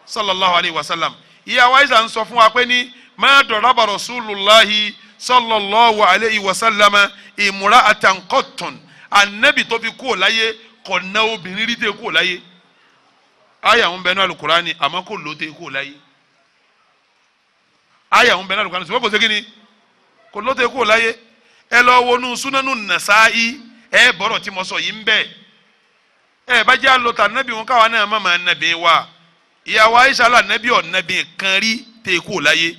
sallallahu alayhi wa sallam ìyàwó àyíṣà ń sọ fún wa pé ní má daraba rasulullahi sallallahu alayhi wa sallam imra'atan qattun ànẹ́bi tó fi kú ò láyé kọ̀ obìnrin rí tẹ́ kú ò láyé aya ń bẹ ní alukurani àmọ́ kò ló tẹ láyé aya ń bẹ ní alukurani ṣùgbọ́n kò sí kíni kò ló tẹ kó láyé ẹ lọ wọnú sunanu nasaayi ẹ bọ̀rọ̀ tí mo sọ yìí ń bẹ ẹ bá jẹ́ àlọ́tà nàbí wọn káwa náà má má nàbí wa ìyàwó Aisha la nàbí ọ̀ nàbí kan rí tẹ kó láyé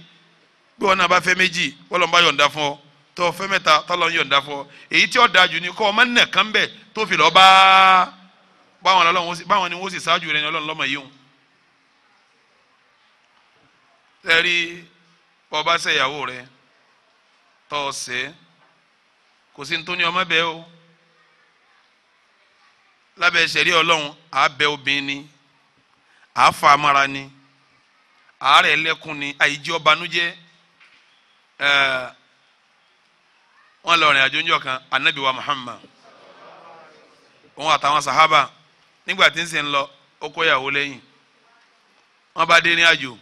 bí wọn náà bá fẹ́ méjì wọ́n bá yọ̀ǹda fún ọ tó fẹ́ mẹ́ta tọ́lọ́ yọ̀ǹda fún ọ èyí tí ó dájú ni kọ́ ọ má nà tó fi lọ́ọ́ bá a. báwọn báwọn ni wọ́n sì ṣáájú rẹ̀ ni ọlọ́run lọ́mọ yìí ọba ṣẹ̀yàwó rẹ̀ tọ́ ọ kò sí ní ọmọ bẹ́ẹ̀ o lábẹ́ ṣẹ̀rí ọlọ́run ni àáfà amára ni àárẹ̀ ni àìjí ọbanújẹ́ lọ rìn àjò kan anabiwa Muhammad òun àtàwọn sahaba nígbà tí ń lọ ó kó ìyàwó lẹ́yìn wọ́n bá dé ní àjò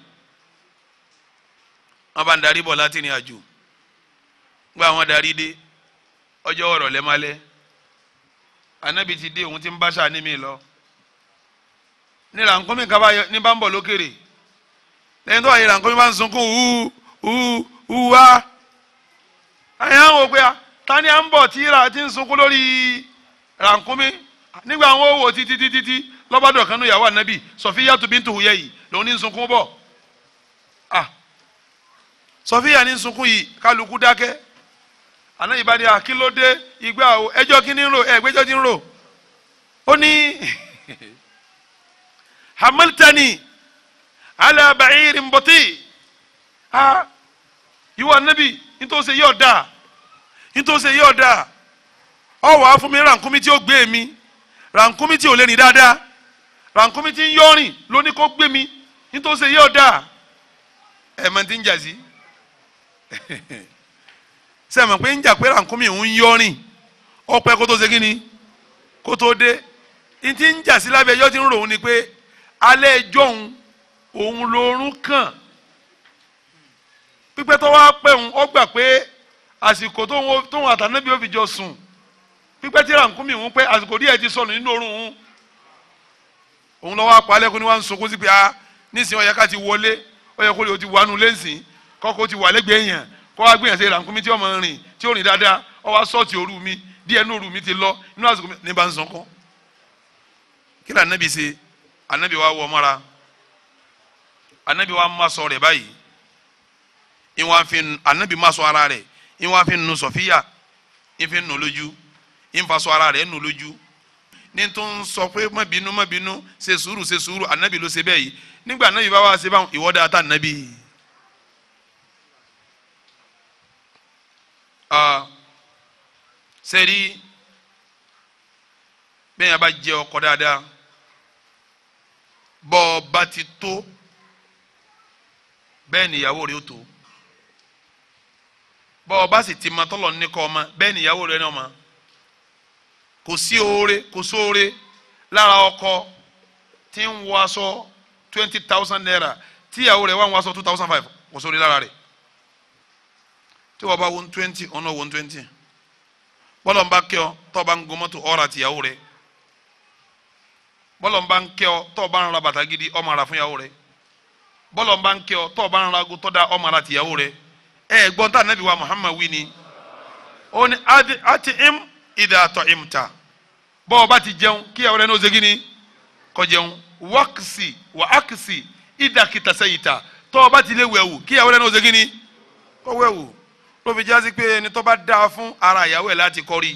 wọ́n bá ń darí bọ̀ láti ní àjò darí dé ọjọ́ ọ̀rọ̀ lẹ́málẹ́ anabi ti dé òun ti ń bá mi lọ ní làǹkómi kaba ní bá ń bọ̀ lókèrè lẹ́yìn tó wà yẹ làǹkómi bá ń sunkún àyàn wò ta ni à ń bọ̀ tí ra ti ń sunkún lórí nígbà àwọn owó títí títí tí lọ́bàdàn kan ní ànábì sọfíyà tó bíntu huyẹ yìí lòun ní sunkún bọ̀ ah sọfíyà ní sunkún yìí kálukú dákẹ́ ànábì bá ní àkílódé ah, ìgbà ẹjọ́ kí ni ń ẹgbẹ́jọ́ ti ń rò ó ní hamiltani ala ba'iri ah ìwọ ànábì nítòsí yóò dáa nítòsí yóò dáa ọwọ́ afúnmi ránkúmi tí ó gbé mi rànkúmí tí ò lè rìn dáadáa rànkúmí tí ń yọrìn ló ní kó gbé mi nítòsí yóò dà ẹ mọ tí ń jà sí sẹ́mi pé ń jà pé rànkúmí ń yọrìn ọpẹ kó tó ṣe kí ni kó tó dé ní tí ń jà sí lábẹ́ ẹjọ́ tí ń ròhún ni pé alẹ́ ẹjọ́ òun òun lorun kàn pípẹ́ tó wá pẹ̀ òun ó pé àsìkò tóun àtànábì ó fi jọ sùn. pípẹ́ tí rànkúmí òun pé àsìkò díẹ̀ ti sọnù nínú oorun òun òun lọ́wọ́ apá alẹ́kùn ni wọ́n ń sunkún sí pé a ah, nísìnyí ó yẹ ká ti wọlé ó yẹ kó lè o ti wà nù lẹ́sìn kọ́kọ́ ti wà lẹ́gbẹ̀ẹ́ yẹn kọ́ wá gbìyànjú rànkúmí tí ọmọ rìn tí ó rìn dáadáa ọ wá sọ́ọ̀tì òru mi díẹ̀ ní òru mi ti lọ inú àsìkò mi ní bá ń sọkọ́ kí lè anabi ṣe anabi wa wọ mọ́ra anabi wa má sọ rẹ̀ báyìí ìwọ̀n àfi anabi má sọ ara rẹ̀ ìwọ̀n àfi nù sọ̀fíyà ìfi nù lójú ìfaṣọ ara rẹ̀ nù lójú ní tó ń sọ pé má bínú má bínú ṣe sùúrù ṣe sùúrù ànábì ló ṣe bẹ́ẹ̀ yìí nígbà ànábì bá wá ṣe báwọn ìwọ dáa tá ànábì. sẹ́rí bẹ́ẹ̀ yẹn bá jẹ ọkọ dáadáa bọ́ ọ bá ti tó bẹ́ẹ̀ nìyàwó rẹ̀ ó tó bọ́ ọ bá sì ti ma tọ́lọ̀ ní kọ́ ọ ma bẹ́ẹ̀ nìyàwó rẹ̀ náà ma. kò sí oore kò sóore lára ọkọ tí ń wọ aṣọ twenty thousand naira tíyàwó rẹ̀ wà ń wọ aṣọ two thousand five kò sóore lára rẹ̀ tí wọ́n bá wọ́n twenty ọ̀nà wọ́n twenty bọ́lọ̀ ń bá kẹ́ ọ tọ́ bá ń gun mọ́tò ọ̀rà tìyàwó rẹ̀ bọ́lọ̀ ń bá ń kẹ́ ọ tọ́ bá ń ra bàtà gidi ọmọ ara fún yàwó rẹ̀ bọ́lọ̀ ń bá ń kẹ́ ọ tọ́ bá ń ra ago tọ́ da ọmọ ara tìyàwó rẹ̀ ẹ̀ gbọ́n tá nàbí wa Muhammad wí ni ó ní àti im ìdá àtọ̀ im ta. bọ́ọ̀ bá ti jẹun kí ẹ̀wọ̀n rẹ̀ ní oṣù gíní kọ́ jẹun wákìsì wà ákìsì ìdàkìtà sẹ́yìtà tọ́ọ̀ bá ti lé wẹ̀wù kí ẹ̀wọ̀n rẹ̀ ní oṣù gíní kọ́ wẹ̀wù ló fi jásí pé ẹni tó bá dáa fún ara ìyàwó ẹ̀ láti kọ́ rí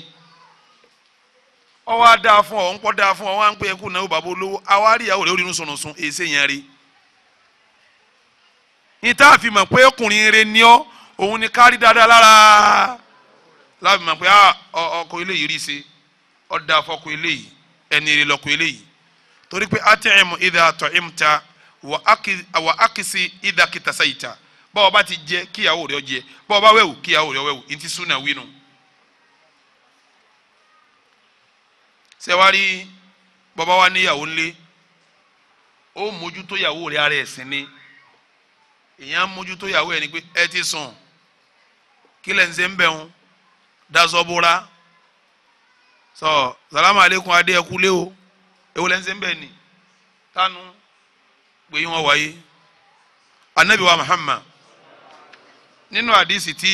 ọwọ́ á dáa fún ọ ń pọ́ dáa fún ọ wá ń pè é kù náà bàbá olówó àwa rí ìyàwó rẹ̀ ó rí inú sunùsun èsè yẹn rí ọ̀dà fọkọ eléyìí ẹni rí lọkọ eléyìí torí pé atẹ́ẹ̀mù ìdá àtọ̀ ìmùta wà ákìsí ìdá kìtàsá ìta báwo bá ti jẹ kíyàwó rẹ̀ jẹ báwo bá wẹ̀wù kíyàwó rẹ̀ wẹ̀wù ntí súnà wínú. sẹ́wárí bàbá wa níyàwó ńlé ó mójútó yàwó rẹ̀ ara ẹ̀sìn ni èèyàn mójútó yàwó ẹ̀ ni pé ẹ ti sùn kílẹ̀ ń ṣe ń bẹ̀ ń dasọ́ sọ salamu aleykum adé ẹkú o ewu lẹ́nsẹ̀ ń bẹ̀ ni tánu gbẹ̀yìn wọn wáyé anabi wa muhammad nínú àdìsí tí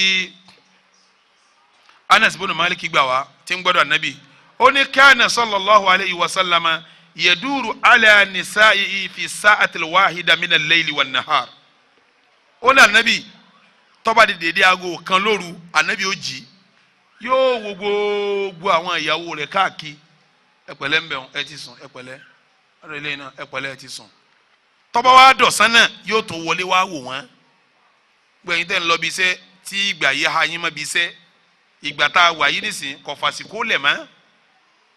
anas bonu maliki gbà wá tí ń gbọ́dọ̀ anabi ó ní kánà sallallahu alayhi wa sallama yaduru ala nisa'i fi sa'atil wahida min al-layli wa nahar ó ní anabi tọ́ba di dèdé aago kan lóru anabi ó jí yóò wo gbogbo àwọn ìyàwó rẹ̀ káàkiri ẹ̀pẹ̀lẹ́ ń bẹ̀ ẹ ti sùn ẹ̀pẹ̀lẹ́ ọ̀rọ̀ ilé náà ẹ̀pẹ̀lẹ́ ẹ ti sùn tọ́ba wa dọ̀sán náà yóò tó wọlé wá wò wọ́n gbẹ̀yìn tẹ̀ ń lọ bí iṣẹ́ tí ìgbà yìí ha yín mọ́ bí iṣẹ́ ìgbà tá a wà yìí nìsín kò fàsìkò lẹ̀ mọ́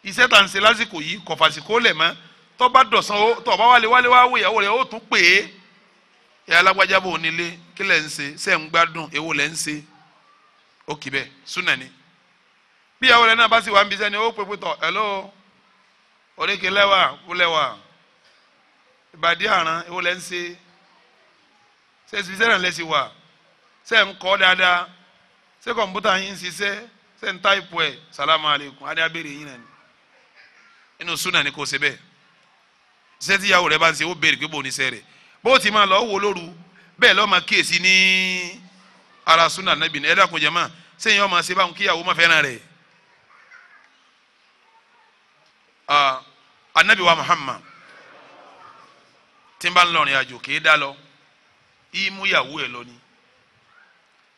iṣẹ́ tá à ń ṣe lásìkò yìí kò fàsìkò lẹ̀ mọ́ tọ́ba dọ̀sán ó tọ́ba wálé wálé wá wò ìyàwó rẹ̀ ó tún pè é ẹ̀ alágbájábọ̀ onílé kí lẹ̀ ń ṣe ṣẹ́ ń gbádùn èwo lẹ̀ ń ṣe ó kì bẹ́ẹ̀ súnà ni bí ìyàwó rẹ̀ náà bá sì wà ń bí sẹ́ni ó pè pé tọ̀ hello oríkè lẹ́wà kú lẹ́wà ìbàdí àrán ìwọ lẹ́ ń ṣe ṣe ṣe sẹ́ràn lẹ́ sì wà ṣe ń kọ́ dáadáa ṣe kọ̀ǹpútà yín ń ṣiṣẹ́ ṣe ń táìpù ẹ̀ salamu alaykum adé abẹ́rẹ́ yín nàní inú súnà ni kò ṣe bẹ́ẹ̀ ṣe tí ìyàwó rẹ̀ bá ń ṣe ó béèrè pé bò ní sẹ́ rẹ̀ bó ti máa lọ wò lóru bẹ́ẹ̀ lọ́ọ́ máa kíyèsí ní ara súnà nàbì ẹ̀dá kò máa ṣé ìyẹn ọmọ ṣe báwọn kíyàwó máa fẹ́ràn rẹ̀ anabi wa muhammad tí n bá ń lọrin àjò kì í dá lọ ìmúyàwó ẹ lọ ni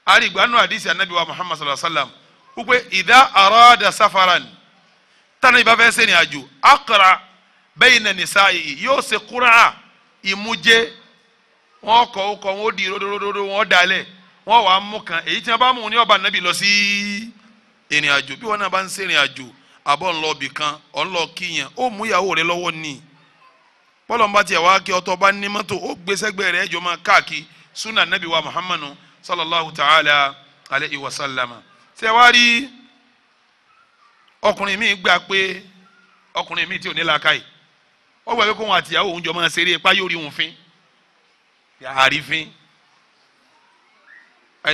àrígbánú anabi wa muhammad sallallahu alayhi wa sallam wípé ìdá arada safaran tani ìbá fẹ́ sẹ́ni àjò akara bayna nisa'i yóò ṣe kúrà ìmújẹ wọn kọ ọkọ wọn ó di rodododo wọn dalẹ wọn wàá mú kan èyí tí wọn bá mú ní ọba anabi lọ sí ìrìn àjò bí wọn náà bá ń ṣe àjò. àbọ̀ ńlọ bi kan ọ kíyàn ó mú ìyàwó rẹ lọ́wọ́ ní i bọ́lọ̀ ń bá tiẹ̀ wá kí ọtọ́ bá ní mọ́tò ó gbé máa káàkiri wa muhammadu sallallahu ta'ala alayhi wa sallama ṣe wá rí ọkùnrin mi gbà pé ọkùnrin mi tí ò ní ó gbà pé òun jọ máa ṣeré ipá yóò rí òun fín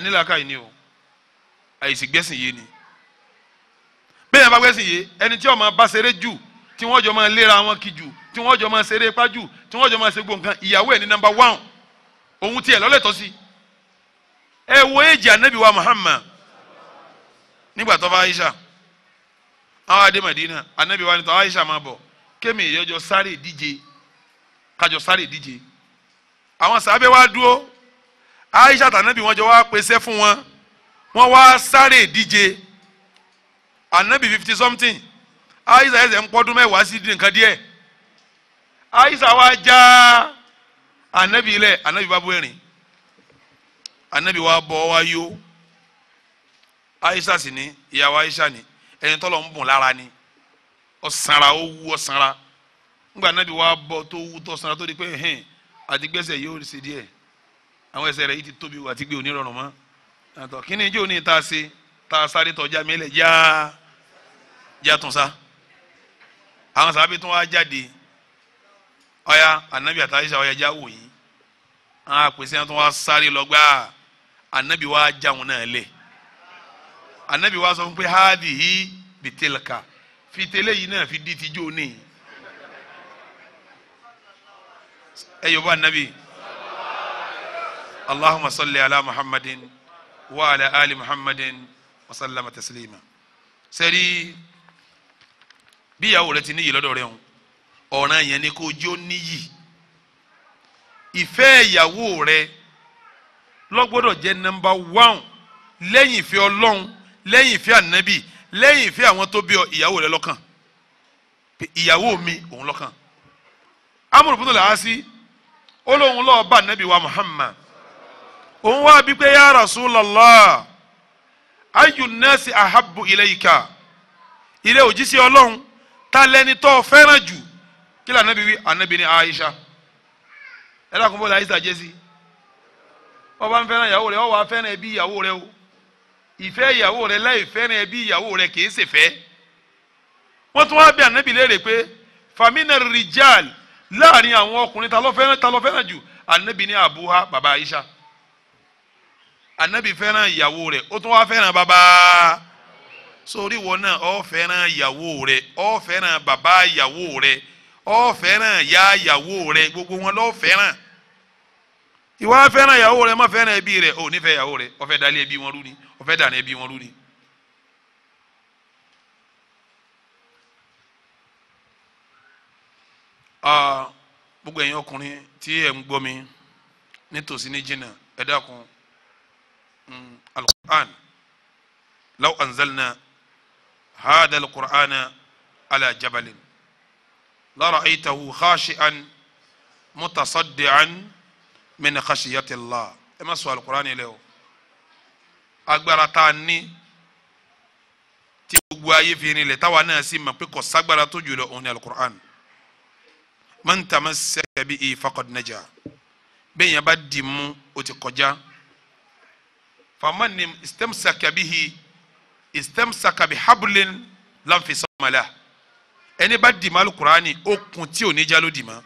ni o àìsí gbẹ́sìn ni bẹ́ẹ̀ bá gbẹ́sìn yìí ẹni tí ọmọ bá ṣeré jù tí wọ́n jọ máa léra wọn kì jù tí wọ́n jọ máa ṣeré ipá jù tí wọ́n jọ máa ṣe gbọ̀ǹkan ìyàwó ẹ̀ ní nọmba wán òun tiẹ̀ lọ́lẹ́tọ̀ sí ẹ wo èjì anabi wa Muhammad nígbà tó bá Aisha àwọn adé Madina anabi wa ni tó Aisha máa bọ̀ kémi ìyọjọ sáré ìdíje kájọ sáré ìdíje àwọn sábẹ́ wa dúró Aisha tànàbí wọn jọ wá pèsè fún wọn wọn wá sáré ìdíje anabi fifty something aisha ẹsẹ̀ ń pọ́dún mẹ́wàá sí nǹkan díẹ̀ aisha wa já anabi lẹ̀ anabi bá bú ẹ̀rìn anabi wa bọ̀ wa yó aisha sì ni ìyàwó aisha ni ẹni tọ́lọ̀ ń bùn lára ni ọ̀sánra ó wú ọ̀sánra ngba anabi wa bọ̀ tó wú tó ọ̀sánra tó di pé hẹ́n àtigbẹ́sẹ̀ yóò ṣe díẹ̀ àwọn ẹsẹ̀ rẹ̀ yìí ti tóbi wà àti gbé onírọ̀rùn mọ́ àtọ̀ kí ni ijó ni ta ṣe ta sáré tọ́já mi lẹ̀ yáa jàtúnṣá àwọn sábẹ́ tó wá jáde ọ̀ya anabi àtàlẹ́sà ọ̀ya já wò yín àwọn àpèsè tó wá sáré lọ́gbà anabi wá já wọn náà lẹ̀ anabi wá sọ fún pé hádìí bìtẹ́lẹ̀ka fìtẹ́lẹ̀ yìí náà fi di tijó ní. ẹ yọ bá anabi allahumma salli ala muhammadin wa ala ali muhammadin wa sallama taslima sẹ́rí bí ìyàwó rẹ ti níyì lọ́dọ̀ rẹ hàn ọ̀ràn yẹn ni kó jó níyì ìfẹ́ ìyàwó rẹ lọ́gbọ́dọ̀ jẹ́ nọmba wán lẹ́yìn ìfẹ́ ọlọ́run lẹ́yìn ìfẹ́ ànábì lẹ́yìn ìfẹ́ àwọn tó bí ọ ìyàwó rẹ lọ́kàn ìyàwó mi òun lọ́kàn amúlù fún tòlà á sí ó lóun lọ́ọ́ bá ànábì wa Muhammad òun wá bí pé ya Rasulullah ayu nasi ahabu ilayka ilé òjíṣẹ́ ọlọ́run ta lẹni tó fẹ́ràn jù kí lànà bí wí ànábì ní Aisha ẹ dákun bọ́ọ̀lù Aisha jẹ́ sí wọ́n bá ń fẹ́ràn ìyàwó rẹ̀ wọ́n wá fẹ́ràn ẹbí ìyàwó rẹ̀ o ìfẹ́ ìyàwó rẹ̀ láì fẹ́ràn ẹbí ìyàwó rẹ̀ kì í ṣe fẹ́ wọ́n tún wá bí ànábì léèrè pé famina rijal láàrin àwọn ọkùnrin ta ló fẹ́ràn ta ló fẹ́ràn jù ànábì ní àbúhá bàbá Aisha ànábì fẹ́ràn ìyàwó rẹ̀ ó tún wá fẹ́ràn bàbá sórí ìwọ náà ọ fẹ́ràn ìyàwó rẹ ọ fẹ́ràn bàbá ìyàwó rẹ ọ fẹ́ràn ìyá ìyàwó rẹ gbogbo wọn lọ fẹ́ràn ìwọ fẹ́ràn ìyàwó rẹ má fẹ́ràn ẹbí rẹ ò nífẹ̀ẹ́ ìyàwó rẹ ó fẹ́ dalẹ̀ ẹbí wọn rú ni ó fẹ́ dànù ẹbí wọn rú ni. gbogbo ẹ̀yin ọkùnrin tí ẹ̀ ń gbọ́ mi nítòsí ní jìnnà ẹ dákun hmm, alukur'an law anzalna هذا القرآن على جبل لرأيته خاشعا متصدعا من خشية الله ẹ má sọ alukur'an yẹn lẹ o agbára tá a ní tí gbogbo ayé fi rin lẹ táwa náà sì mọ̀ pé kò ságbára tó jùlọ òun ni alukur'an man tamassaka bihi faqad naja bẹ́ẹ̀ yẹn bá dì mú o ti kọjá faman istamsaka bihi istamsaka bi hablin lanfisamala ẹni bá dì má alukurani ó kun tí ò ní jalo dì má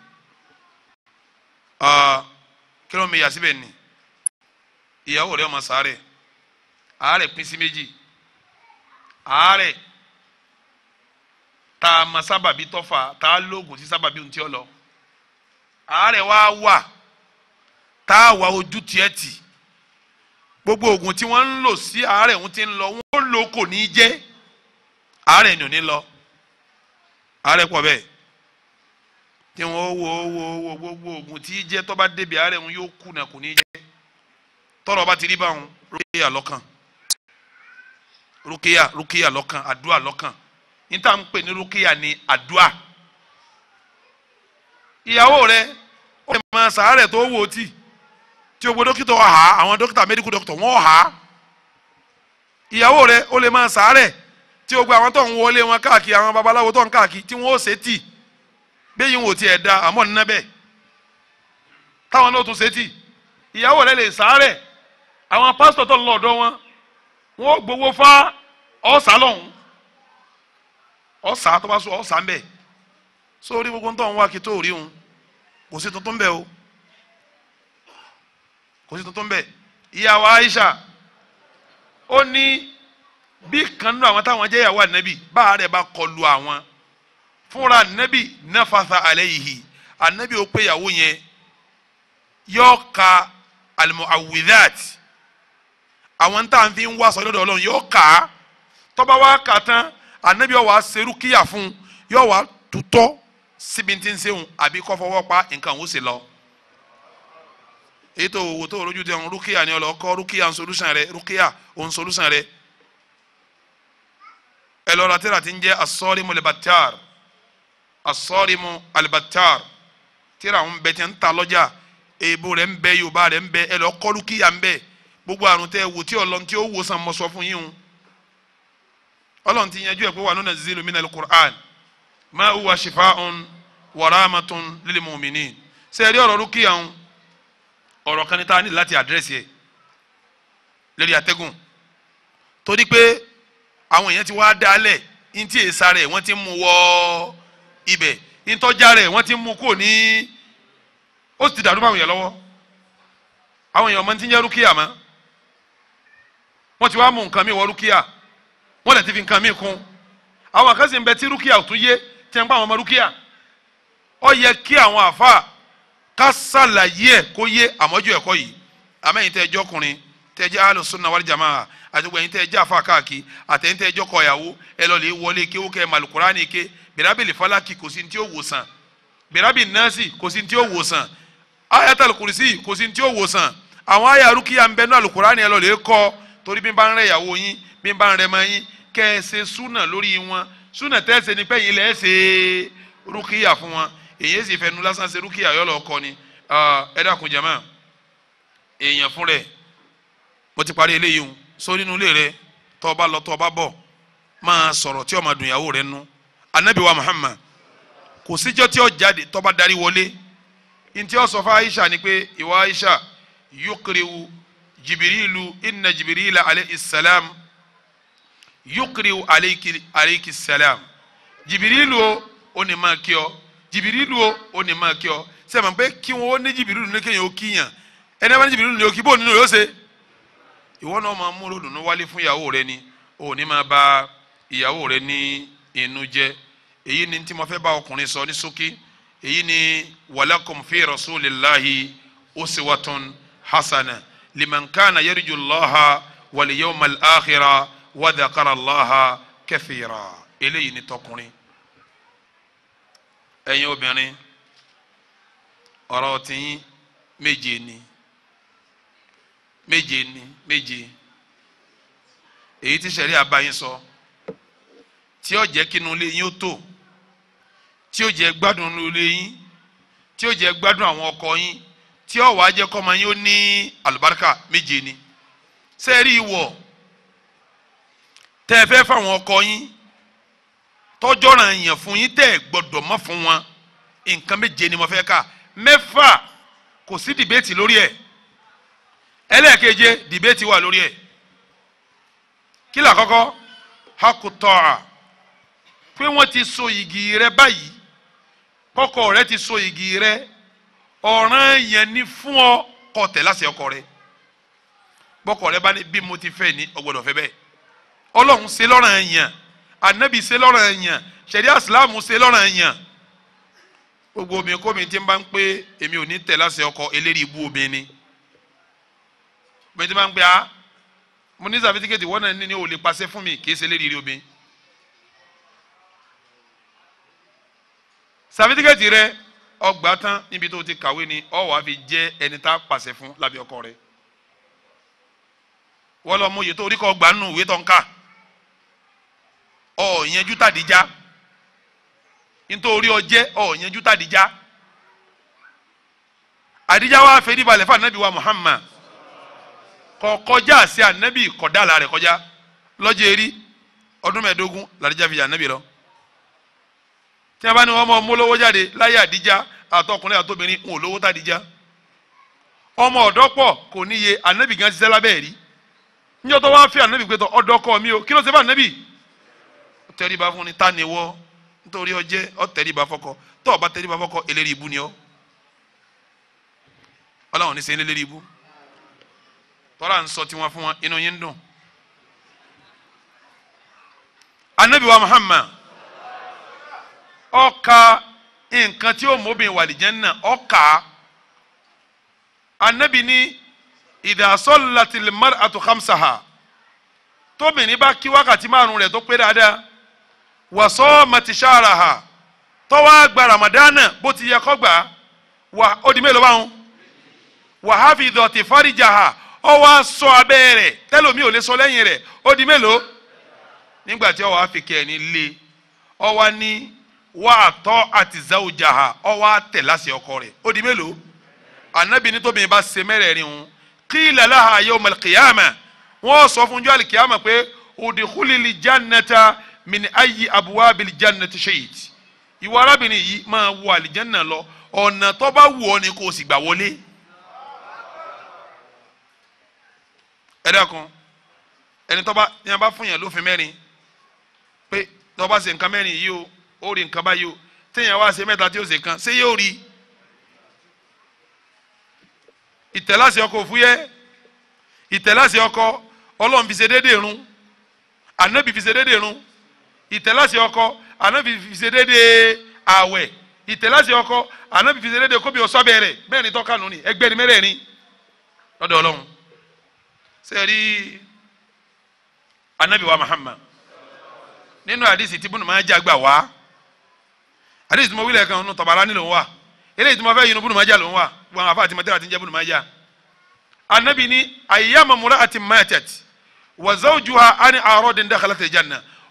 kí ló ń bẹ yà síbẹ̀ ni ìyàwó rẹ̀ ọmọ sáré àárẹ̀ pín sí méjì àárẹ̀ tá a ma sábàbí tọ́fà tá a lóògùn sí sábàbí ohun tí ó lọ àárẹ̀ wá wà tá a wà ojú tiẹ̀ tì gbogbo oògùn tí wọ́n ń lò sí àárẹ̀ ohun tí ń lọ lò kò ní í jẹ́ àárẹ̀ ni ò ní lọ àárẹ̀ pọ̀ bẹ́ẹ̀ tí wọ́n wo wo wo gbogbo oògùn tí í jẹ́ tọ́ba débi àárẹ̀ wọn yóò kùnà kò ní í jẹ́ tọ́rọ̀ bá ti rí báwọn rókèyà lọ́kàn rókèyà rókèyà lọ́kàn àdúà lọ́kàn níta ń pè ní rókèyà ní àdúà ìyàwó rẹ ó lè máa sàárẹ̀ tó wò ó tì tí o gbọ́ dókítà ọ̀hà àwọn dókítà mẹ́díkù dókítà wọ́n ọ̀hà. ìyàwó rẹ ó lè máa sàárẹ̀ tí o gba àwọn tó ń wọlé wọn káàkiri àwọn babaláwo tó ń káàkiri tí wọn ó ṣe tì bẹ́yìn wò tiẹ̀ da àmọ́ nínú bẹ́ẹ̀ táwọn náà tún ṣe ìyàwó rẹ lè sàárẹ̀ àwọn pásítọ̀ tó ń lọ wọn wọn ó gbowó fá ọ̀sà lọ́hùn ọ̀sà tó bá so ọ̀sà ń bẹ̀ sórí gbogbo ń wá kí tó rí kò sí tuntun bẹ́ẹ̀ o kò sí tuntun bẹ́ẹ̀ Aisha. ó ní bí kan nínú àwọn táwọn jẹ́ ìyàwó ànábì bá rẹ̀ bá kọlu àwọn fúnra ànábì nafasa alayhi ànábì ó pé ìyàwó yẹn yóò ka almuawwidat àwọn tá à ń fi ń wá sọ lọ́dọ̀ ọlọ́run yóò kà á tọ́ba wá kà tán ànábì ó wá kíyà fún yóò wá tutọ́ síbi tí ń sehun àbí kọ́ pa nǹkan òun sì lọ èyí tó wò tó rojú tẹun rúkìá ni ọlọ kọ rúkìá nsolusan rẹ rúkìá nsolusan rẹ ẹ lọ́ra tíra ti ń jẹ́ asọ́rìmù alibatar asọ́rìmù alibatar tíra ń bẹ tẹ́ ń ta lọ́jà èèbò rẹ̀ ń bẹ yorùbá rẹ̀ ń bẹ ẹ lọ kọ rúkìá ń bẹ gbogbo àrùn tẹ wò tí ọlọ́run tí ó wò sàn mọ́ sọ fún yín o ọlọ́run ti yanjú ẹ̀ pé wà nínú zilu mina alukur'an máa wù wá shifaun wa rahmatun lil mu'minin sẹ́ẹ̀rí ọ̀rọ̀ rúkìá ń ọ̀rọ̀ kan ní ta ní láti àdírẹ́sì ẹ̀ lórí atẹ́gùn torí pé àwọn èèyàn ti wá dálẹ̀ ntí èsà rẹ̀ wọ́n ti mú wọ ibẹ̀ ntọ́já rẹ̀ wọ́n ti mú kò ní ó sì ti dàrú báwọn èèyàn lọ́wọ́ àwọn èèyàn ọmọ ti ń jẹ́ rúkìá mọ́ wọ́n ti wá mú nǹkan mi wọ rúkìá wọ́n lè ti fi nǹkan mi kún àwọn kan bẹ tí rúkìá ò tún yé tí ń pa àwọn ọmọ rúkìá ó yẹ kí àwọn àfáà ká ṣàlàyé ẹ̀ kó yé àmọ́jú ẹ̀kọ́ yìí àmẹ́yìn tẹ́ ẹjọ́ ọkùnrin tẹ́ ẹjẹ́ alùsùnà wal jamaa àti gbẹ̀yìn tẹ́ ẹjẹ́ àfa káàkiri àtẹ̀yìn tẹ́ ẹjọ́ kọ̀yàwó ẹ lọ lè wọlé kéwó kẹ́ malukurani ké bìrábìlì falaki kò sí tí ó wò sàn bìrábìlì nọ́ọ̀sì kò sí tí ó wò sàn ayatal kùrìsì kò sí tí ó wò sàn àwọn àyà rúkìá ń bẹ náà alukurani ẹ lọ lè kọ́ torí bí n bá ń rẹ ìyàwó yín bí n ni pẹ́yìn ilẹ̀ ẹ èyí sì fẹnu lásán ṣe rúkìá yọ lọ kọ ni ẹ dákun jama èèyàn fún rẹ mo ti parí eléyìí o so nínú ilé rẹ tọ́ ọba lọ tọ́ ọba bọ̀ máa sọ̀rọ̀ tí ó máa dùn ìyàwó rẹ nú anabi muhammad kò síjọ́ tí ó jáde tọ́ darí wọlé ntí ó sọ fún aisha ni pé ìwà aisha yukriwu jibirilu inna jibirila alayhi salam yukriwu alayki salam jibirilu ó ní máa kí ọ jìbìrìlù o ò ní máa kí ọ sẹ́mi pé kí wọn ó ní jìbìrìlù ní kéèyàn ó kíyàn ẹni wọn ní jìbìrìlù ní ó kí bó nínú yóò ṣe ìwọ náà máa mú lòdùnú wálé fún ìyàwó rẹ ni ò ní máa ba ìyàwó rẹ ní inú jẹ èyí ni tí mo fẹ́ bá ọkùnrin sọ ní ṣókí èyí ni walakum fi rasulillahi uswatun hasana liman kana yarju llaha wal yawmal akhira wa dhakara llaha kathira eléyìí ni tọkùnrin ẹ̀yin obìnrin ọ̀rọ̀ tiyín méje ni méje ni méje èyí tí sẹ̀rí àbáyín sọ tí ó jẹ́ kínú ilé yín ó tò tí ó jẹ́ gbádùn inú ilé yín tí ó jẹ́ gbádùn àwọn ọkọ yín tí ó wàá jẹ́ kọ́mọ yín ó ní àlùbáríkà méje ni sẹ́ẹ̀rí ìwọ̀ tẹ́ ẹ fẹ́ fáwọn ọkọ yín tọ́jọ́ràn yẹn fún yín tẹ́ gbọ́dọ̀ mọ́ fún wọn nǹkan méje ni mo fẹ́ kà mẹ́fà kò sí dìbẹ́tì lórí ẹ̀ ẹlẹ́ẹ̀keje dìbẹ́tì wà lórí ẹ̀ kí là kọ́kọ́ hakutọ́a pé wọ́n ti so igi rẹ báyìí kọ́kọ́ rẹ ti so igi rẹ ọ̀ràn yẹn ni fún ọ kọ́ tẹ̀ láṣẹ ọkọ rẹ bọ́kọ rẹ bá ní bí mo ti fẹ́ ni ọgbọ́dọ̀ fẹ́ bẹ́ẹ̀ ọlọ́run ṣe lọ́ràn yẹn anabi ṣe lọ́ràn yàn ṣẹ̀ríà ìsìláàmù ṣe lọ́ràn yàn gbogbo obìnrin kómi tí ń bá ń pé èmi ò ní tẹ̀ láṣẹ ọkọ eléri ibú obìnrin ni obìnrin tí ń bá ń pé a ah, mo ní sàfitíkẹ́tì wọ́n náà ní ní lè pàṣẹ fún mi kì í eléri rí obìnrin rẹ ọgbà tán níbi tó ti kàwé ni ọ wàá fi jẹ́ ẹni tá a pàṣẹ fún lábẹ́ ọkọ rẹ wọ́n lọ tó orí kọ́ gbà nù ìwé tó ń kà ọ̀ọ̀yẹnjú tàdíjá nítorí ọjẹ́ ọ̀ọ̀yẹnjú tàdíjá àdíjá wa fẹ́ díbalẹ̀ fún anabi wa Muhammad kọ kọjá sí anabi kọ̀dá àlà rẹ̀ kọjá lọ́jọ́ eré ọdún mẹ́ẹ̀ẹ́dógún làdíjá fi yà anabi lọ tí a bá ní wọn mọ mólówó jáde láyé àdíjá àtọkùnrin àtobìnrin ń olówó tàdíjá ọmọ ọ̀dọ́ pọ̀ kò níye anabi gan ṣiṣẹ́ lábẹ́ rí níjọ́ tó wá fẹ́ anabi pé tọ́ ọ̀dọ́ kọ́ mi o kí ló ṣe fún anabi tẹríba fún ni ta ni wọ́ nítorí ọjẹ́ ọ tẹríba fọkọ tọ́ ọ bá tẹríba fọkọ eléri ibu ni ọ ọlọ́run ní sẹ́yìn eléri ibu tọ́lá ń sọ tiwọn fún wọn inú yín ń dùn. anabi muhammad ọkà nǹkan tí ó mọ́bìn wàlìjẹ́nà ọkà anabi ní ìdásọ́lá tìlímọ́rì àtúkàmsáhà tóbìnrin bá kí wákàtí márùn rẹ̀ tó pé dáadáa wà matishara ha tọ́wọ́ gba ramadana bó ti yẹ kọ́ gbà wà ó di mélòó báwọn wà hafi dọ̀tí fáríjà ha ọ wá sọ abẹ́ rẹ̀ tẹ́lómi ò lè sọ lẹ́yìn rẹ̀ ó di mélòó nígbà tí ọ wá fi kẹ́ ẹ̀ ní lé ọ wá ní wà á tọ́ àti záwùjà ha ọ wá tẹ̀ láti ọkọ rẹ̀ ó mélòó anabi ní bá ṣe mẹ́rẹ̀ẹ̀rin òun qila laha yawm al-qiyamah wọ́n sọ fún jọ́ àlìkìyàmà pé udkhulil jannata min ayi abuwabil jannati shayit ìwọ arábìnrin yìí máa wọ àlìjánná lọ ọ̀nà tó bá wù ọ́ ni kò sì gbà wọlé. ẹ dákun ẹni tó bá ní a bá fún yàn lófin mẹ́rin pé tó ṣe nǹkan mẹ́rin yìí o ó rí nǹkan báyìí o téèyàn wá ṣe mẹ́ta tí ó ṣe kan ṣé yóò rí ìtẹ̀láṣẹ ọkọ òfúyẹ́ ìtẹ̀láṣẹ ọkọ ọlọ́run fi ṣe déédéé run ànábì fi ṣe déédéé run ìtẹ̀láṣẹ ọkọ ànábì fi ṣe déédéé àwẹ̀ ìtẹ̀láṣẹ ọkọ ànábì fi ṣe déédéé kóbi ọ̀sọ́ bẹ̀rẹ̀ mẹ́rin tọ́kànù ni ẹgbẹ́rin mẹ́rẹ̀ẹ̀rin lọ́dọ̀ ọlọ́run ṣe rí wa Muhammad nínú àdìsí tí bùnú máa jà gbà wá àdìsí tí mo wílẹ̀ kan nù tọ̀bàrà nílò wà eléyìí tí mo fẹ́ yinú bùnú máa jà ló ń wà wọn àfa àti mọ̀tẹ́rà ti jẹ́ bùnú máa jà ànábì ní ayyama mura'atin matat wa zawjuha an aradin dakhalat al-janna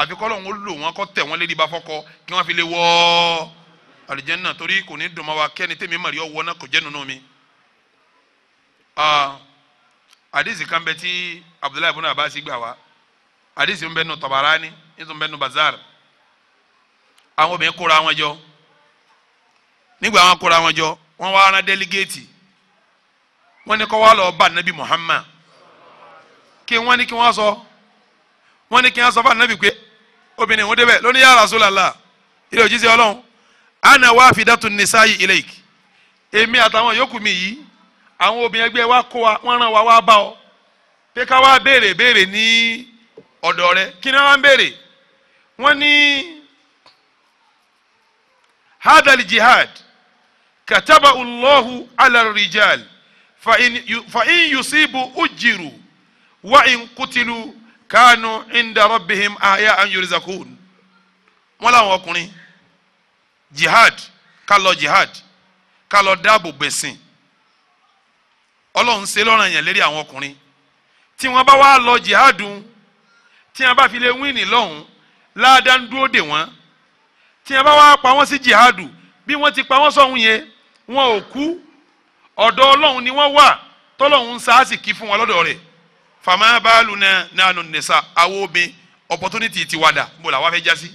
àfi kọ́lọ̀ ń lò wọn kọ́ tẹ̀ wọ́n lédi bá fọ́kọ kí wọ́n fi lè wọ́ àlìjẹ́nà torí kò ní dùnmọ́ wa kẹ́ni tèmi màrí ọwọ́ náà kò jẹ́ nínú mi. àdìsí kan bẹ tí Abdullahi ibn Abbas gbà wá àdìsí ń bẹ nù Tabarani ń bẹ nù Bazar àwọn obìnrin kóra wọn jọ nígbà wọn kóra wọn jọ wọn wá rán délégéètì wọn ní kó wá lọ bá Nabi Muhammad kí wọn ní kí wọn sọ. So wọn ni kí wọn sọ fún anabi pé obìnrin òun débẹ̀ lónìí ya Rasulullah ilé òjíṣẹ́ ọlọ́run ana wafidatu nisa'i ilayk èmi àtàwọn yòókù mi yìí àwọn obìnrin ẹgbẹ́ wa kó wa wọ́n ràn wá wá bá ọ pé ká wá béèrè béèrè ní ọ̀dọ̀ rẹ kí ni wọ́n béèrè wọ́n ní hadal jihad kataba Allahu ala rijal fa in yusibu ujiru wa in kutilu kánú inda rabbihim aya an yurizakun wọn làwọn ọkùnrin jihad ká jihad ká lọ dáàbò gbẹ̀sìn ọlọ́run ṣe lọ́ràn yẹn lérí àwọn ọkùnrin tí wọ́n bá wá lọ jihad tí wọ́n bá fi lè wíìnì lọ́hùn láàdá ń dúró dè wọ́n tí wọ́n bá wá pa wọ́n sí jihad bí wọ́n ti pa wọ́n sọ̀hún yẹn wọn ò kú ọ̀dọ̀ ọlọ́run ni wọ́n wà tọ́lọ́run ń sa àsìkí fún wọn lọ́dọ̀ rẹ̀ fama baalu na nanu nisa awo bi opportunity ti wada mo la wa fẹ́ jásí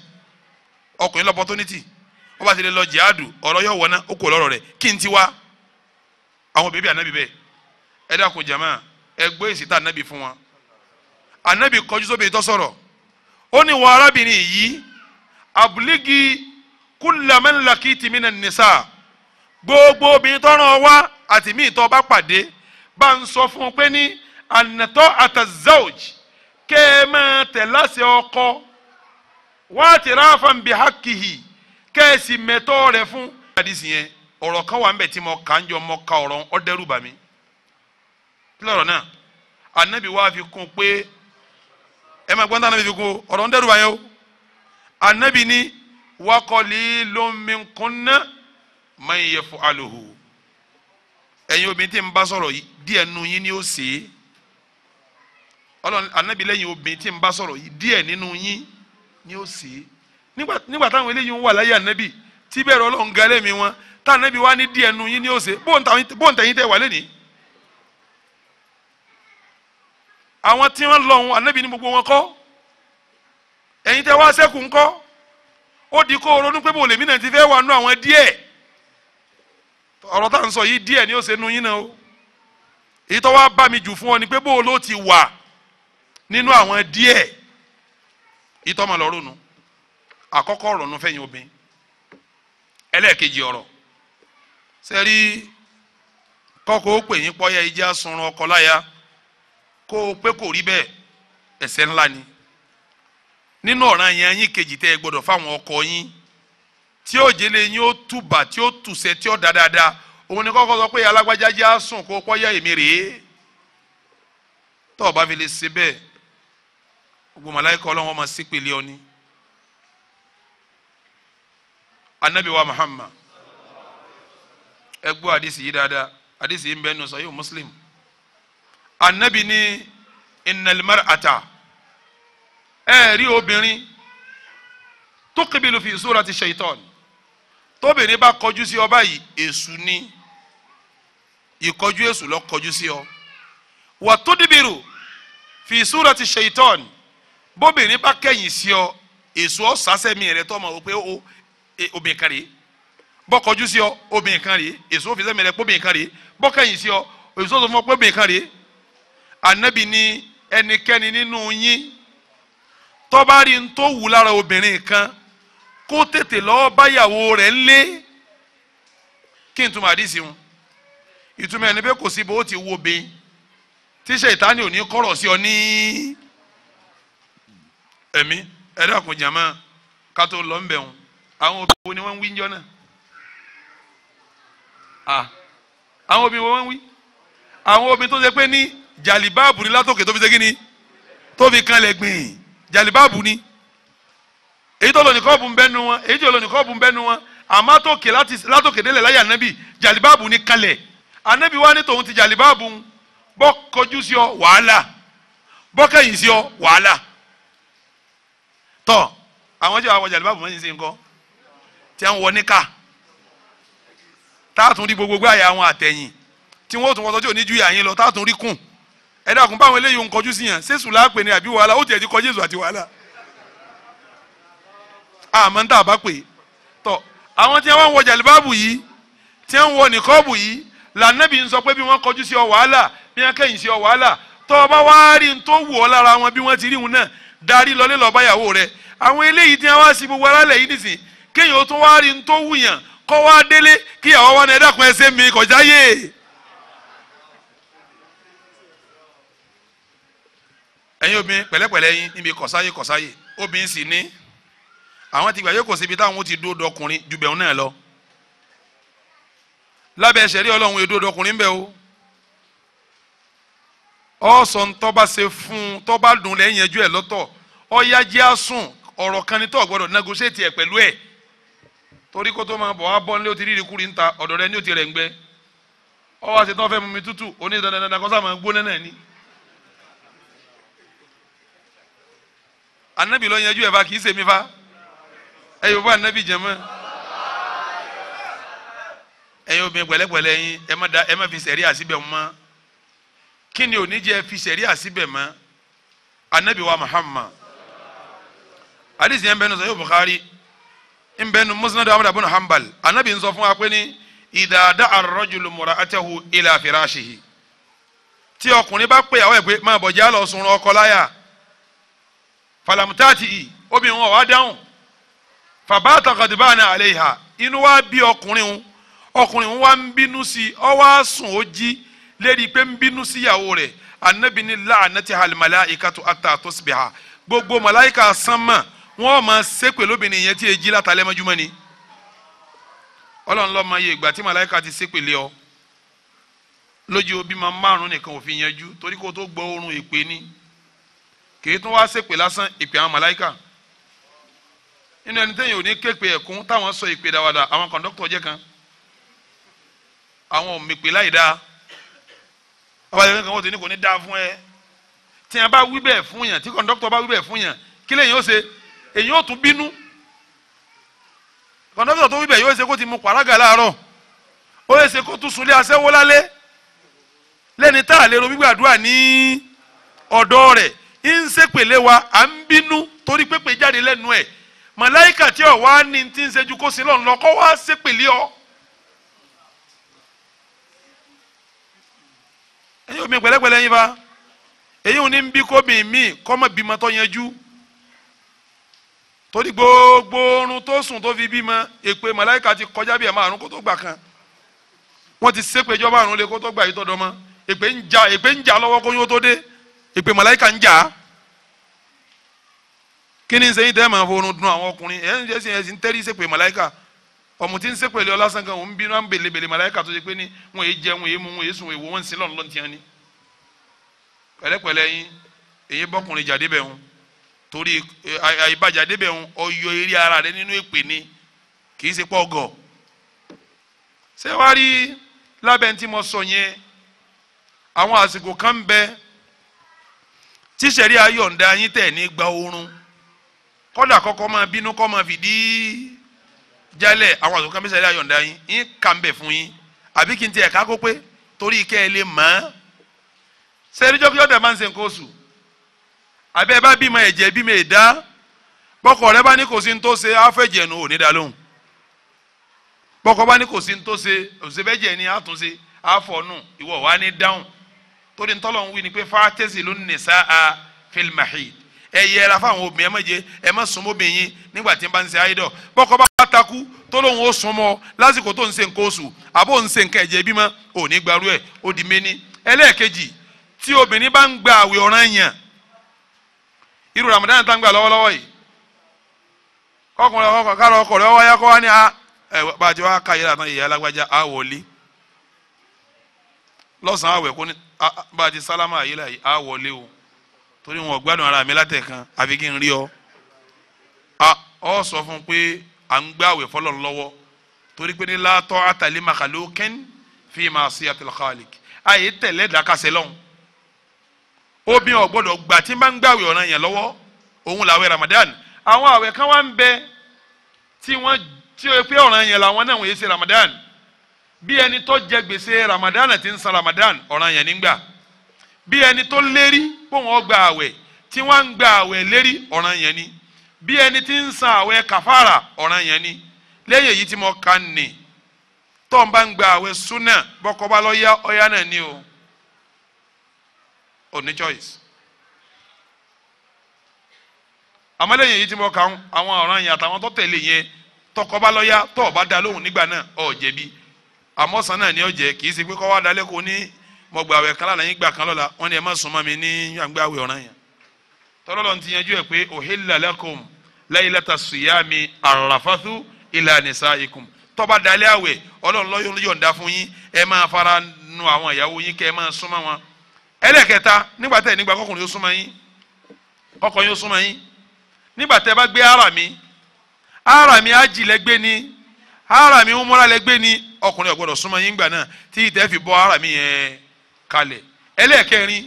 ọkùnrin lọ opportunity wọ́n bá ti lè lọ jihadu ọ̀rọ̀ yóò wọ̀ náà ó kò lọ́rọ̀ rẹ̀ kí n ti wá àwọn bèbí ànábì bẹ́ẹ̀ ẹ dákun jama ẹ gbé ìsìta ànábì fún wọn ànábì kọjú sóbi tó sọ̀rọ̀ ó ní wọn arábìnrin yìí abúlígi kúlẹ̀mẹ́lẹ́kì tìmínà nisa gbogbo obìnrin tọ́ràn wá àtìmí ìtọ́ bá pàdé bá ń sọ fún un pé ní annato atazzawj kema telase oko wati rafan bi hakihi kesi meto re fun hadisi yen oro kan wa nbe ti mo ka njo mo ka o deru mi loro na anabi wa fi kun pe e ma gbonda anabi fi kun oro ni wa qalilun min kunna man yaf'aluhu eyin obi ti n soro yi die nu ni o se. ọlọ́run anabi lẹ́yìn obìnrin tí ń bá sọ̀rọ̀ yìí díẹ̀ nínú yín ni ó sì í nígbà táwọn eléyìí ń wà láyé anabi tí bẹ́ẹ̀ rọ ọlọ́run ga lẹ́mi wọn tá anabi wá ní díẹ̀ nínú yín ni ó sì í bóun tẹ̀yìn tẹ̀ wà lẹ́nìí. àwọn tí wọ́n lọ́hùn anabi ní gbogbo wọn kọ́ ẹ̀yin tẹ́ wá sẹ́kù ńkọ́ ó di kó ronú pé bò lèmi náà ti fẹ́ wà nú àwọn díẹ̀ ọ̀rọ̀ tá à ń sọ yìí díẹ̀ ni ó ṣe nu yín náà o èyí tó wá bá mi jù fún ọ ni pé bò ló ti wà nínú àwọn díẹ̀ ìtọ́mọ lọ ronú àkọ́kọ́ ronú fẹ́yìn obìnrin ẹlẹ́ẹ̀kejì ọ̀rọ̀ sẹ́rí kọ́kọ́ ó pè yín pọ́yà ìjà sunrun ọkọ láya kó o pé kò rí bẹ́ẹ̀ ẹ̀ṣẹ̀ ńlá ni nínú ọ̀ràn yẹn yín kejì tẹ́ ẹ gbọ́dọ̀ fáwọn ọkọ yín tí ó jẹlé yín ó túbà tí ó tùsẹ̀ tí ó da dáadáa òun ni kọ́kọ́ sọ pé alágbájá já sùn kó pọ́yà èmi rèé tọ́ ọ bá fi lè ṣe bẹ́ẹ̀ gbogbo màláíkà ọlọ́wọ́n máa ṣépè lé ọ ní muhammad ẹ gbọ́ àdìsí yìí dáadáa àdìsí yìí ń bẹ́ẹ̀ nù sọ yóò muslim anabi ní ìnàlímar ata ẹ rí obìnrin tó kébìlú fi ìṣúra ti ṣèitán tóbìnrin bá kọjú sí ọ báyìí èṣù ni ìkọjú èṣù lọ kọjú sí ọ wà tó dìbìrù fi ìṣúra ti ṣèitán bóbìnrin bá kẹ̀yìn sí ọ èso ọ̀sásẹ́mi rẹ tọ́mọ o pé e, o obìnrin kan rèé bọ́kọjú sí ọ obìnrin kan rèé èso òfìsẹ́mi rẹ pé obìnrin kan rèé bọ́kẹ̀yìn sí ọ èso sọ fún ọ pé obìnrin kan rèé ànábì ni ẹnikẹ́ni nínú yín tó bá rí n tó wù lára obìnrin kan kó tètè lọ́ọ́ báyàwó rẹ̀ ńlé kí n tún máa dí sí wọn ìtumọ̀ ẹni pé kò sí bó ti wo obìnrin tíṣe ìtánì ò ní kọ̀rọ̀ sí ọ ní ẹ̀mí ẹ̀dá kò jàmá kátó lọ ń bẹ̀ wọn àwọn obìnrin wo ni wọ́n ń wí ń jọ náà àwọn obìnrin wo wọ́n ń wí àwọn obìnrin tó ṣe pé ní jàlíbáàbù ni látòkè tó fi ṣe kí ni tó fi kan lẹ̀ gbìn jàlíbáàbù ni èyí tó lọ ní kọ́ọ̀bù ń bẹ́nu wọn èyí tó lọ ní kọ́ọ̀bù ń bẹ́nu wọn àmọ́ àtòkè látòkè délẹ̀ láyé ànábì jàlíbáàbù ni kalẹ̀ ànábì wa ní tòun ti jàlíbáàbù bọ́ kọjú sí ọ wàhálà bọ́ kẹ́yìn sí ọ wàhálà tọ́ àwọn tí wàá wọ jàlúbàbù mọ́sí ṣe ń kọ́ tí wọ́n wọ níkà táàtún rí gbogbo àyà àwọn àtẹ̀yìn tí wọ́n tún wọ́n sọ tí ò ní ju ìyá yín lọ táàtún rí kùn ẹ dákun báwọn eléyìí ń kọjú sí yàn sẹ́sù láàpẹ̀ ni àbí wàhálà ó tiẹ̀ ti kọjú èso àti wàhálà àmọ́ ń tà bá pè tọ́ àwọn tí wọ́n wọ jàlúbàbù yìí tí wọ́n wọ nìkọ́ọ̀bù yìí lànàbì ń sọ pé bí wọ́n kọjú sí ọ wàhálà bí wọ́n kẹ́yìn sí ọ wàhálà tó o bá wá rí n tó wù ọ́ lára wọn bí wọ́n ti rí wọn náà darí lọlé lọ báyàwó rẹ àwọn eléyìí tí wọ́n wá sí gbogbo aráàlẹ̀ yìí nìsín kéèyàn ó wá rí n tó wù yàn kọ́ wá délé kíyàwó wa ní ẹ̀dàkùn ẹsẹ̀ mi kọjá yé. ẹ̀yin obìnrin pẹ̀lẹ́pẹ̀lẹ́ yín níbi kọ̀sáyé kọ̀sáyé obìnrin sì ní àwọn ti gbà yóò kò síbi táwọn ti dúró dọkùnrin ju bẹ̀rù náà lọ lábẹ́ ẹ̀ṣẹ̀ rí ọlọ́run èdè ọdọkùnrin bẹ́ẹ̀ o ọ̀sán tọ́ba ṣe fún un tọ́ba dùn lẹ́yìn ẹjọ́ ẹ̀ lọ́tọ̀ ọ̀yá jẹ́ àsùn ọ̀rọ̀ kan ní tọ́ gbọ́dọ̀ negotiate ẹ̀ pẹ̀lú ẹ̀ torí kó tó máa bọ̀ wá bọ́ nílé ó ti rírì kúri níta ọ̀dọ̀ rẹ ní ó ti rẹ̀ ń gbẹ ọwọ́ àti tán fẹ́ mu mi tútù oní dandandan kọ́sà máa gbóná náà ni. anabi lọ yanjú ẹ̀ fa kì í ṣèmi fa ẹ yóò bá anabi jẹ mọ́ ẹ yóò bí pẹ̀lẹ́pẹ̀lẹ́ yín ẹ má fi sẹ̀rí àsìbẹ̀ mọ́. kini ni oníjẹ fi sẹ̀ríà síbẹ̀ mọ́ anabi wa muhammad hadith yẹn bẹnu sọyọ bukhari n bẹnu musnad ahmad abu hanbal anabi nsọ fún wa pé ní ìdàdà ar-rajulu mura'atahu ila firashihi tí ọkùnrin bá pè àwọn ẹgbẹ́ máa bọjá lọ sùn ọkọ láyà falamutati i obìnrin wọn wá dáhùn fàbátà ghadbana alayha inú wa bí ọkùnrin ọkùnrin wa ń bínú sí ọ wá sùn ó jí. lérí pé ń bínú síyàwó rẹ̀ anabi ni laanati al-malaikatu atta tusbiha gbogbo màláìka sánmà wọ́n máa ṣépè lóbìnrin yẹn tí èjì látàlẹ́ mọ́júmọ́ ni ọlọ́run lọ́ọ́ máa yẹ ìgbà tí màláìka ti ṣépè lé ọ lójú obi máa márùn nìkan òfin yanjú torí kó tó gbọ́ oorun èpè ni kì í tún wá ṣépè lásán èpè àwọn màláìka nínú ẹni tẹ́yìn ò ní képe ẹ̀kún táwọn sọ èpè dáwàdà àwọn kọ̀ńdọ́kítọ̀ jẹ́ kan àwọn ò mèpè láì dáa ọba yẹn kan wọ́n ti ní kò ní dáa fún ẹ tí a bá wí bẹ́ẹ̀ fún yàn tí kọ̀ǹdọ́kítọ̀ bá wí bẹ́ẹ̀ fún yàn kí lèyìn ó ṣe èyí ó tún bínú kọ̀ǹdọ́kítọ̀ tó wí bẹ́ẹ̀ yóò ṣe kó ti mu pàrágà láàárọ̀ ó yẹ ṣe kó tún sunlé aṣẹ́wó lálẹ́ lẹ́ni tá a lè ro gbígbàdúrà ní ọ̀dọ́ rẹ̀ ń ṣèpèlé wa à ń bínú torí pépè jáde lẹ́nu ẹ̀ màláìkà tí ọ̀ wá ní ti ń ṣe ju kó sí lọ́nà lọ́kọ́ wá ṣèpèlé ọ́ ẹ̀yin omi gbẹlẹgbẹlẹ yín fa ẹ̀yin òní ń bí kómi mi kọ́mọ bímọ tó yanjú torí gbogbo oorun tó sùn tó fi bímọ èpè màláìka ti kọjá bí ẹ̀ márùn kó tó gbà kan wọ́n ti ṣépè jọba àrùn lè kó tó gbà yìí tọ́dọ̀ mọ́ èpè ń jà èpè ń jà lọ́wọ́ kóyún ó tó dé èpè màláìka ń jà kí ni sẹ́yìn tẹ́ máa forun dun àwọn ọkùnrin ẹ̀ ń jẹ́ sẹ́yìn ẹ̀ sì ń tẹ́rí ṣépè màláìka ọmọ tí ń ṣe pẹ̀lú ọlásán kan òun bínú à ń belebele màláyíkà tó ṣe pé ní wọn èyí jẹ wọn èyí mu wọn èyí sùn wọn èyí wo wọn ń sin lọ́nà lọ́nà ni pẹ̀lẹ́pẹ̀lẹ́ yín èyí bọ́kùnrin jáde bẹ̀ wọn torí àyíbájà débẹ̀ wọn ọyọ eré ara rẹ nínú èpè ni kì ṣe pọ̀ gọ̀ ṣé wàá rí tí mo sọ yẹn àwọn àsìkò kan bẹ tíṣẹ̀rí ayọ̀ǹda yín tẹ̀ ní gba oorun kọ́dà kọ́kọ́ máa bínú kọ́ máa fìdí jálẹ̀ àwọn àtúnkà mi sẹ́lẹ̀ àyọ̀ǹda yín yín kà ń bẹ̀ fún yín àbí kí n tiẹ̀ ká kó pé torí kẹ́ ẹ lè mọ̀ ọ́n sẹ́ríjọ́ kí ọ̀dà máa ń ṣe nǹkan oṣù àbí ẹ bá bímọ ẹ̀jẹ̀ bímọ ẹ̀dá bọ́kọ̀ rẹ bá ní kò sí ní tó ṣe àfẹ́jẹ̀ nu òní dá lóhùn bá ní kò sí ní tó ṣe òṣèbẹ́jẹ̀ ni àtúnṣe àfọ̀nù ìwọ̀ wá ní dáhùn torí ntọ́lọ̀ wí ni pé fàtẹ́sì ló nìṣá a fil ẹ yẹra fáwọn obìnrin ẹ má jẹ ẹ má nígbà tí n bá ń ṣe àìdọ̀ bọ́kọ bá takú tó lóun ó sún lásìkò tó ń se nǹkan oṣù àbó ń ṣe nǹkan ẹ̀jẹ̀ bímọ ò ní gbarú ẹ̀ ó di méní ẹlẹ́ẹ̀kejì tí obìnrin bá ń gba àwẹ̀ ọ̀ràn yàn irú Ramadan tá ń gbà lọ́wọ́lọ́wọ́ yìí ọkọ kárọ ọkọ rẹ a ah, ẹ bá a ti wá ká yìí látàn ìyá alágbájá torí wọn gbádùn ara mi látẹ̀kan àfi kí n rí ọ ọ sọ fún pé à ń gbàwẹ̀ fọlọ́ lọ́wọ́ torí pé ní látọ́ àtàlí makhluqin fi ma'siyatil khaliq àyè tẹ̀lé dàkàsẹ́ lọ́hùn obìnrin ò gbọ́dọ̀ gbà tí bá ń gbàwẹ̀ ọ̀ràn yẹn lọ́wọ́ òun làwẹ̀ Ramadan àwọn àwẹ̀ kan wá ń bẹ tí wọ́n tí ó pé ọ̀ràn yẹn làwọn náà wọ́n yé ṣe Ramadan bí ẹni tó jẹ gbèsè Ramadan ti ń san Ramadan ọ̀ràn yẹn nígbà bí ẹni tó lérí pòun ọgbà àwẹ̀ tí wọ́n ń gba àwẹ̀ lérí ọ̀ràn yẹn ni bí ẹni tí ń san àwẹ̀ kàfàrà ọ̀ràn yẹn ni lẹ́yìn èyí tí mo kà ní tó ń bá ń gba àwẹ̀ súnà bọ́kọ bá lọ yá ọyá náà ni o ò ní choice àmọ́ lẹ́yìn èyí tí mo kà àwọn ọ̀ràn yẹn àtàwọn tó tẹ̀lé yẹn bá yá tó o lóhùn nígbà náà ọ̀ jẹ̀bi àmọ́ sàn náà ni jẹ́ kì í pé kọ́ wá ní mo gba àwẹ̀ kan lánàá yín gbà kan lọ́la wọ́n ní ẹ má sùn mọ́ mi ní àgbà àwẹ̀ ọ̀ràn yẹn tọ́lọ́lọ́ ti yanjú ẹ̀ pé uhilla lakum laylata siyami arrafathu ila nisaikum tọ́ba dalẹ́ àwẹ̀ ọlọ́run lọ́yọ̀ǹda fún yín ẹ máa fara nu àwọn ìyàwó yín kẹ́ ẹ máa súnmọ́ wọn ẹlẹ́kẹta nígbà tẹ́ nígbà kọkùnrin yóò súnmọ́ yín kọkùnrin yóò súnmọ́ yín nígbà tẹ́ bá gbé ara mi ara ni ara mi ni ọkùnrin ò gbọ́dọ̀ súnmọ́ yín gbà náà tí ìtẹ́ fi bọ́ ara mi kalẹ̀ ẹlẹ́ẹ̀kẹrin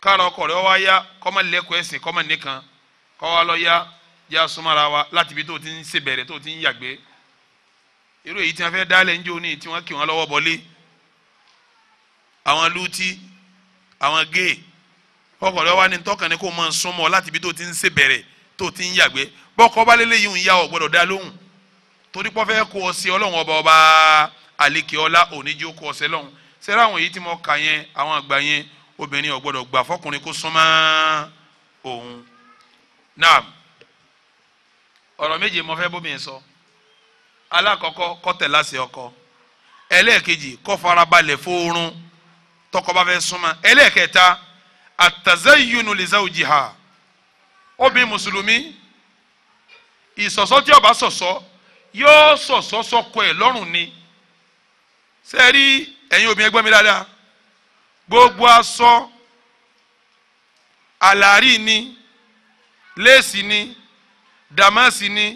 kára ọkọ rẹ wá yá kọ́mọ lẹ́kọ̀ọ́ ẹ̀sìn kọ́mọ nìkan kọ́wá lọ yá yá súnmọ́ra wa láti ibi tó ti ń ṣèbẹ̀rẹ̀ tó ti ń yàgbé irú èyí tí wọ́n fẹ́ dálẹ̀ ń jó ní tí wọ́n kì wọ́n lọ́wọ́ bọ́lé àwọn lúti àwọn géè ọkọ rẹ wá ní tọkàn ní kó máa súnmọ́ láti ibi tó ti ń ṣèbẹ̀rẹ̀ tó ti ń yàgbé bọ́kọ bá lélẹ̀ yìí ń yá ọ gbọ́dọ̀ dá lóhùn torí pọ́ kó ọ sí ọlọ́run ọba ọba àlekè ọlá òní jó kó ọ sẹ́lọ́hùn sẹ́rẹ́ àwọn èyí tí mo kà yẹn àwọn àgbà yẹn obìnrin ò gbà fọkùnrin kó súnmọ́ òun náà ọ̀rọ̀ méje mo fẹ́ bómi sọ alákọ̀ọ́kọ́ kó tẹ̀ láṣẹ ọkọ ẹlẹ́ẹ̀kejì kó farabalẹ̀ fóorun tọkọ bá fẹ́ súnmọ́ mùsùlùmí ìsọ̀sọ́ tí ẹ̀yin obìnrin gbọ́ mi dáadáa gbogbo aṣọ àlàrí ni léèsì ni dàmásì ni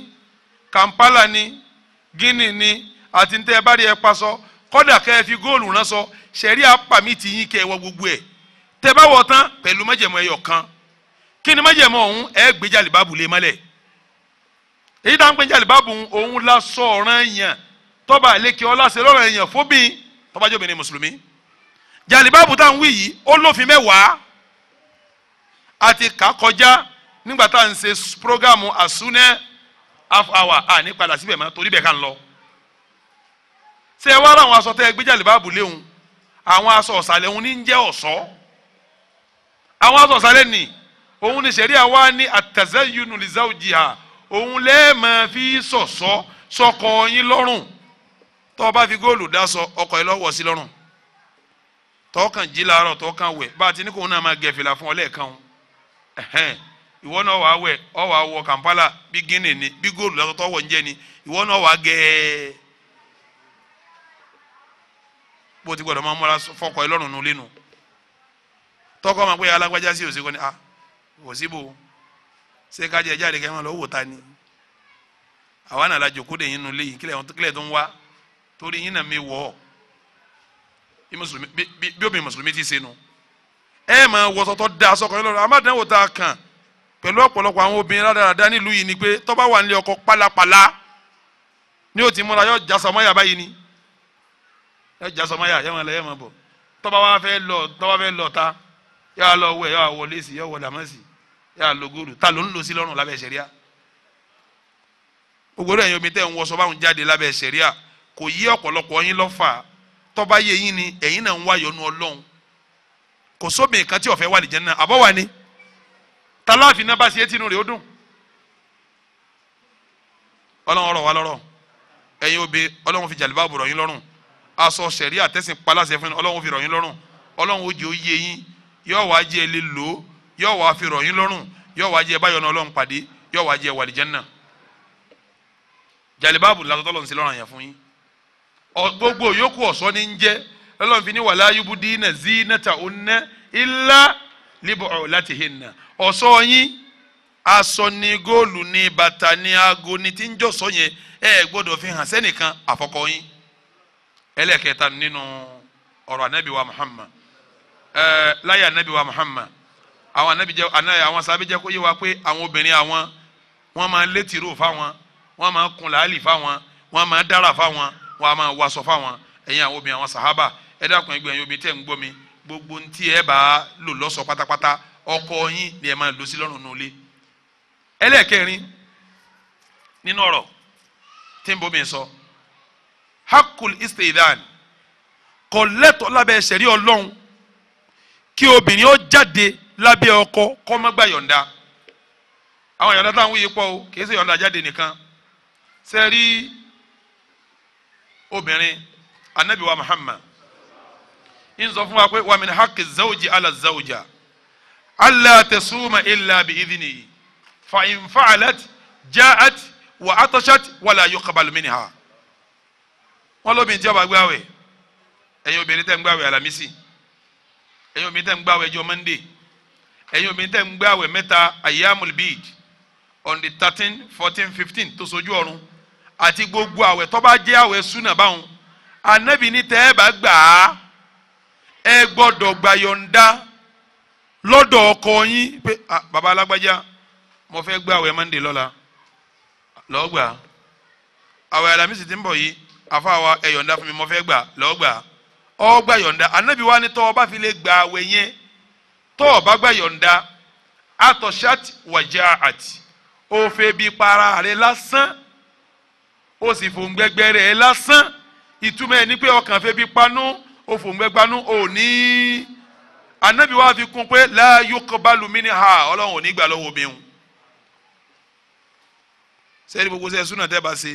kàmpálà ni gíní ni àti ní tẹ́ ẹ bá rí ẹ paṣọ kọ́dà kẹ́ ẹ fi góòlù ránṣọ ṣẹ̀rí àpàmì ti yín kẹ́ ẹ wọ gbogbo ẹ̀ tẹ́ bá wọ̀ tán pẹ̀lú májẹ̀mọ́ ẹyọ kan kí ni májẹ̀mọ́ ọ̀hún ẹ gbé jàlíbábù lé mọ́lẹ̀ èyí tá ń pè jàlíbábù òun lásọ̀ ọ̀ràn èèyàn tọ́ba àlékè ọlá ṣe lọ́rọ̀ èèyàn fóbìn tọ́bajọ́ obìnrin mùsùlùmí jàlíbáàbù tá à ń wí yìí ó lófin mẹ́wàá àti kà kọjá nígbà tá à ń ṣe programu àsúnẹ́ half hour à ní padà síbẹ̀ mọ́ torí bẹ́ẹ̀ ká ń lọ. ṣé ẹ wá ra àwọn aṣọ tẹ́ ẹ gbé jàlíbáàbù léhùn àwọn aṣọ ọ̀sàlẹ̀ òun ní ń jẹ́ ọ̀ṣọ́ àwọn aṣọ ọ̀sàlẹ̀ nì òun ní sẹ̀ríà wá ní àtàzẹ́yùnù lìzáwùjì hà òun lẹ́ẹ̀ fi sọ̀sọ́ sọkọ yín lọ́rùn. So, so, tó o bá fi góòlù dáṣọ ọkọ̀ ẹ lọ́wọ́ sí lọ́rùn tó kàn jí láàárọ̀ tó kàn wẹ̀ bá a ti ní kóun náà máa gẹ̀ fìlà fún ọ lẹ́ẹ̀kan o ìwọ náà wàá wẹ̀ ọ wàá wọ Kampala bí Guinea ni bí góòlù dáṣọ tó wọ̀ ń jẹ́ ni ìwọ náà wàá gẹ̀ ẹ́ bó ti gbọdọ̀ máa múra fọkọ̀ ẹ lọ́rùn nulẹ̀ nù tọkọ ma pé alágbájá sí òsì kò a ah, kò síbò ṣé kájẹ jáde kẹ́ máa lọ wò ta ni àwa náà la jòkó dè yín nulẹ̀ kílẹ̀ tó ń wá torí yín náà mi wọ̀ bí obìnrin mùsùlùmí ti ṣe nu ẹ máa wọṣọ tó da aṣọ kan lọ́rọ̀ amádánwò tá a kàn pẹ̀lú ọ̀pọ̀lọpọ̀ àwọn obìnrin rádaràda nílùú yìí ni pé tó wà nílé ọkọ pálapàla ní o ti múra yóò já sọmọyà báyìí ni yóò já sọmọyà yóò máa lọ yóò máa bọ̀ tó bá wá fẹ́ lọ tó bá lọ ta yóò lọ wẹ̀ yóò wọ léèsì yóò wọ dàmásì yóò lọ góòlù ta ló ń lọ sí lọ́rùn lábẹ́ sẹ̀ríà gbogbo rẹ̀ yóò mi tẹ́ ń wọṣọ báwọn jáde lábẹ́ sẹ̀ríà kò yí ọ̀pọ̀lọpọ̀ yín lọ́fà tọ́ba yé yín ni ẹ̀yin náà ń wá yọnu ọlọ́run kò sóbìn kan tí ó fẹ́ wà lìjẹ́ náà àbọ̀ wà ní taláàfin náà bá ṣe é tinú rẹ̀ ó dùn ọlọ́run ọ̀rọ̀ wa lọ́rọ̀ ẹ̀yin obìnrin ọlọ́run fi jàlíbá bùrọ̀ yín lọ́rùn aṣọ sẹ̀rí àtẹ̀sìn paláṣẹ fún ọlọ́run fi rọ̀ yín lọ́rùn ọlọ́run ó ó yé yín yóò wá jẹ́ ẹ lè lò ó yóò wá fi rọ̀ fún yín gbogbo yòókù ọ̀ṣọ́ ní ń jẹ́ lọ́lọ́run fi ní wàlá ayúbú dínà zínàtà ònà ilá líbọ̀ láti hinna ọ̀ṣọ́ yín aṣọ ni góòlù ni bàtà ni aago ni tí ń jọ̀ṣọ́ yẹn ẹ gbọ́dọ̀ fi hàn sẹ́nìkan àfọkọ yín ẹlẹ́kẹta nínú ọ̀rọ̀ anabi Muhammad ẹ láyé anabi wa Muhammad àwọn anabi jẹ àwọn sábẹ jẹ kó yé wa pé àwọn obìnrin àwọn wọn máa létí rò fáwọn wọn máa kun làálì fáwọn wọn máa dára fáwọn wọn a máa wọ aṣọ fáwọn ẹ̀yin àwọn obìnrin àwọn sàhábà ẹ dákun ẹgbẹ́ ẹ̀yin obìnrin tẹ̀ ń gbọ́ mi gbogbo ń tí ẹ bá lò lọ́sọ̀ pátápátá ọkọ yín ni ẹ máa lò sí lọ́rùn nulẹ̀ ẹlẹ́ẹ̀kẹrin nínú ọ̀rọ̀ tí ń bomi sọ hakul isteidan kò lẹ́tọ̀ọ́ lábẹ́ ṣẹ̀rí ọlọ́run kí obìnrin ó jáde lábẹ́ ọkọ kó má gba yọ̀ǹda àwọn yọ̀ǹda táwọn yìí pọ̀ o kì í ṣe yọ̀ǹda jáde nìkan ṣe obìnrin anabi wa muhammad ń sọ fún wa pé wa min haqqi zawji ala zawja alla tasuma illa bi idhnihi fa in fa'alat ja'at wa atashat wala yuqbal minha wọn lóbi tí ọba gbáwẹ̀ ẹ̀yin obìnrin tẹ́ ń gbáwẹ̀ alamisi ẹ̀yin obìnrin tẹ́ ń gbáwẹ̀ ẹjọ́ mọ́ndé ẹ̀yin obìnrin tẹ́ ń gbáwẹ̀ mẹ́ta ayamul bid on the thirteen fourteen fifteen tó sojú ọ̀run àti gbogbo àwẹ̀ tó bá jẹ́ àwẹ̀ súnà báwọn anabi ní tẹ́ ẹ bá gbà á ẹ gbọ́dọ̀ gbàyọ̀ǹda lọ́dọ̀ ọkọ yín pé baba alágbájá mo fẹ́ gbà àwẹ̀ mande lọ́la lọ́ọ́ gbà àwẹ̀ alamisi ti ń bọ̀ yìí àfàwà ẹ yọ̀ǹda fún mi mo fẹ́ gbà lọ́ọ́ gbà ọ gbà yọ̀ǹda anabi wa ni tọ́ ọ bá fi lè gbà àwẹ̀ yẹn tọ́ ọ bá gbà yọ̀ǹda atọ̀ṣat wàjà àti òfè bíi para rẹ̀ lásán ó sì fòǹgbẹ́gbẹ́ rẹ̀ lásán ìtumọ̀ ẹ̀ ní pé ọkàn fẹ́ bí panú ó fòǹgbẹ́gbanú ò ní. anabi wa fi kún pé la yuqbalu minha ọlọ́run ò ní gbà lọ́wọ́ obìnrin. sẹ́ni gbogbo sẹ́ni súnà tẹ́ bá ṣe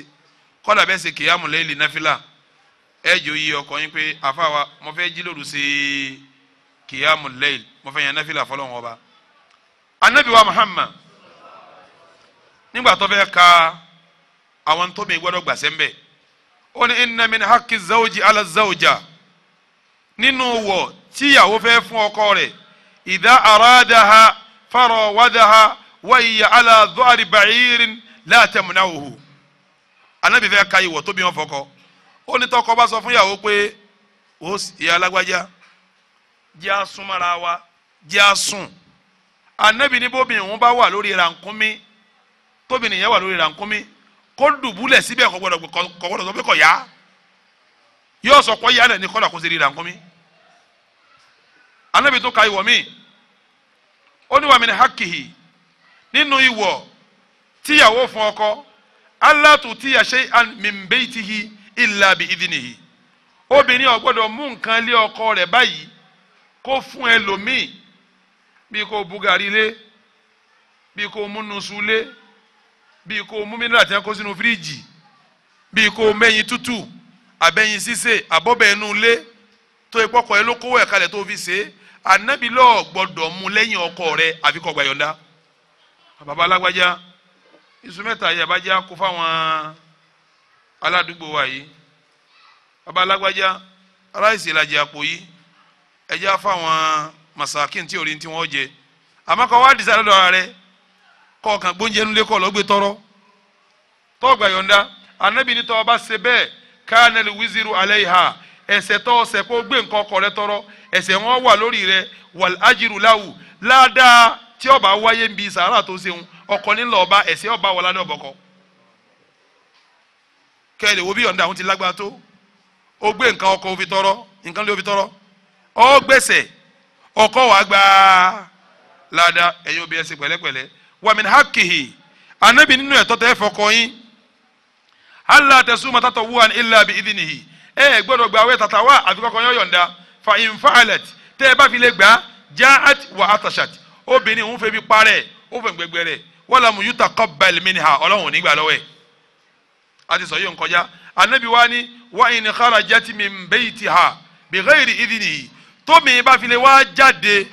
kọ́dà bẹ́ẹ̀ ṣe kìyàmù lẹ́yìn náfìlà ẹ jò yí ọkọ yín pé àfàwà mo fẹ́ jí lóru sí kìyàmù lẹ́yìn mo fẹ́ yan náfìlà fọlọ́run ọba. anabi wa muhammad nígbà tó fẹ́ ka àwọn tó mi gbọ́dọ̀ gbàsẹ́ ń bẹ̀ ó ní inna min haqqi zawji ala zawja nínú wọ̀ tíyàwó fẹ́ fún ọkọ rẹ̀ idha aradaha farawadaha wa hiya ala dhuhri ba'irin la tamna'uhu Ànábì fẹ́ ka ìwọ̀ tóbi wọn fọkọ ó ní tọkọ bá sọ fún ìyàwó pé ó ìyá alágbájá jẹ́ àsúnmọ́ra wa jẹ́ àsùn Ànábì ní bóbi ìhun bá wà lórí rànkúnmí tóbi nìyẹn wà lórí rànkúnmí kó dùbúlẹ̀ síbẹ̀ kò gbọdọ̀ kò gbọdọ̀ sọ pé kò yá yóò sọ pé yálẹ̀ ní kọ́là kó ṣe rí ra nkómi anabi tó ka ìwọ mi ó ní wà mí ní hakihi nínú ìwọ tíyàwó fún ọkọ alátù tíyà shay'an min baytihi illa bi idhnihi obìnrin ò gbọdọ̀ mú nǹkan lé ọkọ rẹ̀ báyìí kó fún ẹlòmíì bí kò bú gàrí lé bí kò múnusú lé bíi kó mú mineral tí wọ́n kó sínú fíríjì bíi kó mẹ́yin tútù àbẹ́yin sísè àbọ́bẹ̀ inú ilé tó ipò ọkọ ẹ ló kówó ẹ̀ kalẹ̀ tó fi ṣe é ànábì lọ́ọ̀ gbọ́dọ̀ mú lẹ́yìn ọkọ rẹ̀ àfi kó gba yọ̀ǹda bàbá alágbájá iṣu mẹ́ta yìí kó fáwọn aládùúgbò wa yìí bàbá ráìsì ìlàjì àpò yìí ẹja fáwọn masakin tí orin tí wọ́n jẹ àmọ́ kọ́ dìsa lọ́dọ̀ ara rẹ̀ kọ̀ọ̀kan gbóúnjẹ nulẹ̀ kọ̀ lọ́gbẹ́ tọrọ tọ́gbà yọ̀ǹda anabi ní tọ́wọ́ bá ṣe bẹ́ẹ̀ kánẹ́lì wíṣírù alẹ́ ìhà ẹ̀ṣẹ̀ tọ́ ọ̀sẹ̀ kó gbé nǹkan ọkọ̀ rẹ tọrọ ẹ̀ṣẹ̀ wọn wà lórí rẹ wàl ájírù láwù ládàá tí ọba wáyé ń bi sàárà tó ṣeun ọkọ̀ nílò ọba ẹ̀ṣẹ̀ ọba wà ládàá ọbọ̀kọ̀ kẹ́lẹ̀ wo bí yọ̀ǹda àwọn ti lágbára tó ó gbé nǹkan ọkọ̀ òfi tọrọ nǹkan lé òfi tọrọ ọ gbèsè ọkọ̀ wàá gbà á ládàá ẹ̀yin obìnrin ṣe pẹ̀lẹ́pẹ̀lẹ́ wàmìn hakihi anabi nínú ẹ̀tọ́ tẹ́ fọkọ yín hàlá tẹ̀sùmọ̀ tàtọ̀ wúwa ní ilà bí ìdínìhì ẹ gbọ́dọ̀ gba àwẹ̀ tàtà wá àti kọ́kọ́ yọ̀ fa infalet tẹ́ ẹ bá fi lè gbà jaat wà atashat obìnrin òun fẹ́ bí parẹ́ ó fẹ́ gbẹgbẹ rẹ̀ wala mu yuta kọ́bẹ̀lì mi ni ha ọlọ́run ò ní gbà lọ́wọ́ ẹ̀ a ti sọ yóò ń kọjá anabi wa ni wa in kharajat min baytiha bi ghairi idinihi tómi bá fi lè jáde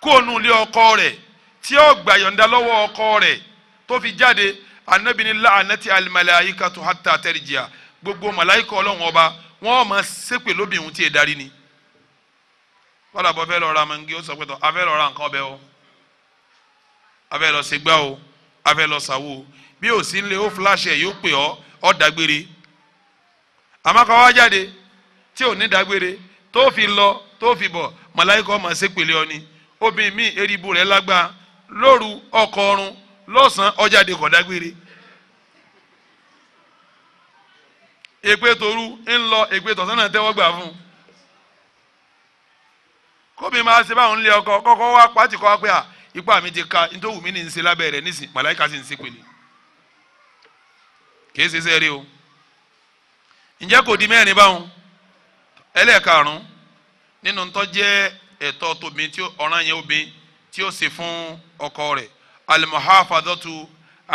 kóònù ilé ọkọ rẹ̀ tí ó gbà yọ̀ǹda lọ́wọ́ ọkọ rẹ̀ tó fi jáde anabi ni la'anati al-malaikatu hatta tarji'a gbogbo màláìkà ọlọ́run ọba wọ́n máa ṣépè lóbìnrin tí ì darí ni kọ́dà bọ́ fẹ́ lọ ra mangi ó sọ pé tọ́ a fẹ́ lọ ra nǹkan ọbẹ̀ o a fẹ́ lọ ṣègbà o a fẹ́ lọ ṣàwò o bí o sì ń lé o flash yóò pè ọ́ ọ́ dágbére àmọ́ wá jáde tí ò ní dágbére tó fi lọ tó fi bọ̀ màláìkà ó máa lé ọ ni obìnrin mi eribu rẹ̀ lágbára lóru ọkọ ọrun lọ́sàn-án ọjàde kọ̀dágbére èpè toru ń èpè tọ̀sán náà tẹ́wọ́ gbà fún un kómi máa ṣe báwọn ńlẹ ọkọ wá pé à ipá mi ti ka nítòwù mi ní ṣe lábẹ́ rẹ̀ nísìn màláìka sì ń pèlè kì í ṣe o ǹjẹ́ kò di mẹ́rin báwọn ẹlẹ́ẹ̀karùn-ún nínú tó jẹ́ ẹ̀tọ́ tòmí tí ọ̀ràn yẹn tí ó ṣe fún ọkọ rẹ̀ alimuhafadatu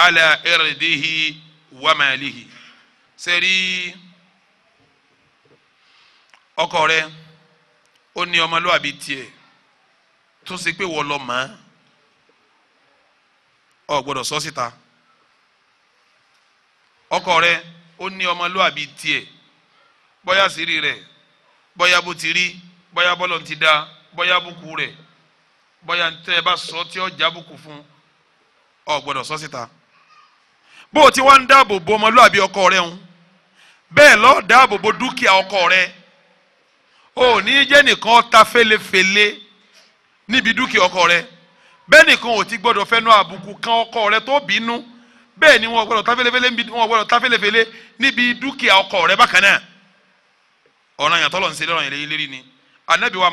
ala irdihi wamalihi sẹ́rí ọkọ rẹ̀ ó ní ọmọlúwàbí tiẹ̀ tó ṣe pé wọ́n lọ mọ́ ọ gbọdọ sọ síta ọkọ rẹ̀ ó ní ọmọlúwàbí tiẹ̀ bóyá sírí rẹ̀ bóyá bó ti rí bóyá bọ́lọ̀ ti dá bóyá búkú bóyá ntẹ́ ẹ bá sọ tí ọ jábùkù fún ọ gbọ́dọ̀ sọ síta bó o ti wá ń dáàbò bo ọmọlúàbí ọkọ rẹ ń bẹ́ẹ̀ lọ́ọ́ dáàbò bo dúkìá ọkọ rẹ ò ní jẹ́ nìkan ta fẹ́lẹ́fẹ́lẹ́ níbi dúkìá ọkọ rẹ bẹ́ẹ̀ nìkan ò ti gbọ́dọ̀ fẹ́nu àbùkù kan ọkọ rẹ tó bínú bẹ́ẹ̀ ni wọn gbọ́dọ̀ ta fẹ́lẹ́fẹ́lẹ́ níbi wọn gbọ́dọ̀ ta fẹ́lẹ́fẹ́lẹ́ níbi dúkìá ọkọ rẹ bákan náà ọ̀ràn yàtọ̀ lọ́nṣẹ́ lọ́rọ̀ yẹn lérí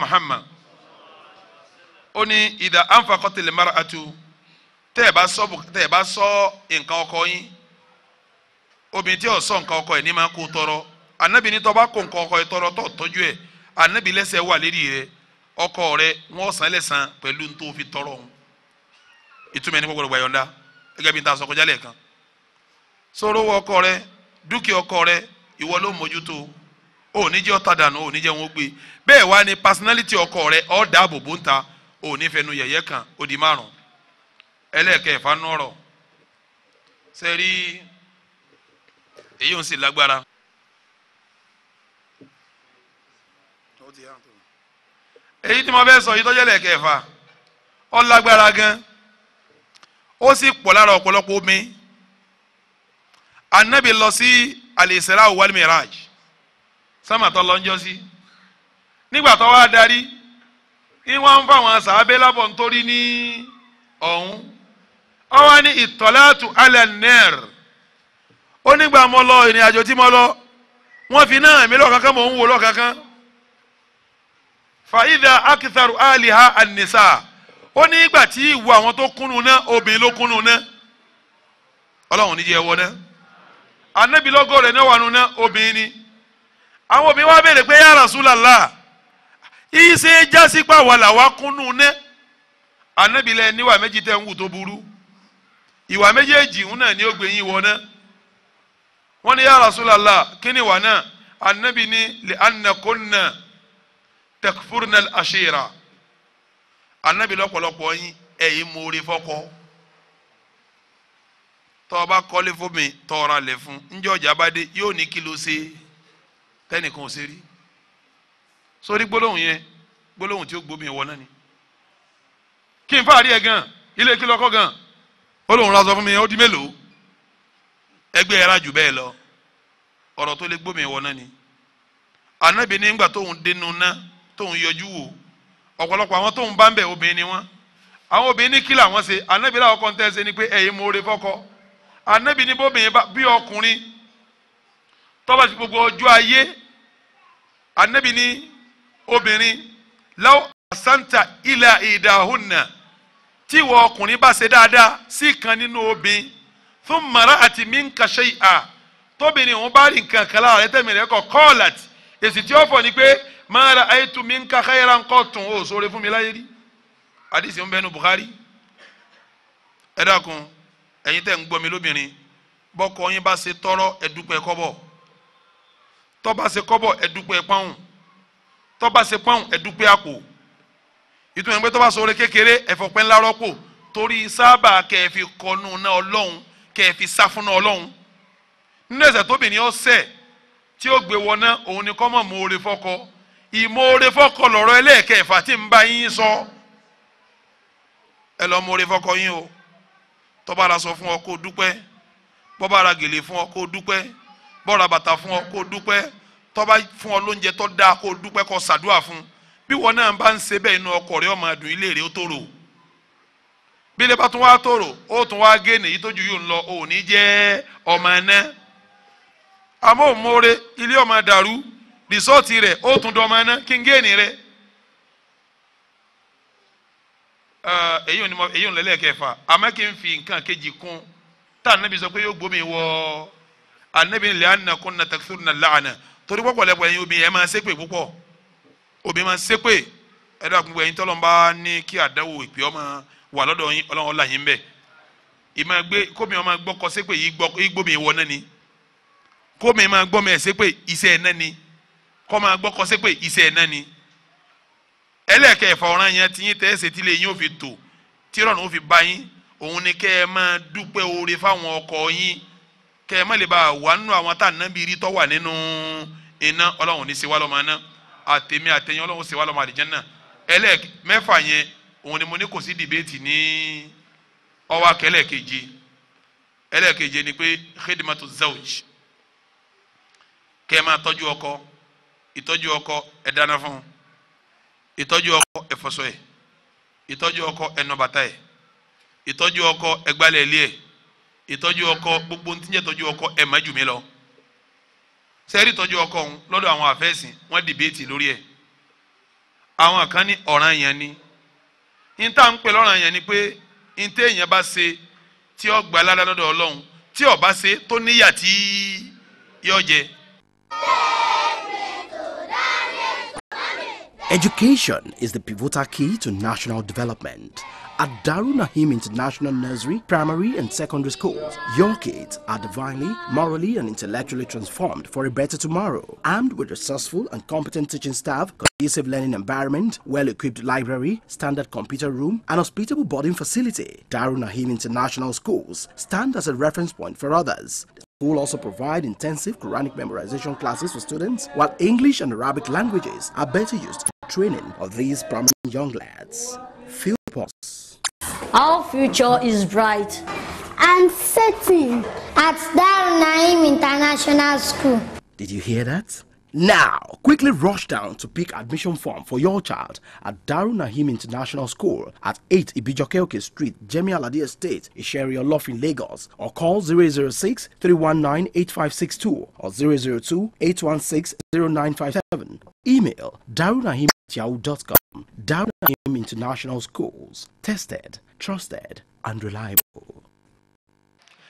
Muhammad ó ní ìdá ànfàkọ́tìlẹ̀ mara àtú tẹ́ ẹ̀ bá sọ tẹ́ ẹ̀ bá sọ nǹkan ọkọ yín obìnrin tí ò sọ nǹkan ọkọ ẹ̀ ní máa kó tọrọ ànábì ní ọkọ ẹ̀ tọrọ tó tọ́jú ẹ̀ ànábì lẹ́sẹ̀ wà ọkọ san pelu pẹ̀lú tó fi tọrọ ohun gẹ́gẹ́ bí n ta sọ kọjá lẹ́ẹ̀kan ọkọ dúkìá ò ní fẹnu yẹ̀yẹ́ kan ó di márùn ẹlẹ́ẹ̀kẹfà nọ̀rọ̀ sẹ́rí èyí ń sì lágbára. èyí tí mo fẹ́ sọ yìí tọ́jú ẹlẹ́ẹ̀kẹfà ó lágbára gan ó sì pọ̀ lára ọ̀pọ̀lọpọ̀ omi anabi lọ sí al-Isra wal-Miraj sámàtọ́ lọ́njọ́ sí nígbà tó wá darí kí wọ́n ń fáwọn sàábé lábọ̀ nítorí ní ọ̀hún ọ wá ní ìtọ́látù alẹ́nẹ́r ó nígbà mo lọ ìrìn àjò tí mo lọ wọ́n fi náà mi lọ́ọ̀kankan mò ń wò lọ́ọ̀kankan fàyídà akitharu aliha anisa ó ní ìgbà tí ìwọ àwọn tó kúnnu náà obìnrin ló kúnnu náà ọlọ́run níjẹ́ ẹwọ́ náà anábìlọ́gọ́ rẹ̀ náà wà nù náà obìnrin ni àwọn obìnrin wá béèrè pé ya Rasulullah yìí ṣe é jásí pa wà làwa kúnnú ná anábìlẹ̀ níwà méjì tẹ̀ ń wù tó burú ìwà méjèèjì ń náà ní ó gbé yín wọ náà wọ́n ní ya Rasulullah kí ni wà náà anábì ní lè anakunna takfurna al-ashira anábì lọ́pọ̀lọpọ̀ yín ẹ̀yin mórí fọ́kọ́ tọ́ ọ bá kọ́lé fún mi tọ́ ọ ra lẹ̀ fún ǹjẹ́ ọjà bá dé yóò ní kí ló ṣe tẹ́nìkan ò ṣe rí sórí gbólóhùn yẹn gbólóhùn tí ó gbómi ìwọ náà ni kí n fàárí ẹ gan ilé kí lọkọ gan olóhùn lásán fún mi ó di mélòó ẹgbẹ́ yàrá jù bẹ́ẹ̀ lọ ọ̀rọ̀ tó lè gbómi ìwọ náà ni ànábì nígbà tóun dénú ná tóun yọjú wò ọ̀pọ̀lọpọ̀ àwọn tóun bá ń bẹ̀ obìnrin ni wọ́n àwọn obìnrin ní kí làwọn ṣe ànábì làwọn kan tẹ́ ṣe ni pé ẹ̀yin mo re fọ́kọ ànábì ní bóbìnrin bí ọkùnrin tọ́ba ti gbogbo ọjọ́ ayé ànábì ní obìnrin law asanta ila idahunna tí ìwọ ọkùnrin bá ṣe dáadáa sí kan nínú obìnrin fún mara àti minka shay'a tóbìnrin òun bá rí nǹkan kan lára tẹ̀mí rẹ̀ kọ́ kọ́ọ̀lát èsì tí ó fọ̀ ni pé ma ra'aytu minka khayran qatun ó sóore fún mi láyé rí àdìsí ń bẹnu Bukhari ẹ dákun ẹ̀yin tẹ̀ ń gbọ́ mi lóbìnrin bọ́kọ yín bá ṣe tọrọ ẹ̀dúpẹ́ kọ́bọ̀ tọ́ ṣe kọ́bọ̀ ẹ̀dúpẹ́ pọ́hùn tọ́ba se pọ́n ẹ̀dúpẹ́ àpò ìtumọ̀ ìgbẹ́ tọ́ba sọ̀rọ̀ kékeré ẹ̀fọ̀pẹ́ ńlá rọ́pò torí sábà kẹ̀ẹ́fì kọnu náà ọlọ́run kẹ̀ẹ́fì sáfúnà ọlọ́run nínú ẹ̀ṣẹ̀ tóbìnrin ọ̀sẹ̀ tí ó gbé wọná òun ni kọ́mọ̀ mòore fọ́kọ ìmòore fọ́kọ lọ́rọ̀ ẹlẹ́ẹ̀kẹfà tí ń bá yín sọ ẹ lọ mòore fọ́kọ yín o tọ́ba ra sọ fún ọ kó dúpẹ́ bọ́ba ra gèlè fún ọ kó dúpẹ́ bọ́ra bàtà fún ọ kó dúpẹ́ tọba fun fún ọ lóúnjẹ tó dáa kó o dúpẹ́ kó o fún bí wọn náà bá ń ṣe bẹ́ẹ̀ inú ọkọ rẹ ọmọ àdùn ilé rẹ ó tòrò bí ilé bá tún wá tòrò ó tún wá géènì èyí tó ju yóò ń lọ ò ní jẹ́ ọmọ ẹ̀nẹ́ àmọ́ òmóore ilé ọmọ dàrú rìsọ́ọ̀tì rẹ̀ ó tún dọmọ ẹ̀nẹ́ kí n géènì rẹ̀ èyí ní mọ èyí ò ní àmọ́ kí n fi nǹkan kejì kún tá sọ pé yóò gbómi wọ ní lẹ́yìn torí pọ̀pọ̀lọpọ̀ ẹ̀yin obìnrin ẹ̀ máa ṣépè púpọ̀ obìnrin máa ṣépè ẹ̀dá àpò ẹ̀yin tọ́lọ́ bá ní kí àdáwò ìpè ọmọ wà lọ́dọ̀ yín ọlọ́run là yín bẹ̀ ìmọ̀ gbé kómi ọmọ gbọ́kọ ṣépè yìí gbómi ìwọ náà ni kómi máa gbọ́mọ ẹ̀ ṣépè iṣẹ́ ẹ̀ náà ni kọ́ máa gbọ́kọ ṣépè iṣẹ́ ẹ̀ náà ni ẹlẹ́ẹ̀kẹfà ọ̀ràn yẹn ti yín tẹ́sẹ̀ tí lè yín ò fi tò tí rọ̀rùn ò fi bá yín òun ni kẹ́ ẹ máa dúpẹ́ oore fáwọn ọkọ yín kẹ́ ẹ má lè bá wà nínú àwọn tá à ń nábìrì tó wà nínú iná ọlọ́run ní sèwá lọ́mọ aná àtẹ̀mí àtẹ̀yìn ọlọ́run sèwá lọ́mọ àlìjẹ́nà ẹlẹ́ mẹ́fà yẹn òun ni mo ní kò sí dìbẹ́tì ní ọwọ́ akẹ́lẹ́ keje ẹlẹ́ẹ̀keje ni pé khidmatu zawj kẹ́ ẹ máa tọ́jú ọkọ ìtọ́jú ọkọ ẹ dáná fún un ìtọ́jú ọkọ ẹ fọṣọ ẹ ìtọ́jú ọkọ ẹ nọ bàtà ẹ ìtọ́jú ọkọ ẹ gbálẹ̀ ilé ẹ ìtọ́jú ọkọ gbogbo ntí ń jẹ́ ìtọ́jú ọkọ ẹ má jù mí lọ sẹ́rí tọ́jú ọkọ òun lọ́dọ̀ àwọn àfẹ́sìn wọ́n dìbéètì lórí ẹ̀ àwọn kan ní ọ̀ràn yẹn ni n tá n pè lọ́ràn yẹn ni pé n tẹ́ èèyàn bá ṣe tí ó gbà ládàá lọ́dọ̀ ọlọ́run tí ó bá ṣe tó níyà tí yọ jẹ. Education is the pivotal key to national development. at Daru Nahim International Nursery, Primary and Secondary Schools. Your kids are divinely, morally and intellectually transformed for a better tomorrow. Armed with resourceful and competent teaching staff, conducive learning environment, well-equipped library, standard computer room and hospitable boarding facility, Daru Nahim International Schools stand as a reference point for others school also provide intensive Quranic memorization classes for students, while English and Arabic languages are better used for training of these promising young lads. Field Pulse. Our future is bright and setting at Daru Naim International School. Did you hear that? Now, quickly rush down to pick admission form for your child at Daru Nahim International School at 8 Ibijokeoke Street, Jemi Aladi Estate, Isheri Olof in Lagos or call 006 319 8562 or 002 816 0957. Email Yahoo.com. Down came international schools, tested, trusted, and reliable.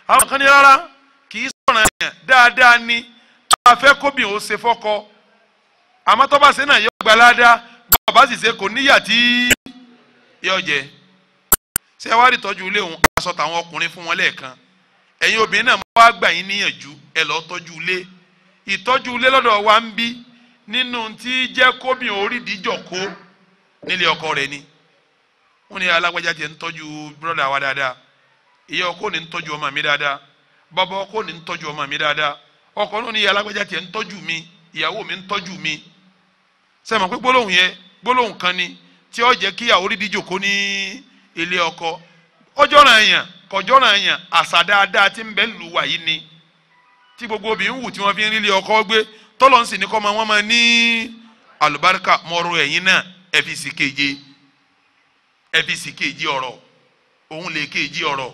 àwọn kan ní rárá kì í sọ̀rọ̀ yẹn dáadáa ni a fẹ́ kóbìnrin ó ṣe fọ́kọ àmọ́ tó bá ṣe náà yọ gba ládàá bá bá sì ṣe kò níyà tí yọ jẹ ṣé ẹ wá rí tọ́jú ilé òun aṣọ tàwọn ọkùnrin fún wọn lẹ́ẹ̀kan ẹ̀yin obìnrin náà wá gbà yín níyànjú ẹ lọ́ọ́ tọ́jú ilé ìtọ́jú ilé lọ́dọ̀ wa ń bí nínú tí jẹ́ kóbìn orí díjọ̀kó nílé ọkọ rẹ̀ ni wọ́n ní alágbájá tiẹ̀ ń tọ́jú brọ́dà wa dáadáa ìyá ọkọ ni ń tọ́jú ọmọ mi dáadáa bàbá ọkọ ni ń tọ́jú ọmọ mi dáadáa ọkọ náà ní alágbájá ń tọ́jú mi ìyàwó mi ń tọ́jú mi sẹ́mi pé gbólóhùn yẹn gbólóhùn kan ni tí ó jẹ́ kí àwòrí ní ilé ọkọ ọjọ́ náà yàn kọjọ́ ti ni tọ́lọ̀ ń sì ní kọ́ ma wọ́n ma ní alùbáríkà mọ́rọ́ ẹ̀yìn náà ẹ fi sí keje ẹ fi sí keje ọ̀rọ̀ òun lè keje ọ̀rọ̀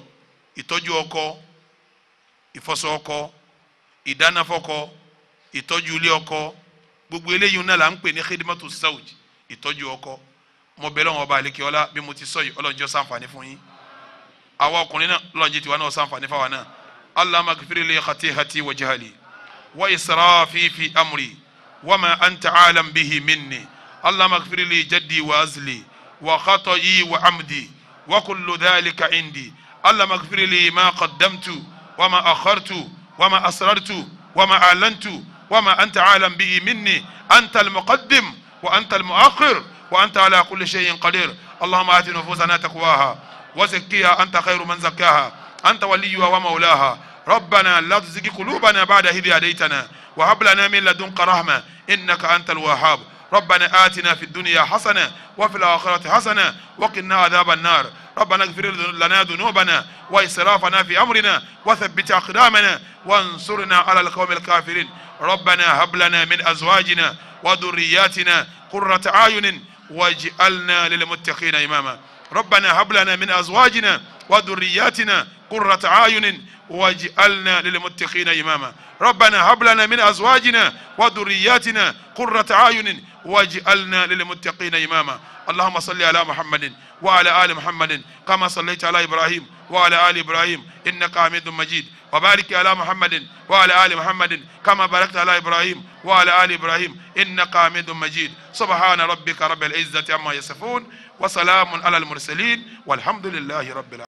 ìtọ́jú ọkọ ìfọṣọ ọkọ ìdánáfọkọ ìtọ́jú ilé ọkọ gbogbo eléyìí náà là ń pè ní khidimatu sauj ìtọ́jú ọkọ mo bẹ̀ lọ́wọ́ ọba àlekè ọlá bí mo ti sọ yìí ọlọ́njọ́ sàǹfààní fún yín àwa ọkùnrin náà ọlọ́njẹ́ tiwa náà sàǹfààní fáwa náà allahumma ghfir li khatihati وإسرافي في أمري وما أنت عالم به مني اللهم اغفر لي جدي وأزلي وخطئي وعمدي وكل ذلك عندي اللهم اغفر لي ما قدمت وما أخرت وما أسررت وما أعلنت وما أنت عالم به مني أنت المقدم وأنت المؤخر وأنت على كل شيء قدير اللهم آت نفوسنا تقواها وزكيها أنت خير من زكاها أنت وليها ومولاها ربنا لا تزغ قلوبنا بعد إذ هديتنا وهب لنا من لدنك رحمة إنك أنت الوهاب ربنا آتنا في الدنيا حسنة وفي الآخرة حسنة وقنا عذاب النار ربنا اغفر لنا ذنوبنا وإسرافنا في أمرنا وثبت أقدامنا وانصرنا على القوم الكافرين ربنا هب لنا من أزواجنا وذرياتنا قرة أعين واجعلنا للمتقين إماما ربنا هب لنا من أزواجنا وذرياتنا قرة عاين واجعلنا للمتقين إماما ربنا هب لنا من أزواجنا وذرياتنا قرة عاين واجعلنا للمتقين إماما اللهم صل على محمد وعلى آل محمد كما صليت على إبراهيم وعلى آل إبراهيم إنك حميد مجيد وبارك على محمد وعلى آل محمد كما باركت على إبراهيم وعلى آل إبراهيم إنك حميد مجيد سبحان ربك رب العزة عما يصفون وسلام على المرسلين والحمد لله رب العالمين